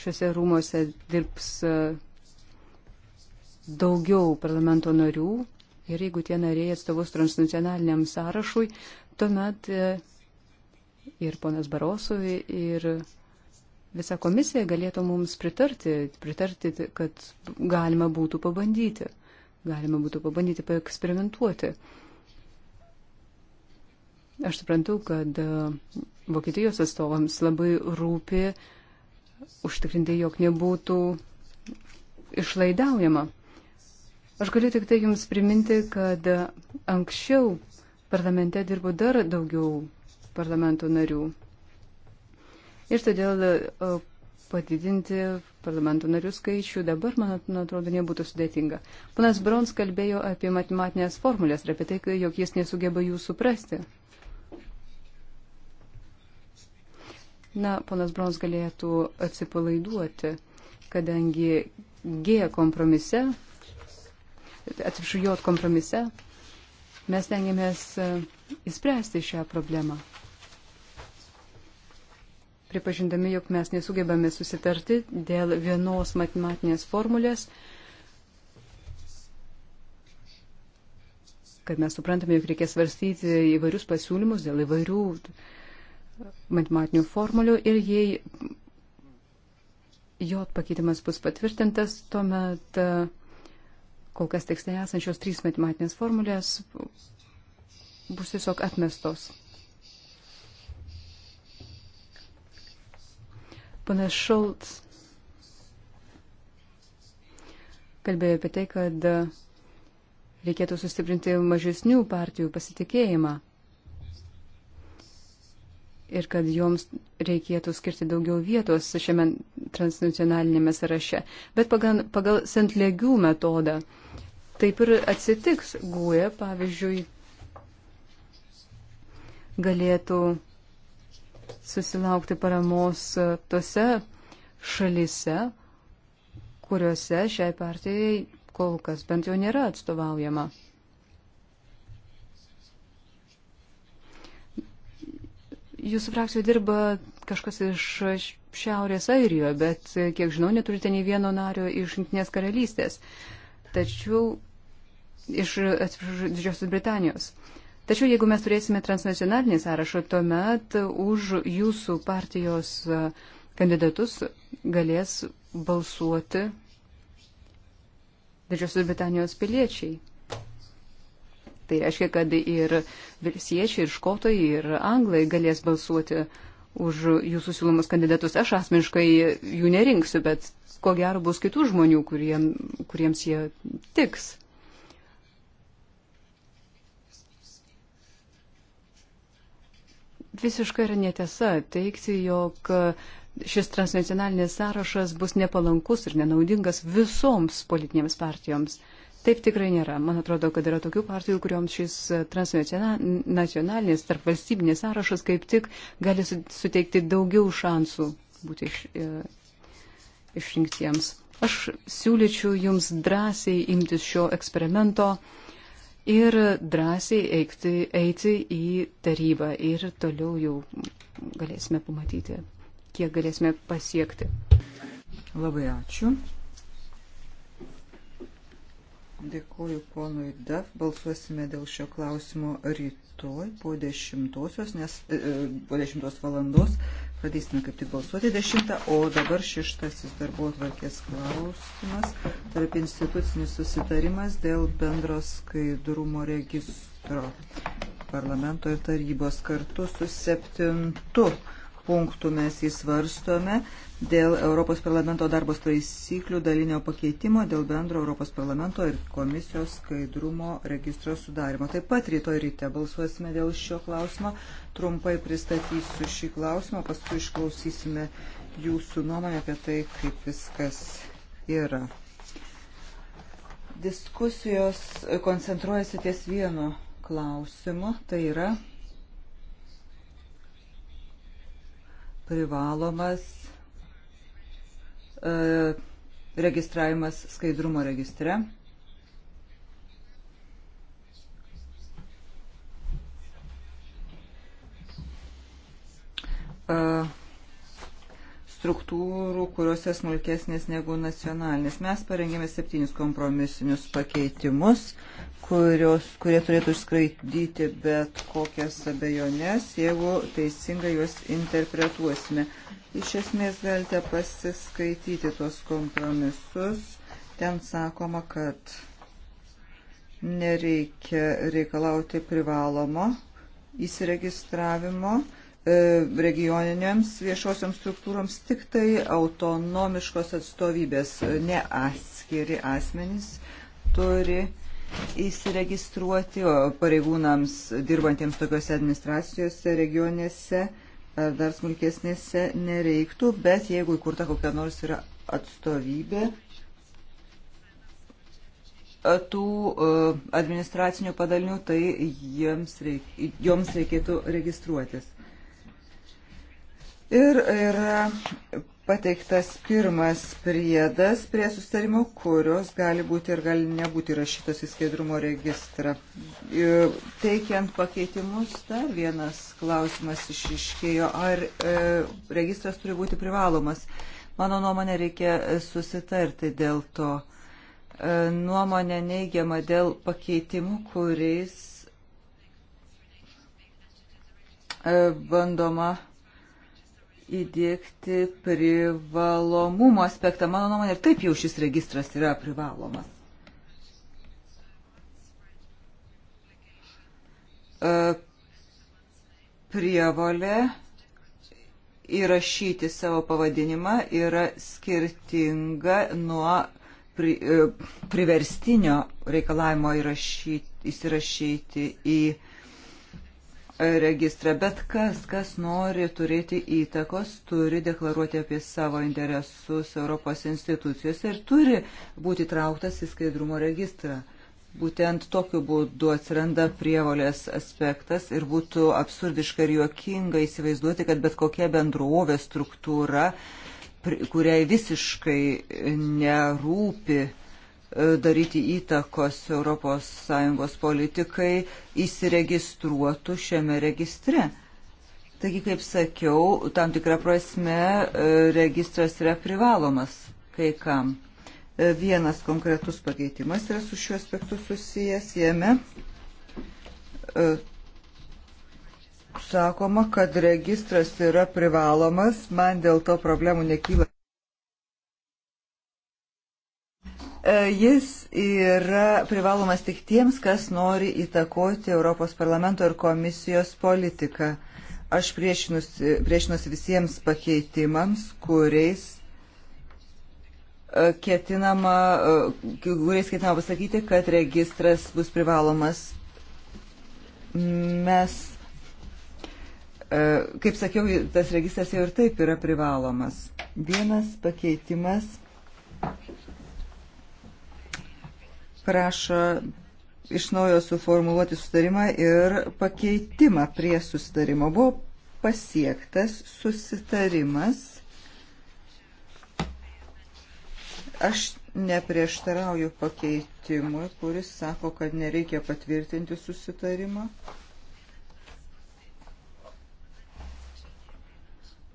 šiuose rūmose dirbs e, daugiau parlamento narių ir jeigu tie nariai atstovus transnacionaliniam sąrašui, tuomet e, ir ponas Barosui, ir visa komisija galėtų mums pritarti, pritarti, kad galima būtų pabandyti, galima būtų pabandyti paeksperimentuoti. Aš suprantu, kad e, Vokietijos atstovams labai rūpi užtikrinti, jog nebūtų išlaidaujama. Aš galiu tik tai Jums priminti, kad anksčiau parlamente dirbo dar daugiau parlamento narių. Ir todėl e, padidinti parlamento narių skaičių dabar, man atrodo, nebūtų sudėtinga. Panas Brons kalbėjo apie matematinės formulės ir apie tai, jog jis nesugeba jų suprasti. Na, ponas Brons galėtų atsipalaiduoti, kadangi G kompromise, atsiprašau, J kompromise, mes tengiamės e, įspręsti šią problemą. Pripažindami, jog mes nesugebame susitarti dėl vienos matematinės formulės, kad mes suprantame, jog reikia svarstyti įvairius pasiūlymus dėl įvairių uh, matematinių formulių ir jei jo pakeitimas bus patvirtintas, tuomet e, kol kas tekste esančios trys matematinės formulės bus tiesiog atmestos. Panas Šolts kalbėjo apie tai, kad reikėtų sustiprinti mažesnių partijų pasitikėjimą ir kad joms reikėtų skirti daugiau vietos šiame transnacionalinėme sąraše. Bet pagal, pagal sentlegių metodą taip ir atsitiks GUE, pavyzdžiui, galėtų susilaukti paramos tose šalise, kuriuose šiai partijai kol kas bent jau nėra atstovaujama. Jūsų frakcijoje dirba kažkas iš Šiaurės Airijoje, bet, kiek žinau, neturite nei vieno nario iš Junktinės karalystės. Tačiau iš, atsiprašau, Didžiosios Britanijos. Tačiau jeigu mes turėsime transnacionalinį sąrašą, tuomet už jūsų partijos kandidatus galės balsuoti Didžiosios Britanijos piliečiai. Tai reiškia, kad ir vilsiečiai, ir škotai, ir anglai galės balsuoti už jūsų siūlomus kandidatus. Aš asmeniškai jų nerinksiu, bet ko gero bus kitų žmonių, kurie, kuriems jie tiks. Visiškai yra netiesa teikti, jog šis transnacionalinis sąrašas bus nepalankus ir nenaudingas visoms politinėms partijoms. Taip tikrai nėra. Man atrodo, kad yra tokių partijų, kuriuoms šis e, transnacionalinis tarp valstybinis sąrašas kaip tik gali suteikti daugiau šansų būti iš, e, išrinktiems. Aš siūlyčiau jums drąsiai imtis šio eksperimento ir drąsiai eikti, eiti į tarybą ir toliau jau galėsime pamatyti, kiek galėsime pasiekti. Labai ačiū. Dėkuoju ponui DAF, balsuosime dėl šio klausimo rytoj po 10, nes e, po 10 valandos pradėsime kaip tik balsuoti 10, o dabar šeštasis darbo atvarkės klausimas, tarp institucinis susitarimas dėl bendro skaidrumo registro parlamento ir tarybos kartu su septintu punktų mes įsvarstome dėl Europos parlamento darbos taisyklių dalinio pakeitimo, dėl bendro Europos parlamento ir komisijos skaidrumo registro sudarimo. Taip pat rytoj ryte balsuosime dėl šio klausimo. Trumpai pristatysiu šį klausimą, paskui išklausysime jūsų nuomonę apie tai, kaip viskas yra. Diskusijos koncentruojasi ties vienu klausimu, tai yra privalomas e, registravimas skaidrumo registre. E, struktūrų, kuriuose smulkesnės negu nacionalinės. Mes parengėme septynis kompromisinius pakeitimus, kurios, kurie turėtų išskraidyti bet kokias abejonės, jeigu teisingai juos interpretuosime. Iš esmės galite pasiskaityti tuos kompromisus. Ten sakoma, kad nereikia reikalauti privalomo įsiregistravimo E, regioniniams viešosioms struktūroms tik tai autonomiškos atstovybės, e, ne atskiri asmenys turi įsiregistruoti, o pareigūnams dirbantiems tokiuose administracijose, regionėse ar e, dar smulkesnėse nereiktų, bet jeigu įkurta kokia nors yra atstovybė, tų administracinių padalinių, tai jiems reik, joms reikėtų registruotis. Ir yra pateiktas pirmas priedas prie sustarimo, kurios gali būti ir gali nebūti rašytas į skaidrumo registrą. Teikiant pakeitimus, dar vienas klausimas išiškėjo, ar e, registras turi būti privalomas. Mano nuomonė reikia susitarti dėl to. E, nuomonė neigiama dėl pakeitimų, kuriais e, bandoma įdėkti privalomumo aspektą. Mano nuomonė, ir taip jau šis registras yra privalomas. E, prievolė įrašyti savo pavadinimą yra skirtinga nuo pri, e, priverstinio reikalavimo įrašyti, įsirašyti į registrą, bet kas, kas nori turėti įtakos, turi deklaruoti apie savo interesus Europos institucijose ir turi būti trauktas į skaidrumo registrą. Būtent tokiu būdu atsiranda prievolės aspektas ir būtų absurdiška ir juokinga įsivaizduoti, kad bet kokia bendrovė struktūra, kuriai visiškai nerūpi daryti įtakos ES politikai įsiregistruotų šiame registre. Taigi, kaip sakiau, tam tikrą prasme e, registras yra privalomas kai kam. E, vienas konkretus pakeitimas yra su šiuo aspektu susijęs jame. E, sakoma, kad registras yra privalomas, man dėl to problemų nekyla. E, jis yra privalomas tik tiems, kas nori įtakoti Europos parlamento ir komisijos politiką. Aš priešinusi, priešinusi visiems pakeitimams, kuriais e, ketinama, e, kuriais ketinama pasakyti, kad registras bus privalomas. Mes, kaip sakiau, tas registras jau ir taip yra privalomas. Vienas pakeitimas prašo iš naujo suformuluoti sustarimą ir pakeitimą prie sustarimo. Buvo pasiektas susitarimas. Aš neprieštarauju pakeitimui, kuris sako, kad nereikia patvirtinti susitarimą.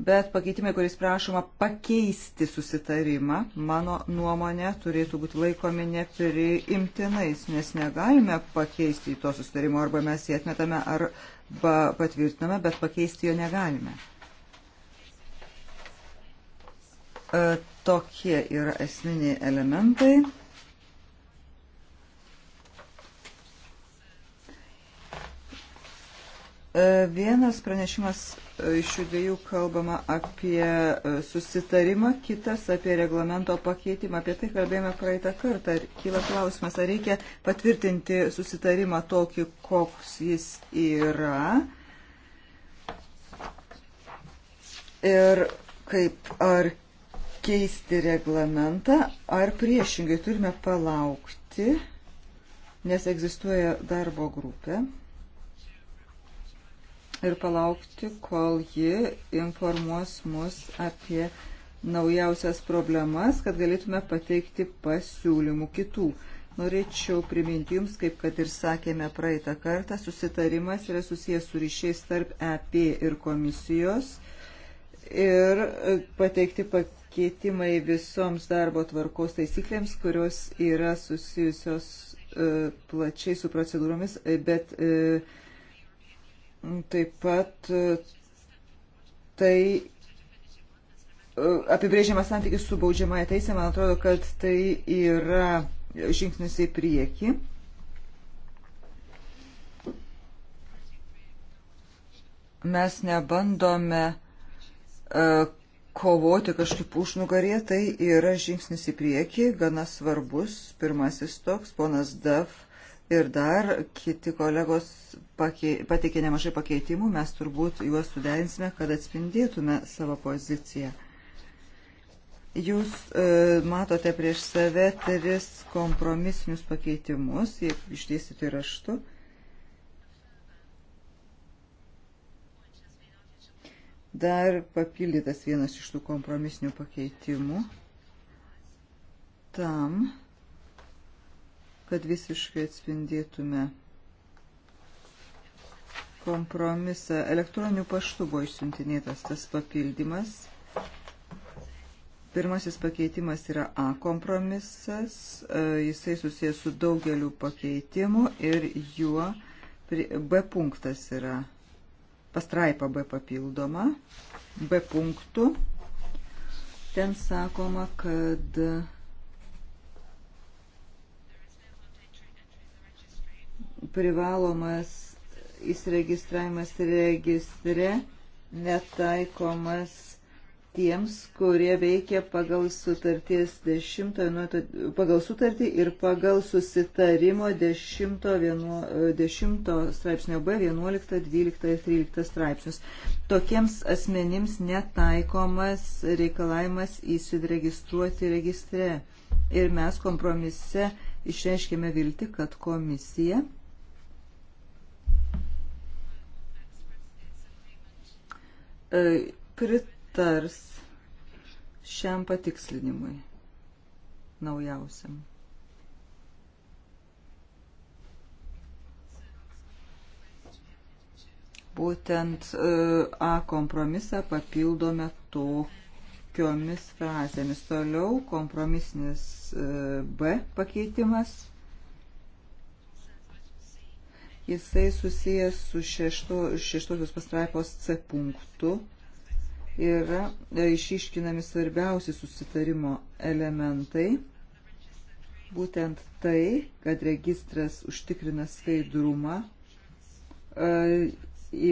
bet pakeitimai, kuris prašoma pakeisti susitarimą, mano nuomonė, turėtų būti laikomi nepriimtinais, nes negalime pakeisti to susitarimo, arba mes jį atmetame, arba patvirtiname, bet pakeisti jo negalime. E, tokie yra esminiai elementai. E, vienas pranešimas e, iš šių dviejų kalbama apie e, susitarimą, kitas apie reglamento pakeitimą. Apie tai kalbėjome praeitą kartą. Kyla klausimas, ar reikia patvirtinti susitarimą tokį, koks jis yra. Ir kaip ar keisti reglamentą, ar priešingai turime palaukti, nes egzistuoja darbo grupė ir palaukti, kol ji informuos mus apie naujausias problemas, kad galėtume pateikti pasiūlymų kitų. Norėčiau priminti Jums, kaip kad ir sakėme praeitą kartą, susitarimas yra susijęs su ryšiais tarp EP ir komisijos ir pateikti pakeitimai visoms darbo tvarkos taisyklėms, kurios yra susijusios e, plačiai su procedūromis, bet uh, Taip pat e, tai e, apibrėžiamas santykis su baudžiamąją teisę, man atrodo, kad tai yra žingsnis į priekį. Mes nebandome e, kovoti kažkaip užnugarė, tai yra žingsnis į priekį, gana svarbus, pirmasis toks, ponas Dav ir dar kiti kolegos pateikė nemažai pakeitimų, mes turbūt juos suderinsime, kad atspindėtume savo poziciją. Jūs e, matote prieš save tris kompromisinius pakeitimus, jie išdėstyti raštu. Dar papildytas vienas iš tų kompromisinių pakeitimų tam, kad visiškai atspindėtume kompromisą. Elektroniniu paštu buvo išsiuntinėtas tas papildymas. Pirmasis pakeitimas yra A kompromisas, e, jisai susijęs su daugeliu pakeitimų ir juo B punktas yra pastraipa B papildoma, B punktų. Ten sakoma, kad privalomas įsiregistravimas registre netaikomas tiems, kurie veikia pagal sutarties 10, pagal sutartį ir pagal susitarimo 10, 10 straipsnio B, 11, 12 ir 13 straipsnius. Tokiems asmenims netaikomas reikalavimas įsiregistruoti registre. Ir mes kompromise išreiškėme vilti, kad komisija E, pritars šiam patikslinimui naujausiam. Būtent e, A kompromisą papildome tokiomis frazėmis. Toliau kompromisinis e, B pakeitimas Jisai susijęs su šešto, šeštosios pastraipos C punktu yra e, išiškinami svarbiausi susitarimo elementai. Būtent tai, kad registras užtikrina skaidrumą e,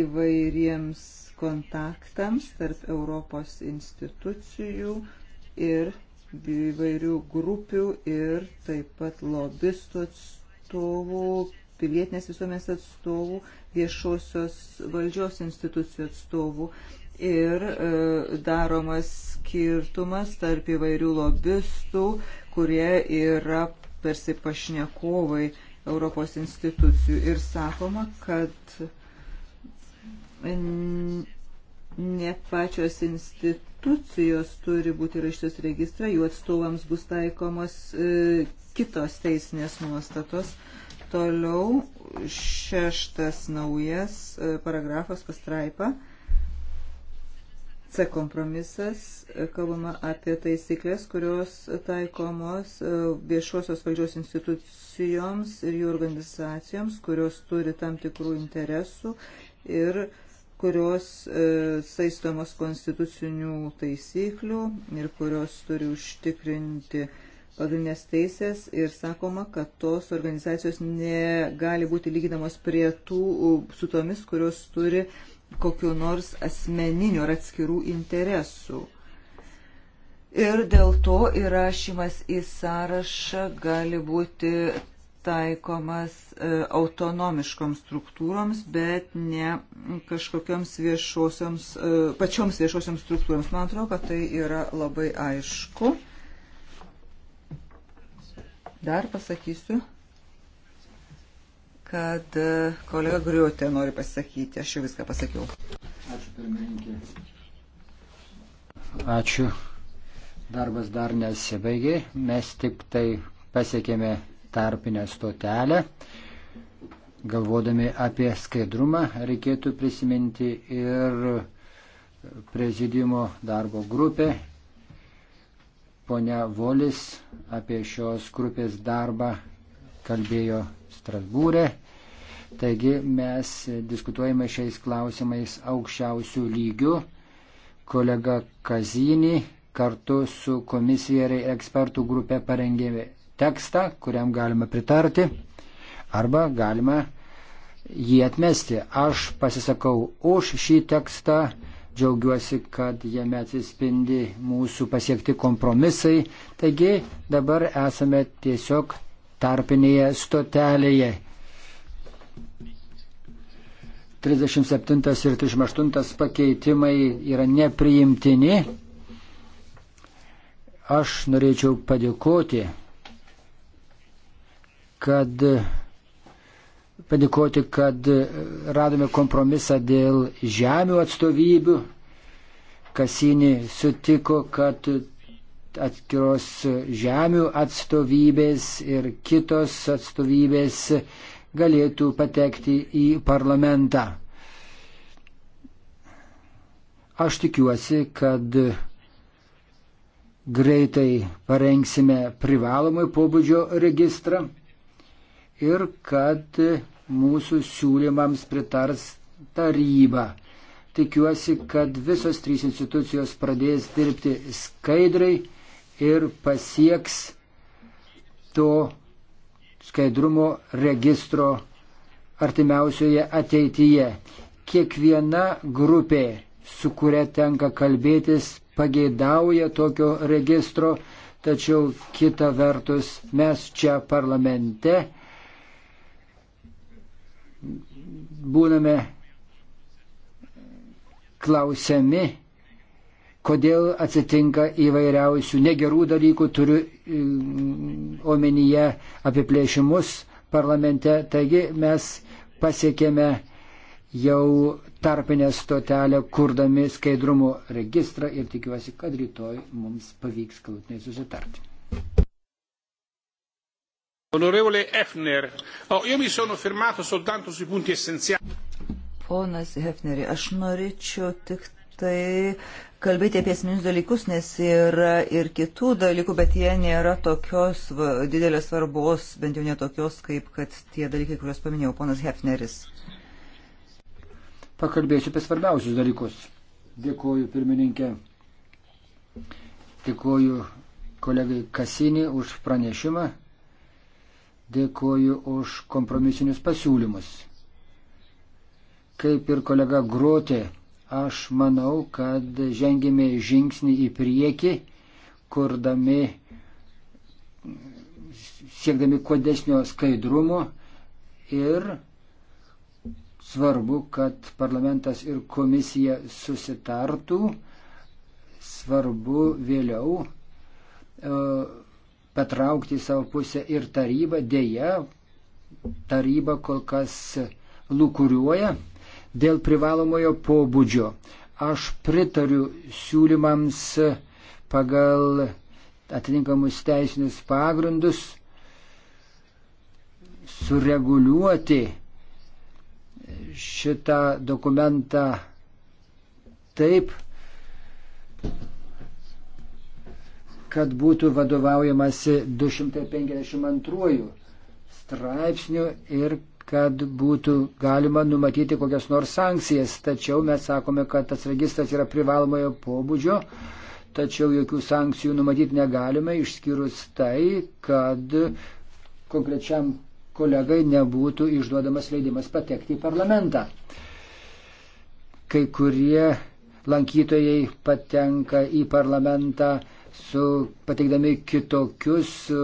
įvairiems kontaktams tarp Europos institucijų ir įvairių grupių ir taip pat lobistų atstovų, pilietinės visuomenės atstovų, viešosios valdžios institucijų atstovų ir e, daromas skirtumas tarp įvairių lobistų, kurie yra tarsi pašnekovai Europos institucijų. Ir sakoma, kad ne pačios institucijos turi būti raštos registrą, jų atstovams bus taikomos e, kitos teisinės nuostatos. E, Toliau šeštas naujas e, paragrafas pastraipa. C kompromisas, e, kalbama apie taisyklės, kurios taikomos e, viešosios valdžios institucijoms ir jų organizacijoms, kurios turi tam tikrų interesų ir kurios e, saistomos konstitucinių taisyklių ir kurios turi užtikrinti e, pagrindinės teisės ir sakoma, kad tos organizacijos negali būti lyginamos prie tų su tomis, kurios turi kokiu nors asmeniniu ar atskirų interesų. Ir dėl to įrašymas į sąrašą gali būti taikomas e, autonomiškoms struktūroms, bet ne kažkokioms viešosioms, e, pačioms viešosioms struktūroms. Man atrodo, kad tai yra labai aišku. Dar pasakysiu, kad e, kolega Griuotė nori pasakyti. Aš jau viską pasakiau. Ačiū pirmininkė. Ačiū. Darbas dar nesibaigė. Mes tik tai pasiekėme tarpinę stotelę. Galvodami apie skaidrumą reikėtų prisiminti ir prezidimo darbo grupę ponia Volis apie šios grupės darbą kalbėjo Strasbūrė. Taigi mes diskutuojame šiais klausimais aukščiausių lygių. Kolega Kazinį kartu su komisijeriai ekspertų grupė parengė tekstą, kuriam galima pritarti arba galima jį atmesti. Aš pasisakau už šį tekstą Džiaugiuosi, kad jame atsispindi mūsų pasiekti kompromisai. Taigi dabar esame tiesiog tarpinėje stotelėje. 37 ir 38 pakeitimai yra nepriimtini. Aš norėčiau padėkoti, kad padėkoti, kad e, radome kompromisą dėl žemių atstovybių. Kasinį sutiko, kad atskiros žemių atstovybės ir kitos atstovybės galėtų patekti į parlamentą. Aš tikiuosi, kad greitai parengsime privalomai pobūdžio registrą ir kad mūsų siūlymams pritars taryba. Tikiuosi, kad visos trys institucijos pradės dirbti skaidrai ir pasieks to skaidrumo registro artimiausioje ateityje. Kiekviena grupė, su kuria tenka kalbėtis, pageidauja tokio registro, tačiau kita vertus mes čia parlamente būname klausiami, kodėl atsitinka įvairiausių negerų dalykų, turiu mm, omenyje apiplėšimus parlamente. Taigi mes pasiekėme jau tarpinę stotelę, kurdami skaidrumo registrą ir tikiuosi, kad rytoj mums pavyks galutinai susitarti. Onorevole Hefner, oh, io mi sono fermato soltanto sui punti essenziali. Ponas Hefneri, aš norėčiau tik tai kalbėti apie esminius dalykus, nes yra ir kitų dalykų, bet jie nėra tokios didelės svarbos, bent jau netokios, kaip kad tie dalykai, kuriuos paminėjau ponas Hefneris. Pakalbėsiu apie svarbiausius dalykus. Dėkuoju pirmininkė. Dėkuoju kolegai Kasinį už pranešimą. Dėkuoju už kompromisinius pasiūlymus. Kaip ir kolega Grotė, aš manau, kad žengėme žingsnį į priekį, kurdami, siekdami kuo desnio skaidrumo ir svarbu, kad parlamentas ir komisija susitartų, svarbu vėliau. Uh, patraukti savo pusę ir tarybą. Deja, taryba kol kas lūkuriuoja dėl privalomojo pobūdžio. Aš pritariu siūlymams pagal atitinkamus teisinius pagrindus sureguliuoti šitą dokumentą taip, kad būtų vadovaujamasi 252 straipsnių ir kad būtų galima numatyti kokias nors sankcijas. Tačiau mes sakome, kad tas registras yra privalomojo pobūdžio, tačiau jokių sankcijų numatyti negalime, išskyrus tai, kad konkrečiam kolegai nebūtų išduodamas leidimas patekti į parlamentą. Kai kurie lankytojai patenka į parlamentą su pateikdami kitokius e,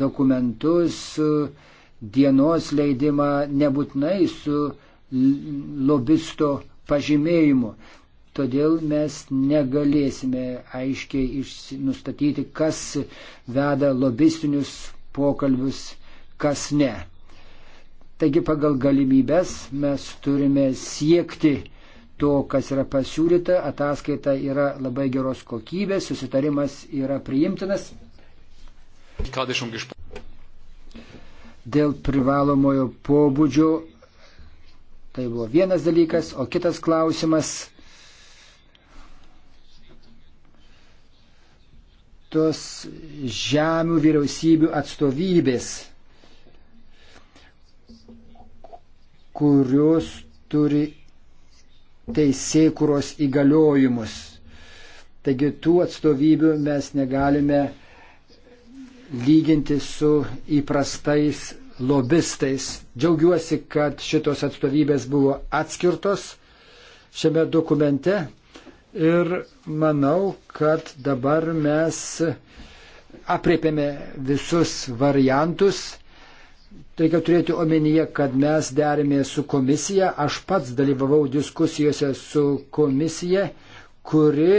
dokumentus, e, dienos leidimą nebūtinai su lobisto pažymėjimu. Todėl mes negalėsime aiškiai nustatyti, kas veda lobistinius pokalbius, kas ne. Taigi pagal galimybės mes turime siekti to, kas yra pasiūlyta, ataskaita yra labai geros kokybės, susitarimas yra priimtinas. Dėl privalomojo pobūdžio tai buvo vienas dalykas, o kitas klausimas. Tos žemių vyriausybių atstovybės, kurios turi teisėkuros įgaliojimus. Taigi tų atstovybių mes negalime lyginti su įprastais lobistais. Džiaugiuosi, kad šitos atstovybės buvo atskirtos šiame dokumente ir manau, kad dabar mes apriepėme visus variantus reikia turėti omenyje, kad mes derėme su komisija. Aš pats dalyvavau diskusijose su komisija, kuri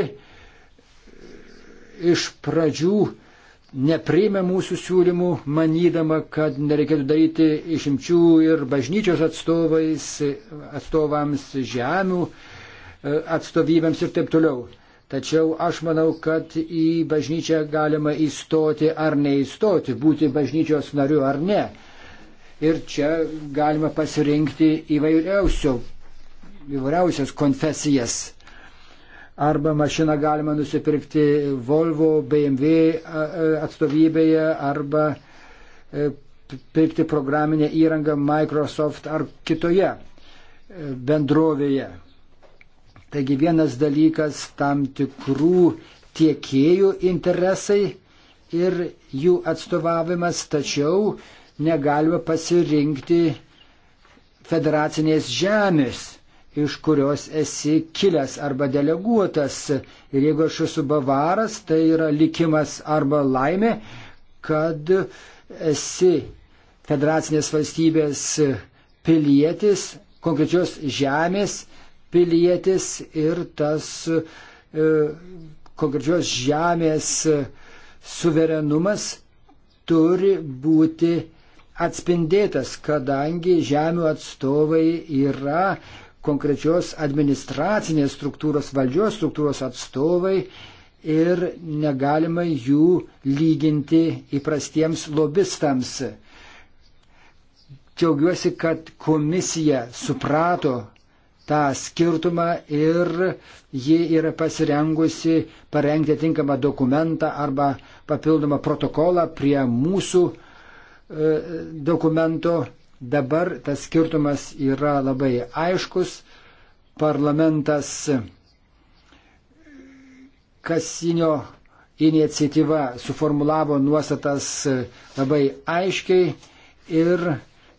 iš pradžių nepriėmė mūsų siūlymų, manydama, kad nereikėtų daryti išimčių ir bažnyčios atstovais, atstovams žemių, e, atstovybėms ir taip toliau. Tačiau aš manau, kad į bažnyčią galima įstoti ar neįstoti, būti bažnyčios nariu ar ne ir čia galima pasirinkti įvairiausias konfesijas. Arba mašiną galima nusipirkti Volvo, BMW atstovybėje, arba e, pirkti programinę įrangą Microsoft ar kitoje e, bendrovėje. Taigi vienas dalykas tam tikrų tiekėjų interesai ir jų atstovavimas, tačiau negalime pasirinkti federacinės žemės, iš kurios esi kilęs arba deleguotas. Ir jeigu aš esu bavaras, tai yra likimas arba laimė, kad esi federacinės valstybės pilietis, konkrečios žemės pilietis ir tas e, konkrečios žemės suverenumas turi būti atspindėtas, kadangi žemių atstovai yra konkrečios administracinės struktūros, valdžios struktūros atstovai ir negalima jų lyginti įprastiems lobistams. Džiaugiuosi, kad komisija suprato tą skirtumą ir ji yra pasirengusi parengti tinkamą dokumentą arba papildomą protokolą prie mūsų uh, E, dokumento. Dabar tas skirtumas yra labai aiškus. Parlamentas kasinio iniciatyva suformulavo nuostatas labai aiškiai ir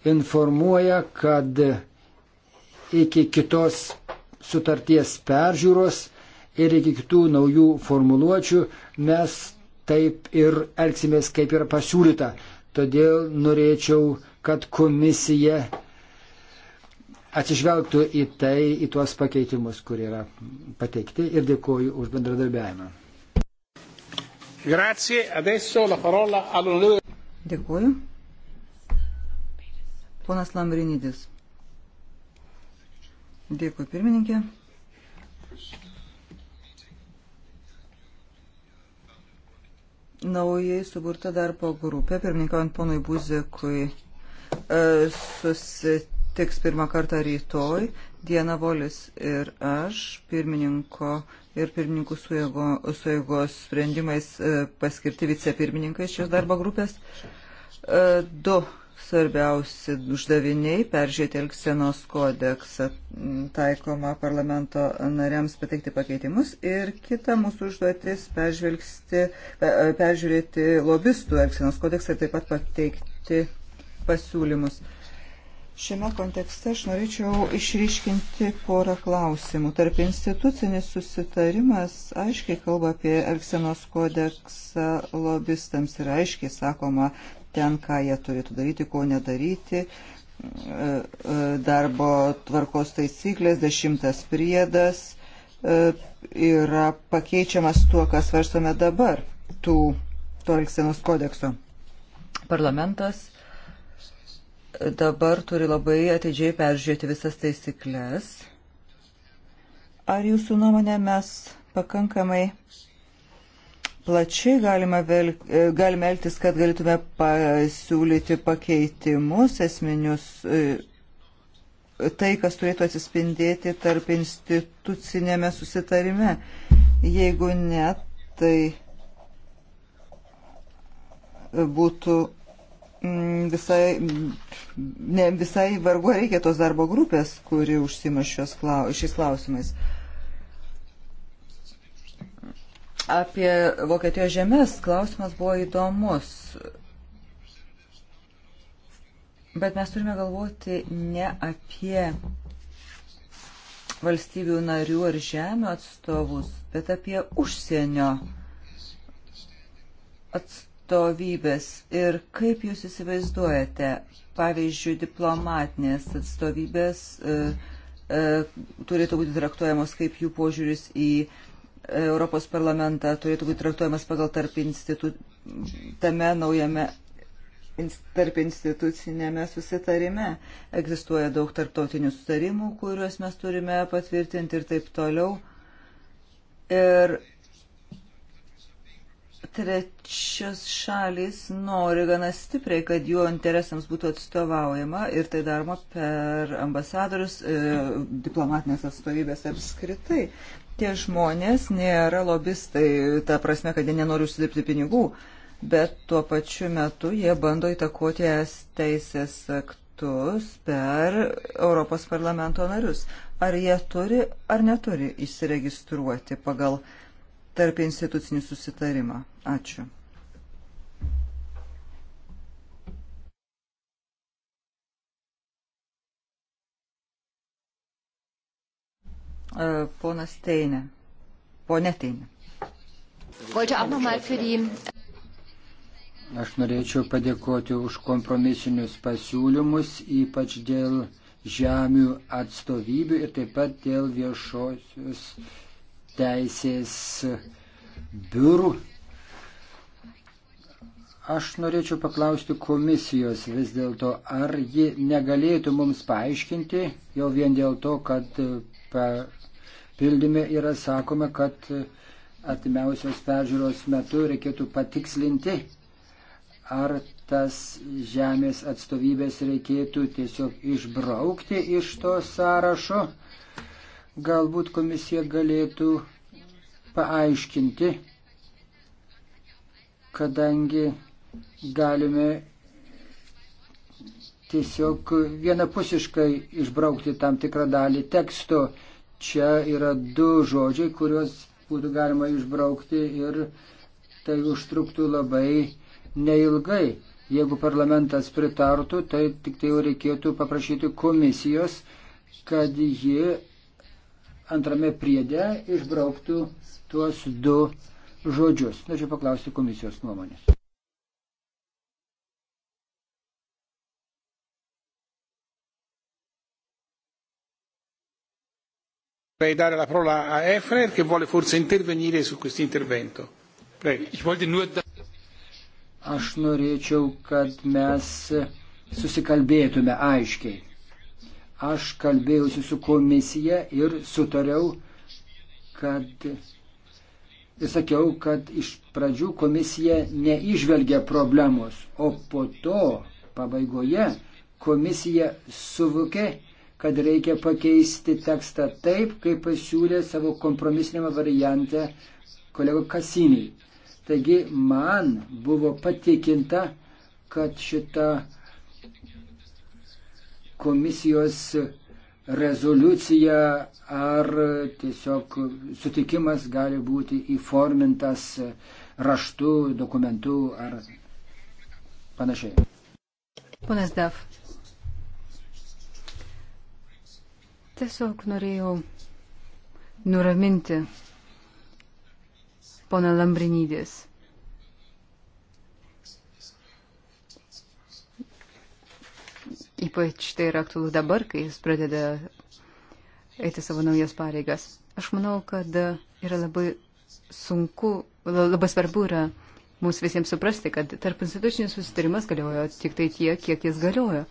informuoja, kad iki kitos sutarties peržiūros ir iki kitų naujų formuluočių mes taip ir elgsimės, kaip yra pasiūlyta. Todėl norėčiau, kad komisija atsižvelgtų į tai, į tuos pakeitimus, kurie yra pateikti ir dėkoju už bendradarbiavimą. Grazie, adesso la parola all'onorevole. Dėkoju. Ponas Lambrinidis. Dėkui, pirmininkė. naujai suburta darbo grupė, pirmininkaujant ponui Buzikui, e, susitiks pirmą kartą rytoj. Diena Volis ir aš, pirmininko ir pirmininkų suėgos su sprendimais e, paskirti vicepirmininkai šios darbo grupės. E, du svarbiausi uždaviniai peržiūrėti Elksenos kodeksą, taikoma parlamento nariams pateikti pakeitimus ir kita mūsų užduotis peržiūrėti lobistų Elksenos kodeksą ir taip pat pateikti pasiūlymus. Šiame kontekste aš norėčiau išryškinti porą klausimų. Tarp institucinis susitarimas aiškiai kalba apie Elksenos kodeksą lobistams ir aiškiai sakoma ten, ką jie turėtų daryti, ko nedaryti. E, e, darbo tvarkos taisyklės, dešimtas priedas e, yra pakeičiamas tuo, kas svarstome dabar, tų to Elksenos kodekso. Parlamentas dabar turi labai atidžiai peržiūrėti visas taisyklės. Ar jūsų nuomonė mes pakankamai plačiai galima, vel, e, galime elgtis, kad galėtume pasiūlyti pakeitimus esminius, e, tai, kas turėtų atsispindėti tarp institucinėme susitarime. Jeigu ne, tai būtų mm, visai, mm, ne, visai vargu reikia tos darbo grupės, kuri užsima šios, šiais klausimais. Apie Vokietijos žemės klausimas buvo įdomus. Bet mes turime galvoti ne apie valstybių narių ar žemio atstovus, bet apie užsienio atstovybės. Ir kaip jūs įsivaizduojate, pavyzdžiui, diplomatinės atstovybės e, e, turėtų būti traktuojamos kaip jų požiūris į e, Europos parlamentą turėtų būti traktuojamas pagal tarp institu... tame naujame tarp institucinėme susitarime. Egzistuoja daug tarptautinių sutarimų, kuriuos mes turime patvirtinti ir taip toliau. Ir trečios šalis nori gana stipriai, kad jų interesams būtų atstovaujama ir tai daroma per ambasadorius, e, diplomatinės atstovybės apskritai. Tie žmonės nėra lobistai, ta prasme, kad jie nenori užsidirbti pinigų, bet tuo pačiu metu jie bando įtakoti es teisės aktus per Europos parlamento narius. Ar jie turi ar neturi įsiregistruoti pagal tarp institucinį susitarimą? Ačiū. E, ponas Teinė. Pone Teinė. Aš norėčiau padėkoti už kompromisinius pasiūlymus, ypač dėl žemių atstovybių ir taip pat dėl viešosios teisės biurų. Aš norėčiau paklausti komisijos vis dėlto, ar ji negalėtų mums paaiškinti, jau vien dėl to, kad pa, pildyme yra sakoma, kad artimiausios peržiūros metu reikėtų patikslinti, ar tas žemės atstovybės reikėtų tiesiog išbraukti iš to sąrašo. Galbūt komisija galėtų paaiškinti, kadangi galime tiesiog vienapusiškai išbraukti tam tikrą dalį teksto Čia yra du žodžiai, kuriuos būtų galima išbraukti ir tai užtruktų labai neilgai. Jeigu parlamentas pritartų, tai tik tai jau reikėtų paprašyti komisijos, kad ji antrame priede išbrauktų tuos du žodžius. Norėčiau paklausti komisijos nuomonės. Vorrei dare la parola a Efner che vuole forse intervenire su questo intervento. Prego. Aš norėčiau, kad mes susikalbėtume aiškiai. Aš kalbėjausi su komisija ir sutariau, kad ir sakiau, kad iš pradžių komisija neižvelgia problemos, o po to pabaigoje komisija suvokė, kad reikia pakeisti tekstą taip, kaip pasiūlė savo kompromisinėme variante kolego Kasiniai. Taigi man buvo patikinta, kad šita komisijos rezoliucija ar tiesiog sutikimas gali būti įformintas raštu, dokumentu ar panašiai. Ponas Daf. Tiesiog norėjau nuraminti poną Lambrinydės. Ypač tai yra aktualu dabar, kai jis pradeda eiti savo naujas pareigas. Aš manau, kad yra labai sunku, labai svarbu yra mums visiems suprasti, kad tarp institucinis susitarimas galiojo tik tai tiek, kiek jis galiojo.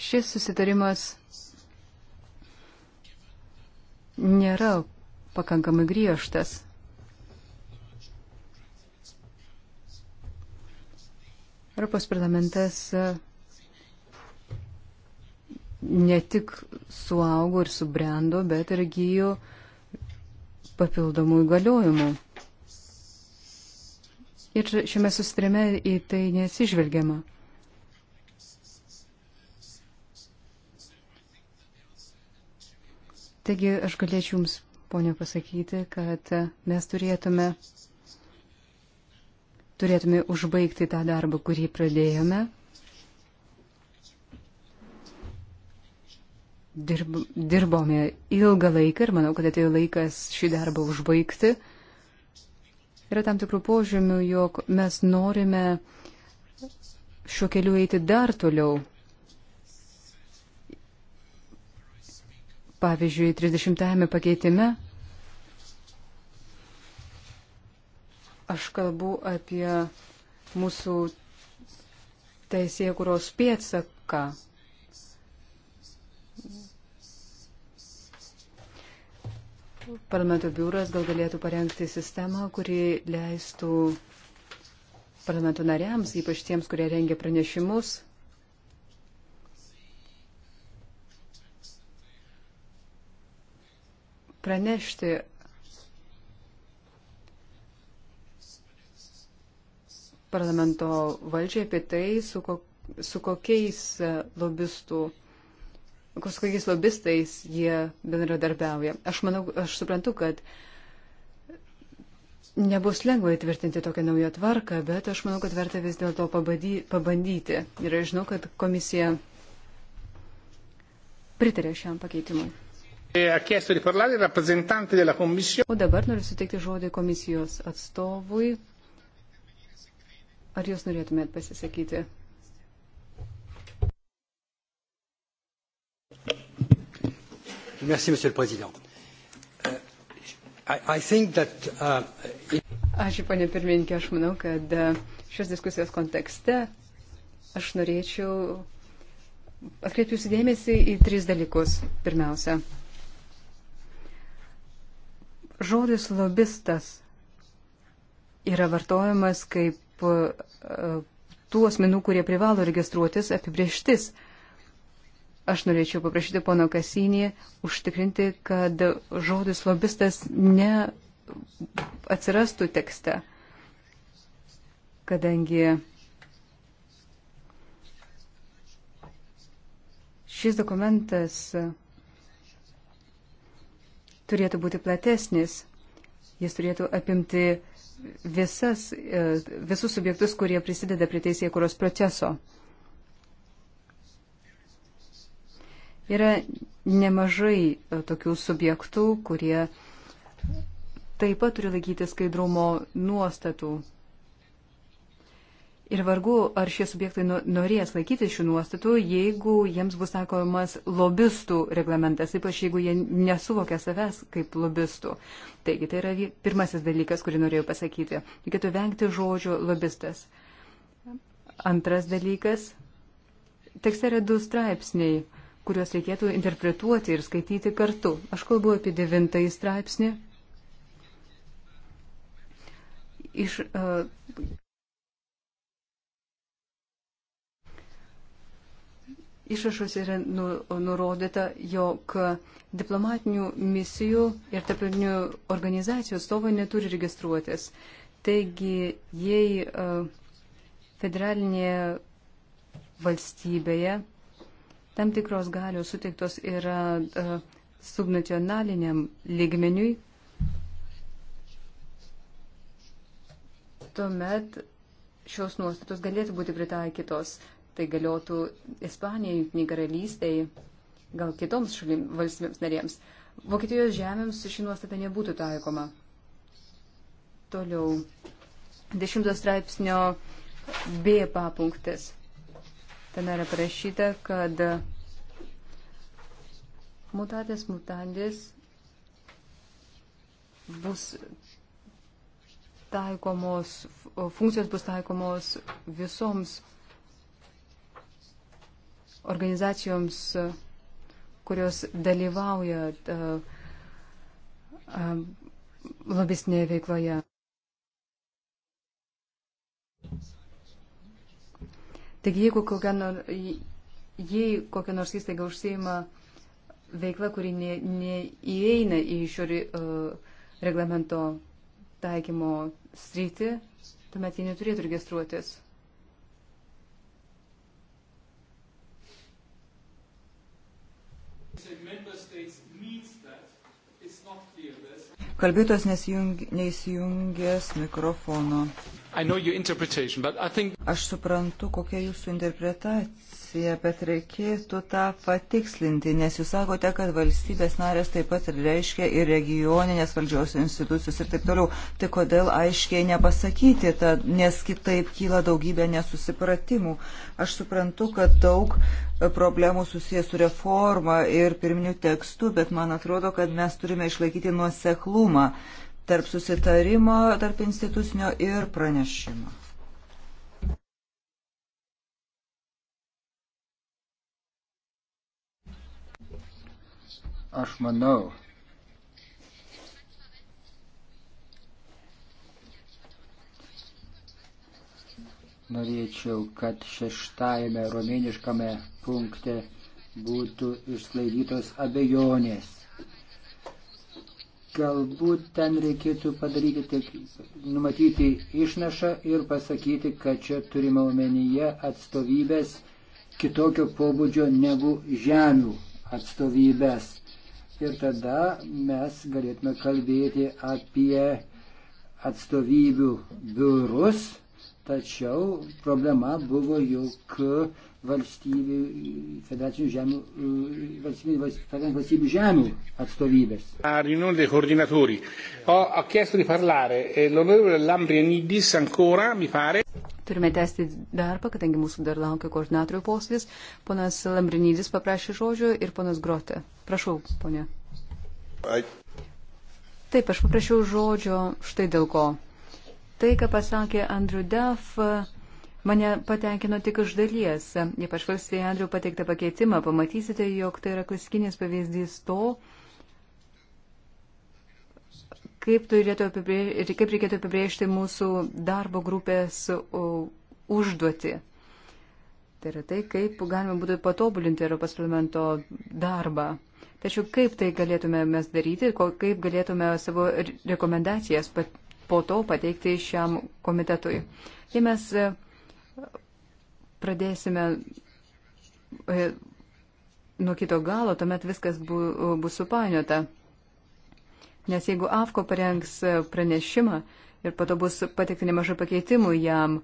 šis susitarimas nėra pakankamai griežtas. Europos parlamentas e, ne tik suaugo ir subrendo, bet ir gyjo papildomų įgaliojimų. Ir šiame susitarime į tai nesižvelgiama. Taigi aš galėčiau Jums, ponė, pasakyti, kad mes turėtume, turėtume užbaigti tą darbą, kurį pradėjome. Dirb, dirbome ilgą laiką ir manau, kad atėjo laikas šį darbą užbaigti. Yra tam tikrų požymių, jog mes norime šiuo keliu eiti dar toliau Pavyzdžiui, 30-ame pakeitime aš kalbu apie mūsų teisėje, kurios pėtsaką. Parlamento biuras gal galėtų parengti sistemą, kuri leistų parlamento nariams, ypač tiems, kurie rengia pranešimus, pranešti parlamento valdžiai apie tai, su, ko, su kokiais e, lobistų su kokiais lobistais jie bendradarbiauja. Aš manau, aš suprantu, kad nebus lengva įtvirtinti tokią naują tvarką, bet aš manau, kad verta vis dėlto pabandyti. Ir aš žinau, kad komisija pritarė šiam pakeitimui. E o dabar noriu suteikti žodį komisijos atstovui. Ar jūs norėtumėt pasisakyti? Merci, Monsieur le Président. Uh, I, I think that, uh, it... Ačiū, panė pirmininkė, aš manau, kad uh, šios diskusijos kontekste aš norėčiau atkreipti jūsų dėmesį į tris dalykus. Pirmiausia, Žodis lobistas yra vartojamas kaip e, tų asmenų, kurie privalo registruotis apibrieštis. Aš norėčiau paprašyti pono Kasinį užtikrinti, kad žodis lobistas ne atsirastų tekste, kadangi šis dokumentas turėtų būti platesnis. Jis turėtų apimti visas, e, visus subjektus, kurie prisideda prie teisėkuros proceso. Yra nemažai e, tokių subjektų, kurie taip pat turi laikyti skaidrumo nuostatų Ir vargu, ar šie subjektai norės laikytis šių nuostatų, jeigu jiems bus sakomas lobistų reglamentas, ypač jeigu jie nesuvokia savęs kaip lobistų. Taigi, tai yra pirmasis dalykas, kurį norėjau pasakyti. Reikėtų vengti žodžio lobistas. Antras dalykas. Tekste yra du straipsniai, kuriuos reikėtų interpretuoti ir skaityti kartu. Aš kalbu apie devintąjį straipsnį. Iš, uh, Išrašus yra nu, nurodyta, jog diplomatinių misijų ir tarptautinių organizacijų atstovai neturi registruotis. Taigi, jei e, federalinėje valstybėje tam tikros galios suteiktos yra e, subnacionaliniam lygmeniui, tuomet šios nuostatos galėtų būti pritaikytos tai galiotų Ispanijai, Junktiniai karalystiai, gal kitoms šalim, valstybėms narėms. Vokietijos žemėms ši nuostata nebūtų taikoma. Toliau. Dešimtos straipsnio B papunktis. Ten yra parašyta, kad mutatės mutandis bus taikomos, funkcijos bus taikomos visoms organizacijoms, kurios dalyvauja e, e, lobistinėje veikloje. Taigi, jeigu kokia, nor, jei kokia nors įstaiga užsieima veikla, kuri neįeina ne į šio uh, reglamento taikymo sritį, tuomet jie neturėtų registruotis. Kalbėtos nesijungės mikrofono think... Aš suprantu, kokia jūsų interpretacija, bet reikėtų tą patikslinti, nes jūs sakote, kad valstybės narės taip pat ir reiškia ir regioninės valdžios institucijos ir taip toliau. Tai kodėl aiškiai nepasakyti, tad, nes kitaip kyla daugybė nesusipratimų. Aš suprantu, kad daug problemų susijęs su reforma ir pirminiu tekstu, bet man atrodo, kad mes turime išlaikyti nuoseklumą tarp susitarimo, tarp institucinio ir pranešimo. Aš manau, norėčiau, kad šeštajame romėniškame punkte būtų išsklaidytos abejonės galbūt ten reikėtų padaryti tik numatyti išnašą ir pasakyti, kad čia turime omenyje atstovybės kitokio pobūdžio negu žemių atstovybės. Ir tada mes galėtume kalbėti apie atstovybių biurus Tačiau problema buvo, jog valstybių, federacinių žemių, valstybių, valstybių žemių atstovybės. Riunione dei coordinatori. Ho, ho chiesto di parlare e l'onorevole Lambrianidis ancora, mi pare. Turime tęsti darbą, kadangi mūsų dar laukia koordinatorių posvis. Ponas Lambrinydis paprašė žodžio ir ponas Grote. Prašau, ponė. Taip, aš paprašiau žodžio štai dėl ko. Tai, ką pasakė Andrew Duff, mane patenkino tik iš dalies. Jei pažvelgsite į Andrew pateiktą pakeitimą, pamatysite, jog tai yra klasikinis pavyzdys to, kaip, apibrėžti, kaip reikėtų apibrėžti mūsų darbo grupės užduoti. Tai yra tai, kaip galima būtų patobulinti Europos parlamento darbą. Tačiau kaip tai galėtume mes daryti, kaip galėtume savo rekomendacijas pat po to pateikti šiam komitetui. Jei mes e, pradėsime e, nuo kito galo, tuomet viskas bu, bus supainiota. Nes jeigu AFKO parengs e, pranešimą ir po to bus pateikti nemažai pakeitimų jam,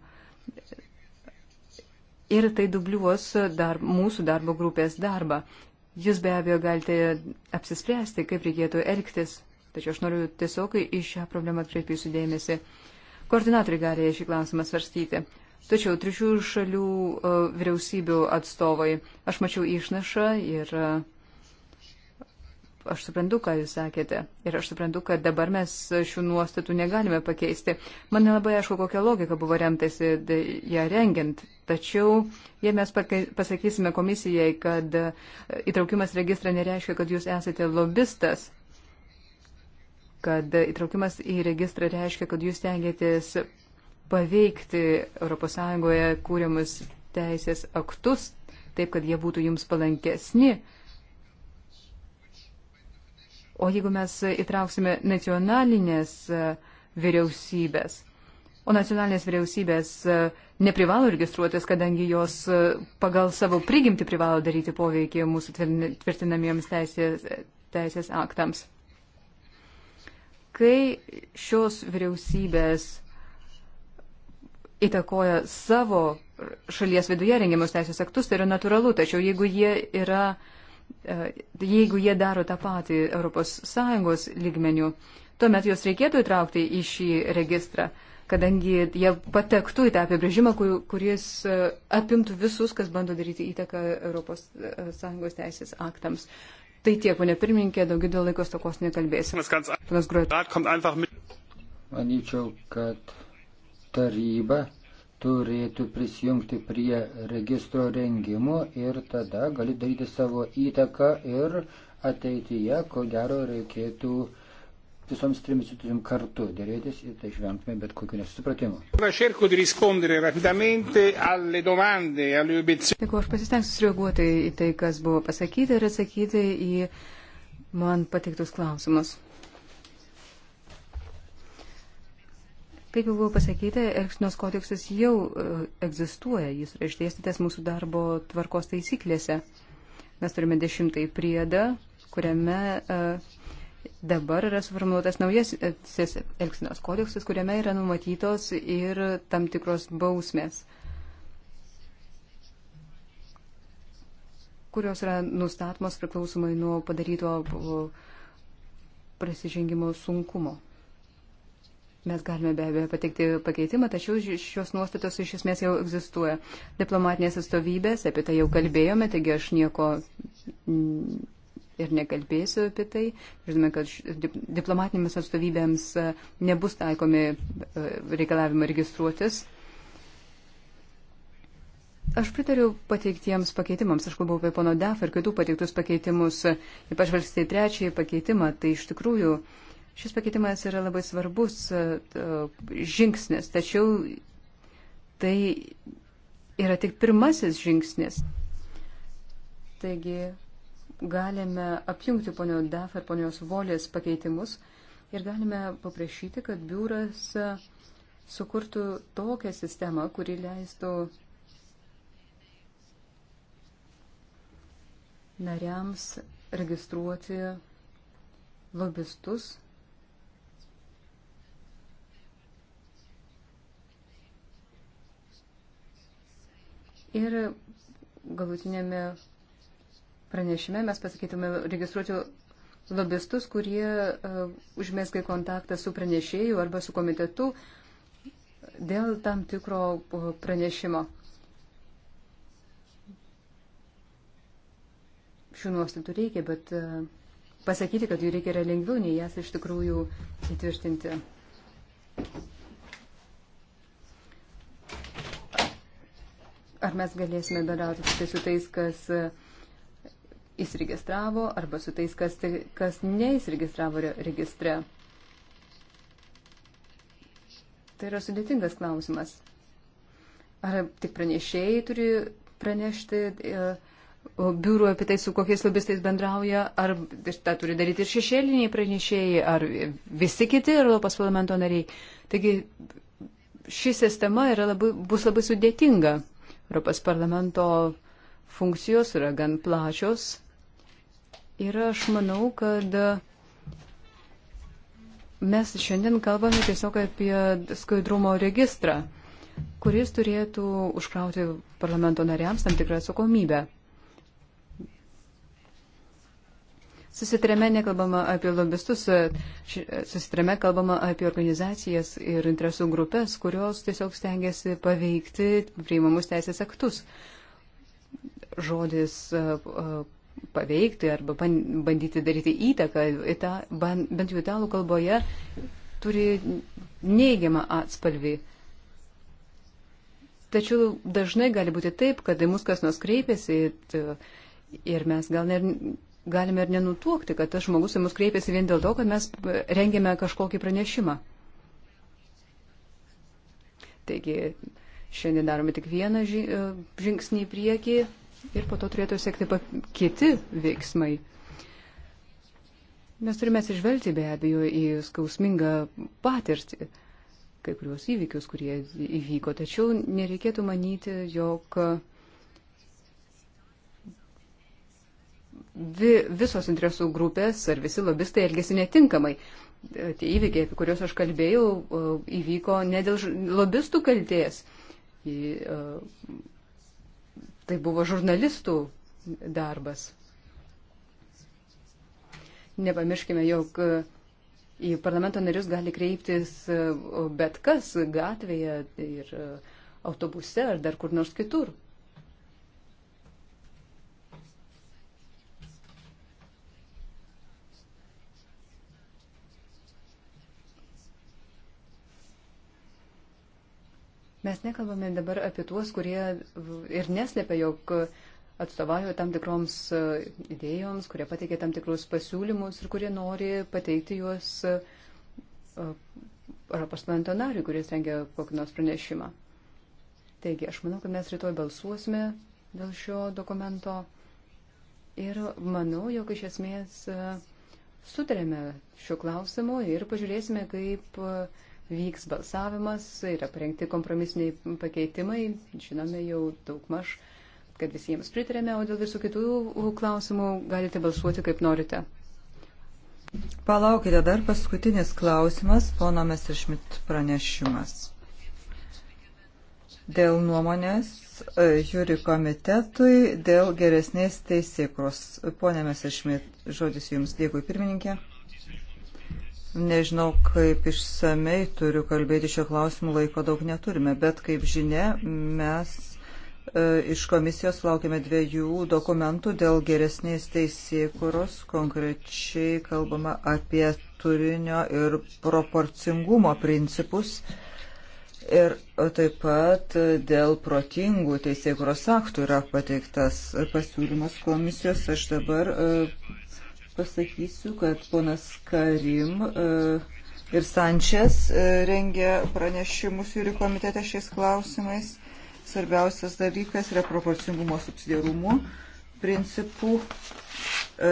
ir tai dubliuos dar, mūsų darbo grupės darbą. Jūs be abejo galite apsispręsti, kaip reikėtų elgtis. Tačiau aš noriu tiesiog į šią problemą atkreipti jūsų dėmesį. Koordinatoriai gali šį klausimą svarstyti. Tačiau trečių šalių e, vyriausybių atstovai, aš mačiau išnašą ir e, aš suprantu, ką jūs sakėte. Ir aš suprantu, kad dabar mes šių nuostatų negalime pakeisti. Man nelabai aišku, kokia logika buvo remtasi ją rengiant. Tačiau, jei mes pasakysime komisijai, kad e, įtraukimas registrą nereiškia, kad jūs esate lobistas, kad įtraukimas į registrą reiškia, kad jūs tengiatės paveikti ES kūriamus teisės aktus taip, kad jie būtų jums palankesni. O jeigu mes įtrauksime nacionalinės e, vyriausybės, o nacionalinės vyriausybės e, neprivalo registruotis, kadangi jos e, pagal savo prigimti privalo daryti poveikį mūsų tvirtinamiems teisės, teisės aktams kai šios vyriausybės įtakoja savo šalies viduje rengiamus teisės aktus, tai yra natūralu, tačiau jeigu jie yra, e, jeigu jie daro tą patį ES lygmenių, tuomet juos reikėtų įtraukti į šį registrą, kadangi jie patektų į tą apibrėžimą, kuris e, apimtų visus, kas bando daryti įtaką ES e, teisės aktams. Tai tiek, ponė pirmininkė, daugiau dėl laikos tokos nekalbėsiu. Manyčiau, kad taryba turėtų prisijungti prie registro rengimo ir tada gali daryti savo įtaką ir ateityje, ko gero, reikėtų uh, visoms trim institucijom kartu dėrėtis ir tai išvengtume bet kokių nesusipratimų. E Dėkuoju, aš pasistengsiu sureaguoti į tai, kas buvo pasakyti ir atsakyti į man patiktus klausimus. Kaip jau buvo pasakyta, Elksinos kodeksas jau e, egzistuoja, jis yra išdėstytas mūsų darbo tvarkos taisyklėse. Mes turime dešimtąjį priedą, kuriame uh, Dabar yra suformuotas naujasis Elksinos kodeksas, kuriame yra numatytos ir tam tikros bausmės, kurios yra nustatomos priklausomai nuo padaryto prasižengimo sunkumo. Mes galime be abejo pateikti pakeitimą, tačiau šios nuostatos iš esmės jau egzistuoja. Diplomatinės atstovybės, apie tai jau kalbėjome, taigi aš nieko ir nekalbėsiu apie tai. Žinome, kad diplomatinėms atstovybėms e, nebus taikomi e, reikalavimai registruotis. Aš pritariu pateiktiems pakeitimams. Aš kalbu apie pono DAF ir kitų pateiktus pakeitimus. Jei pažvelgsite į trečiąjį pakeitimą, tai iš tikrųjų šis pakeitimas yra labai svarbus e, žingsnis. Tačiau tai yra tik pirmasis žingsnis. Taigi galime apjungti ponio DAF ir ponios Volės pakeitimus ir galime paprašyti, kad biuras sukurtų tokią sistemą, kuri leistų nariams registruoti lobistus ir galutinėme pranešime mes pasakytume registruoti lobistus, kurie uh, e, užmėsgai kontaktą su pranešėju arba su komitetu dėl tam tikro e, pranešimo. Šių nuostatų reikia, bet uh, pasakyti, kad jų reikia yra lengviau, nei jas iš tikrųjų įtvirtinti. Ar mes galėsime bendrauti tai su tais, kas uh, įsiregistravo arba su tais, kas, kas neįsiregistravo registre. Tai yra sudėtingas klausimas. Ar tik pranešėjai turi pranešti e, biuro apie tai, su kokiais lobistais bendrauja, ar tą turi daryti ir šešėliniai pranešėjai, ar visi kiti Europos parlamento nariai. Taigi ši sistema labai, bus labai sudėtinga. Europos parlamento funkcijos yra gan plačios. Ir aš manau, kad mes šiandien kalbame tiesiog apie skaidrumo registrą, kuris turėtų užkrauti parlamento nariams tam tikrą atsakomybę. Susitrėme nekalbama apie lobistus, susitrėme kalbama apie organizacijas ir interesų grupės, kurios tiesiog stengiasi paveikti priimamus teisės aktus. Žodis uh, paveikti arba bandyti daryti įtaką, ita, bent jau italų kalboje turi neigiamą atspalvį. Tačiau dažnai gali būti taip, kad į mus kas nors kreipiasi ir mes gal ir, galime ir nenutuokti, kad tas žmogus į mus kreipiasi vien dėl to, kad mes rengėme kažkokį pranešimą. Taigi šiandien darome tik vieną žingsnį į priekį, ir po to turėtų sekti kiti veiksmai. Mes turime atsižvelgti be abejo į skausmingą patirtį, kai kuriuos įvykius, kurie įvyko, tačiau nereikėtų manyti, jog vi, visos interesų grupės ar visi lobistai elgesi netinkamai. Tie įvykiai, apie kuriuos aš kalbėjau, įvyko ne dėl lobistų kalties. Į, uh, Tai buvo žurnalistų darbas. Nepamirškime, jog e, į parlamento narius gali kreiptis e, bet kas gatvėje ir e, autobuse ar dar kur nors kitur. Mes nekalbame dabar apie tuos, kurie ir neslėpia, jog atstovauja tam tikroms e, idėjoms, kurie pateikia tam tikrus pasiūlymus ir kurie nori pateikti juos e, Europos parlamento nariui, kuris rengia kokį nors pranešimą. Taigi, aš manau, kad mes rytoj balsuosime dėl šio dokumento ir manau, jog iš esmės e, sutarėme šiuo klausimu ir pažiūrėsime, kaip uh, vyks balsavimas, yra parengti kompromisiniai pakeitimai, žinome jau daugmaž, kad visiems pritarėme, o dėl visų kitų klausimų galite balsuoti kaip norite. Palaukite dar paskutinis klausimas, pono Messerschmidt pranešimas. Dėl nuomonės e, jūri komitetui, dėl geresnės teisėkros. Pone Messerschmidt, žodis Jums. Dėkui, pirmininkė. Nežinau, kaip išsamei turiu kalbėti šio klausimu, laiko daug neturime, bet kaip žinia, mes e, iš komisijos laukiame dviejų dokumentų dėl geresnės teisėkuros, konkrečiai kalbama apie turinio ir proporcingumo principus ir taip pat dėl protingų teisėkuros aktų yra pateiktas pasiūlymas komisijos. Aš dabar e, pasakysiu, kad ponas Karim e, ir Sančias e, rengia pranešimus jūrių komitete šiais klausimais. Svarbiausias dalykas yra proporcingumo subsidiarumo principų e,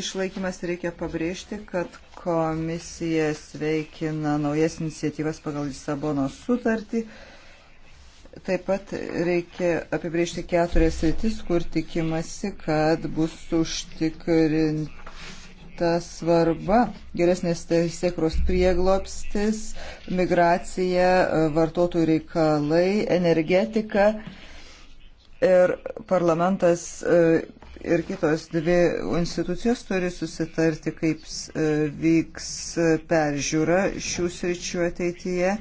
išlaikymas reikia pabrėžti, kad komisija sveikina naujas iniciatyvas pagal Lisabonos sutartį. Taip pat reikia apibrėžti keturias rytis, kur tikimasi, kad bus užtikrinti ta svarba, geresnės teisėkros prieglopstis, migracija, e, vartotojų reikalai, energetika. Ir parlamentas e, ir kitos dvi institucijos turi susitarti, kaip e, vyks peržiūra šių sričių ateityje.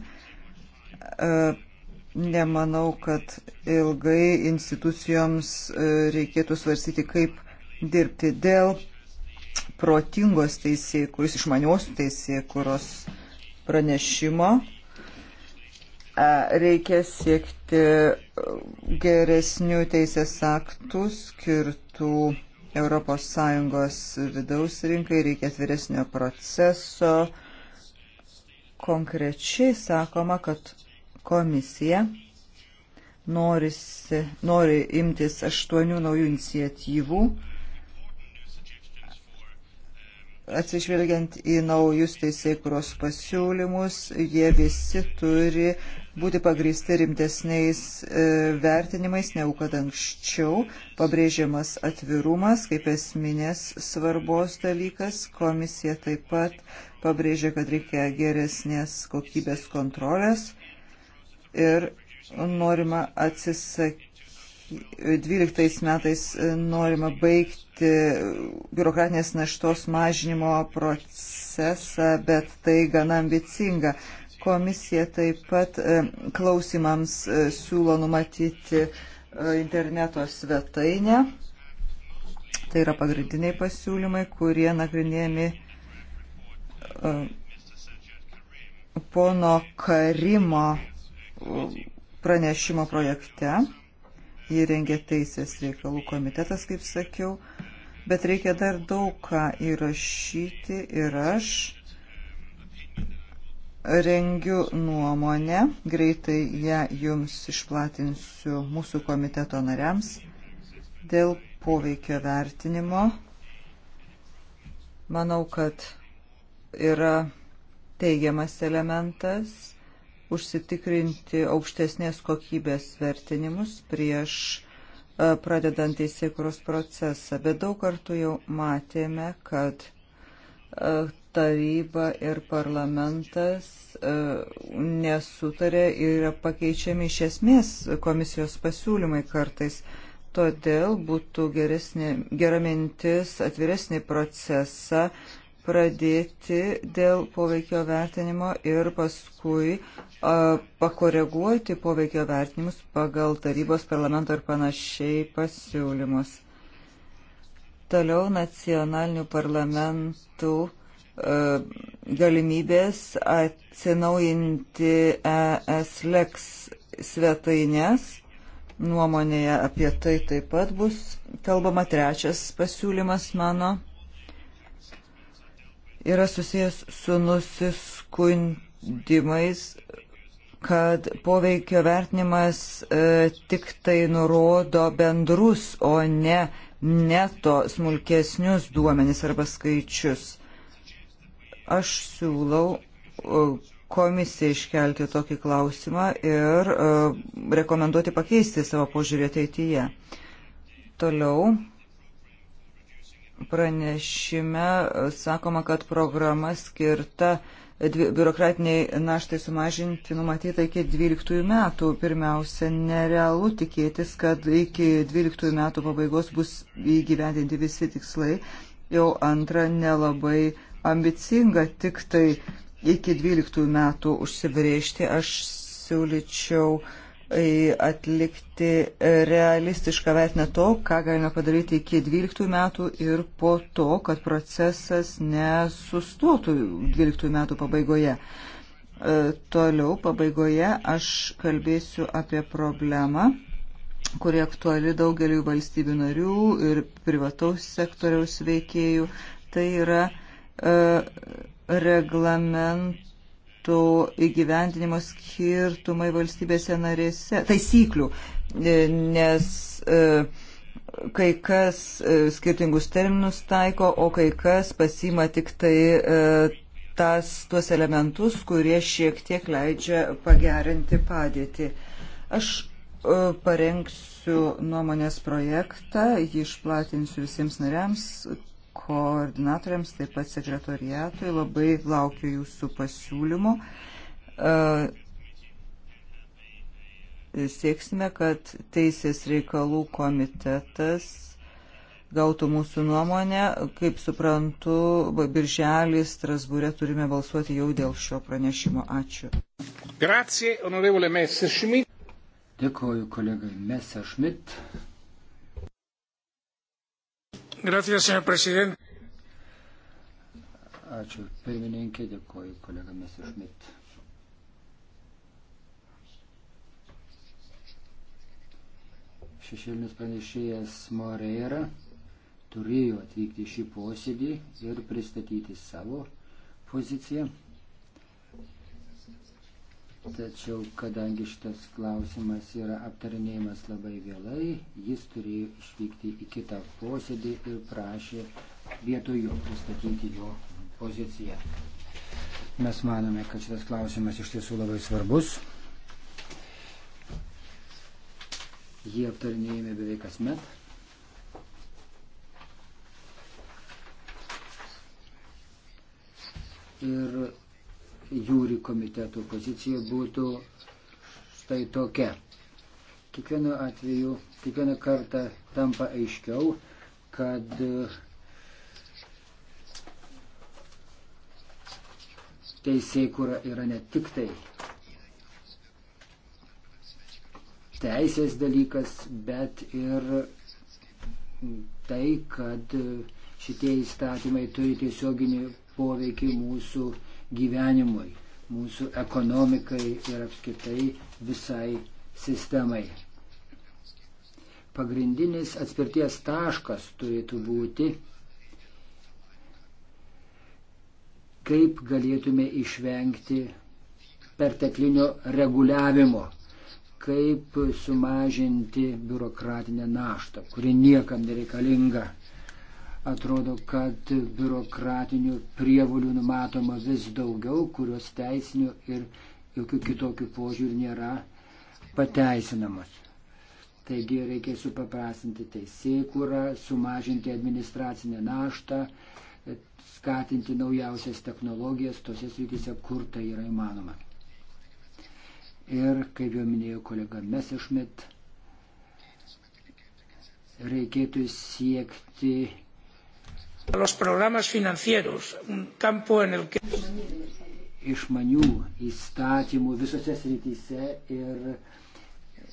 Nemanau, kad ilgai institucijoms reikėtų svarstyti, kaip dirbti dėl protingos teisėkuros, išmanios teisėkuros pranešimo. E, reikia siekti e, geresnių teisės aktų skirtų ES vidaus rinkai, reikia atviresnio proceso. Konkrečiai sakoma, kad komisija norisi, nori imtis aštuonių naujų iniciatyvų atsižvelgiant į naujus teisėkuros pasiūlymus, jie visi turi būti pagristi rimtesniais e, vertinimais, negu kad anksčiau. Pabrėžiamas atvirumas kaip esminės svarbos dalykas. Komisija taip pat pabrėžia, kad reikia geresnės kokybės kontrolės ir norima atsisakyti 2012 metais e, norima baigti biurokratinės naštos mažinimo procesą, bet tai gana ambicinga. Komisija taip pat e, klausimams e, siūlo numatyti interneto svetainę. Tai yra pagrindiniai pasiūlymai, kurie nagrinėjami pono Karimo pranešimo projekte jį rengia Teisės reikalų komitetas, kaip sakiau, bet reikia dar daug ką įrašyti ir aš rengiu nuomonę, greitai ją jums išplatinsiu mūsų komiteto nariams dėl poveikio vertinimo. Manau, kad yra teigiamas elementas užsitikrinti aukštesnės kokybės vertinimus prieš e, pradedant teisėkuros procesą. Bet daug kartų jau matėme, kad e, taryba ir parlamentas e, nesutarė ir pakeičiami iš esmės komisijos pasiūlymai kartais. Todėl būtų geresnė, gera mintis atviresnį procesą pradėti dėl poveikio vertinimo ir paskui pakoreguoti poveikio vertinimus pagal tarybos parlamento ir panašiai pasiūlymus. Toliau nacionalinių parlamentų galimybės atsinaujinti ESLEX svetainės. Nuomonėje apie tai taip pat bus kalbama trečias pasiūlymas mano. Yra susijęs su nusiskundimais kad poveikio vertinimas e, tik tai nurodo bendrus, o ne neto smulkesnius duomenis arba skaičius. Aš siūlau e, komisijai iškelti tokį klausimą ir e, rekomenduoti pakeisti savo požiūrį ateityje. Toliau pranešime e, sakoma, kad programa skirta biurokratiniai naštai sumažinti numatyta iki 12 metų. Pirmiausia, nerealu tikėtis, kad iki 12 metų pabaigos bus įgyvendinti visi tikslai. Jau antra, nelabai ambicinga tik tai iki 12 metų užsibrėžti. Aš siūlyčiau uh, atlikti realistišką vertinę to, ką galime padaryti iki 12 metų ir po to, kad procesas nesustotų 12 metų pabaigoje. E, toliau pabaigoje aš kalbėsiu apie problemą, kuri aktuali daugeliu valstybių narių ir privataus sektoriaus veikėjų. Tai yra e, reglament nuostatų įgyvendinimo skirtumai valstybėse narėse, taisyklių, e, nes e, kai kas e, skirtingus terminus taiko, o kai kas pasima tik tai tas, tuos elementus, kurie šiek tiek leidžia pagerinti padėtį. Aš parengsiu nuomonės projektą, jį išplatinsiu visiems nariams, koordinatoriams, taip pat sekretoriatui. Labai laukiu jūsų pasiūlymų. E, sieksime, kad Teisės reikalų komitetas gautų mūsų nuomonę. Kaip suprantu, birželį Strasbūrė turime balsuoti jau dėl šio pranešimo. Ačiū. Grazie, onorevole Messerschmidt. Dėkuoju kolegai Messerschmidt. Gracias, señor presidente. Ačiū pirmininkė, dėkoju kolegomis iš MIT. Šešėlinis pranešėjas Moreira turėjo atvykti šį posėdį ir pristatyti savo poziciją. Tačiau, kadangi šitas klausimas yra aptarinėjimas labai vėlai, jis turėjo išvykti į kitą posėdį ir prašė vietoj jo pristatyti jo poziciją. Mes manome, kad šitas klausimas iš tiesų labai svarbus. Jį aptarinėjame beveik kasmet. Ir jūri komiteto pozicija būtų štai tokia. Kiekvienu atveju, kiekvieną kartą tampa aiškiau, kad e, teisėkura yra ne tik tai teisės dalykas, bet ir tai, kad e, šitie įstatymai turi tiesioginį poveikį mūsų gyvenimui, mūsų ekonomikai ir apskritai visai sistemai. Pagrindinis atspirties taškas turėtų būti, kaip galėtume išvengti perteklinio reguliavimo, kaip sumažinti biurokratinę naštą, kuri niekam nereikalinga. Atrodo, kad biurokratinių prievolių numatoma vis daugiau, kurios teisinių ir jokių kitokių požiūrių nėra pateisinamos. Taigi reikia supaprastinti teisėkurą, sumažinti administracinę naštą, skatinti naujausias technologijas tose srityse, kur tai yra įmanoma. Ir, kaip jau minėjo kolega Mesešmit, reikėtų siekti los programas financieros, un campo en el que. Išmanių įstatymų visose srityse ir e,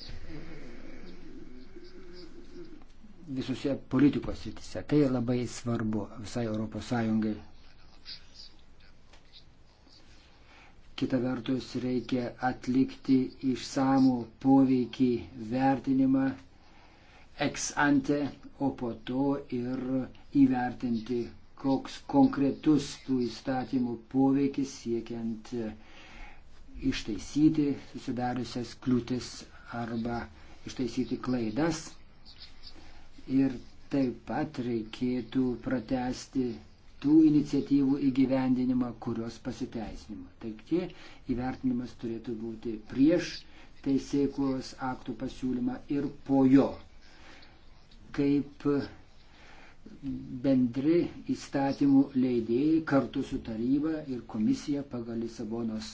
visose politikos srityse. Tai labai svarbu visai Europos Sąjungai. Kita vertus, reikia atlikti išsamų poveikį vertinimą ex ante o po to ir įvertinti, koks konkretus tų įstatymų poveikis siekiant e, ištaisyti susidariusias kliūtis arba ištaisyti klaidas. Ir taip pat reikėtų pratesti tų iniciatyvų įgyvendinimą, kurios pasiteisinimą. Taip tie įvertinimas turėtų būti prieš teisėklos aktų pasiūlymą ir po jo kaip bendri įstatymų leidėjai kartu su taryba ir komisija pagal Lisabonos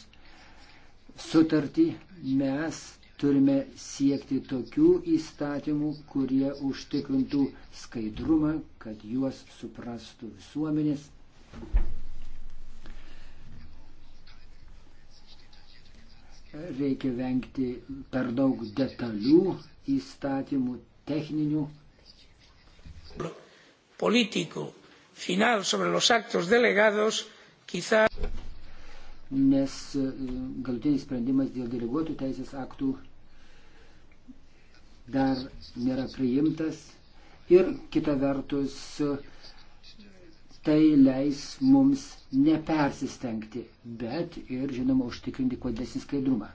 sutartį mes turime siekti tokių įstatymų, kurie užtikrintų skaidrumą, kad juos suprastų visuomenės. Reikia vengti per daug detalių įstatymų, techninių político final sobre los actos delegados quizá. Nes e, galutinis sprendimas dėl deleguotų teisės aktų dar nėra priimtas ir kita vertus tai leis mums nepersistengti, bet ir žinoma užtikrinti kuo desnį skaidrumą.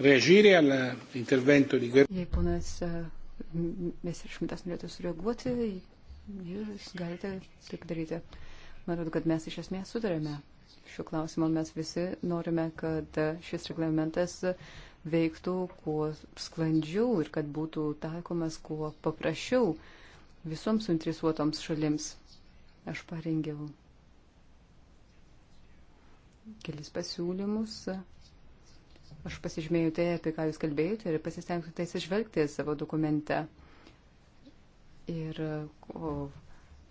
reagire all'intervento di Guerrero. Jei ponas Mesiršmitas norėtų sureaguoti, jūs galite taip daryti. Manau, kad mes iš esmės sutarėme šiuo klausimu. Mes visi norime, kad šis reglamentas veiktų kuo sklandžiau ir kad būtų taikomas kuo paprasčiau visoms suinteresuotoms šalims. Aš parengiau kelis pasiūlymus Aš pasižymėjau tai, apie ką Jūs kalbėjote ir pasistengsiu tai išvelgti savo dokumente. Ir o,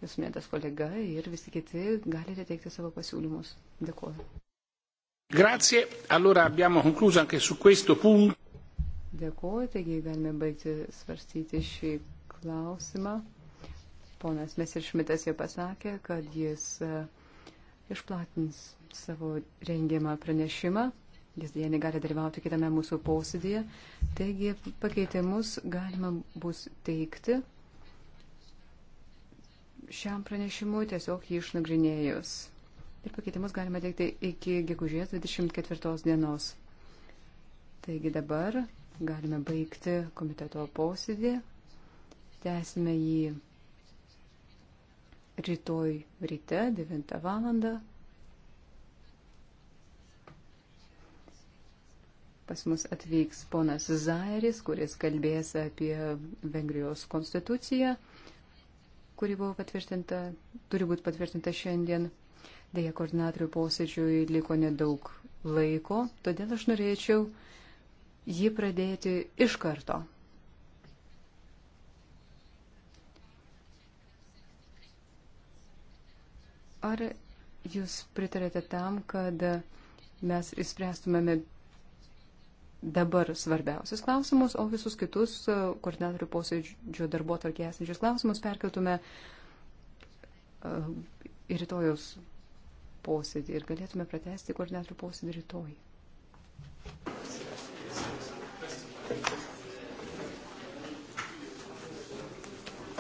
Jūsų minėtas kolega ir visi kiti galite teikti savo pasiūlymus. Dėkuoju. Grazie. Allora abbiamo concluso anche su questo punto. Dėkuoju, taigi galime baigti svarstyti šį klausimą. Ponas Mesiršmitas jau pasakė, kad jis e, išplatins savo rengiamą pranešimą. Jis dėja negali dalyvauti kitame mūsų posėdėje. Taigi pakeitimus galima bus teikti šiam pranešimui tiesiog jį išnagrinėjus. Ir pakeitimus galima teikti iki gegužės 24 dienos. Taigi dabar galime baigti komiteto posėdį. Tęsime jį rytoj ryte 9 valandą. pas mus atvyks ponas Zairis, kuris kalbės apie Vengrijos konstituciją, kuri buvo patvirtinta, turi būti patvirtinta šiandien. Deja, koordinatorių posėdžiui liko nedaug laiko, todėl aš norėčiau jį pradėti iš karto. Ar jūs pritarėte tam, kad mes įspręstumėme dabar svarbiausius klausimus, o visus kitus e, koordinatorių posėdžio darbo tarkiai esančius klausimus perkeltume e, į rytojus posėdį ir galėtume pratesti koordinatorių posėdį rytoj.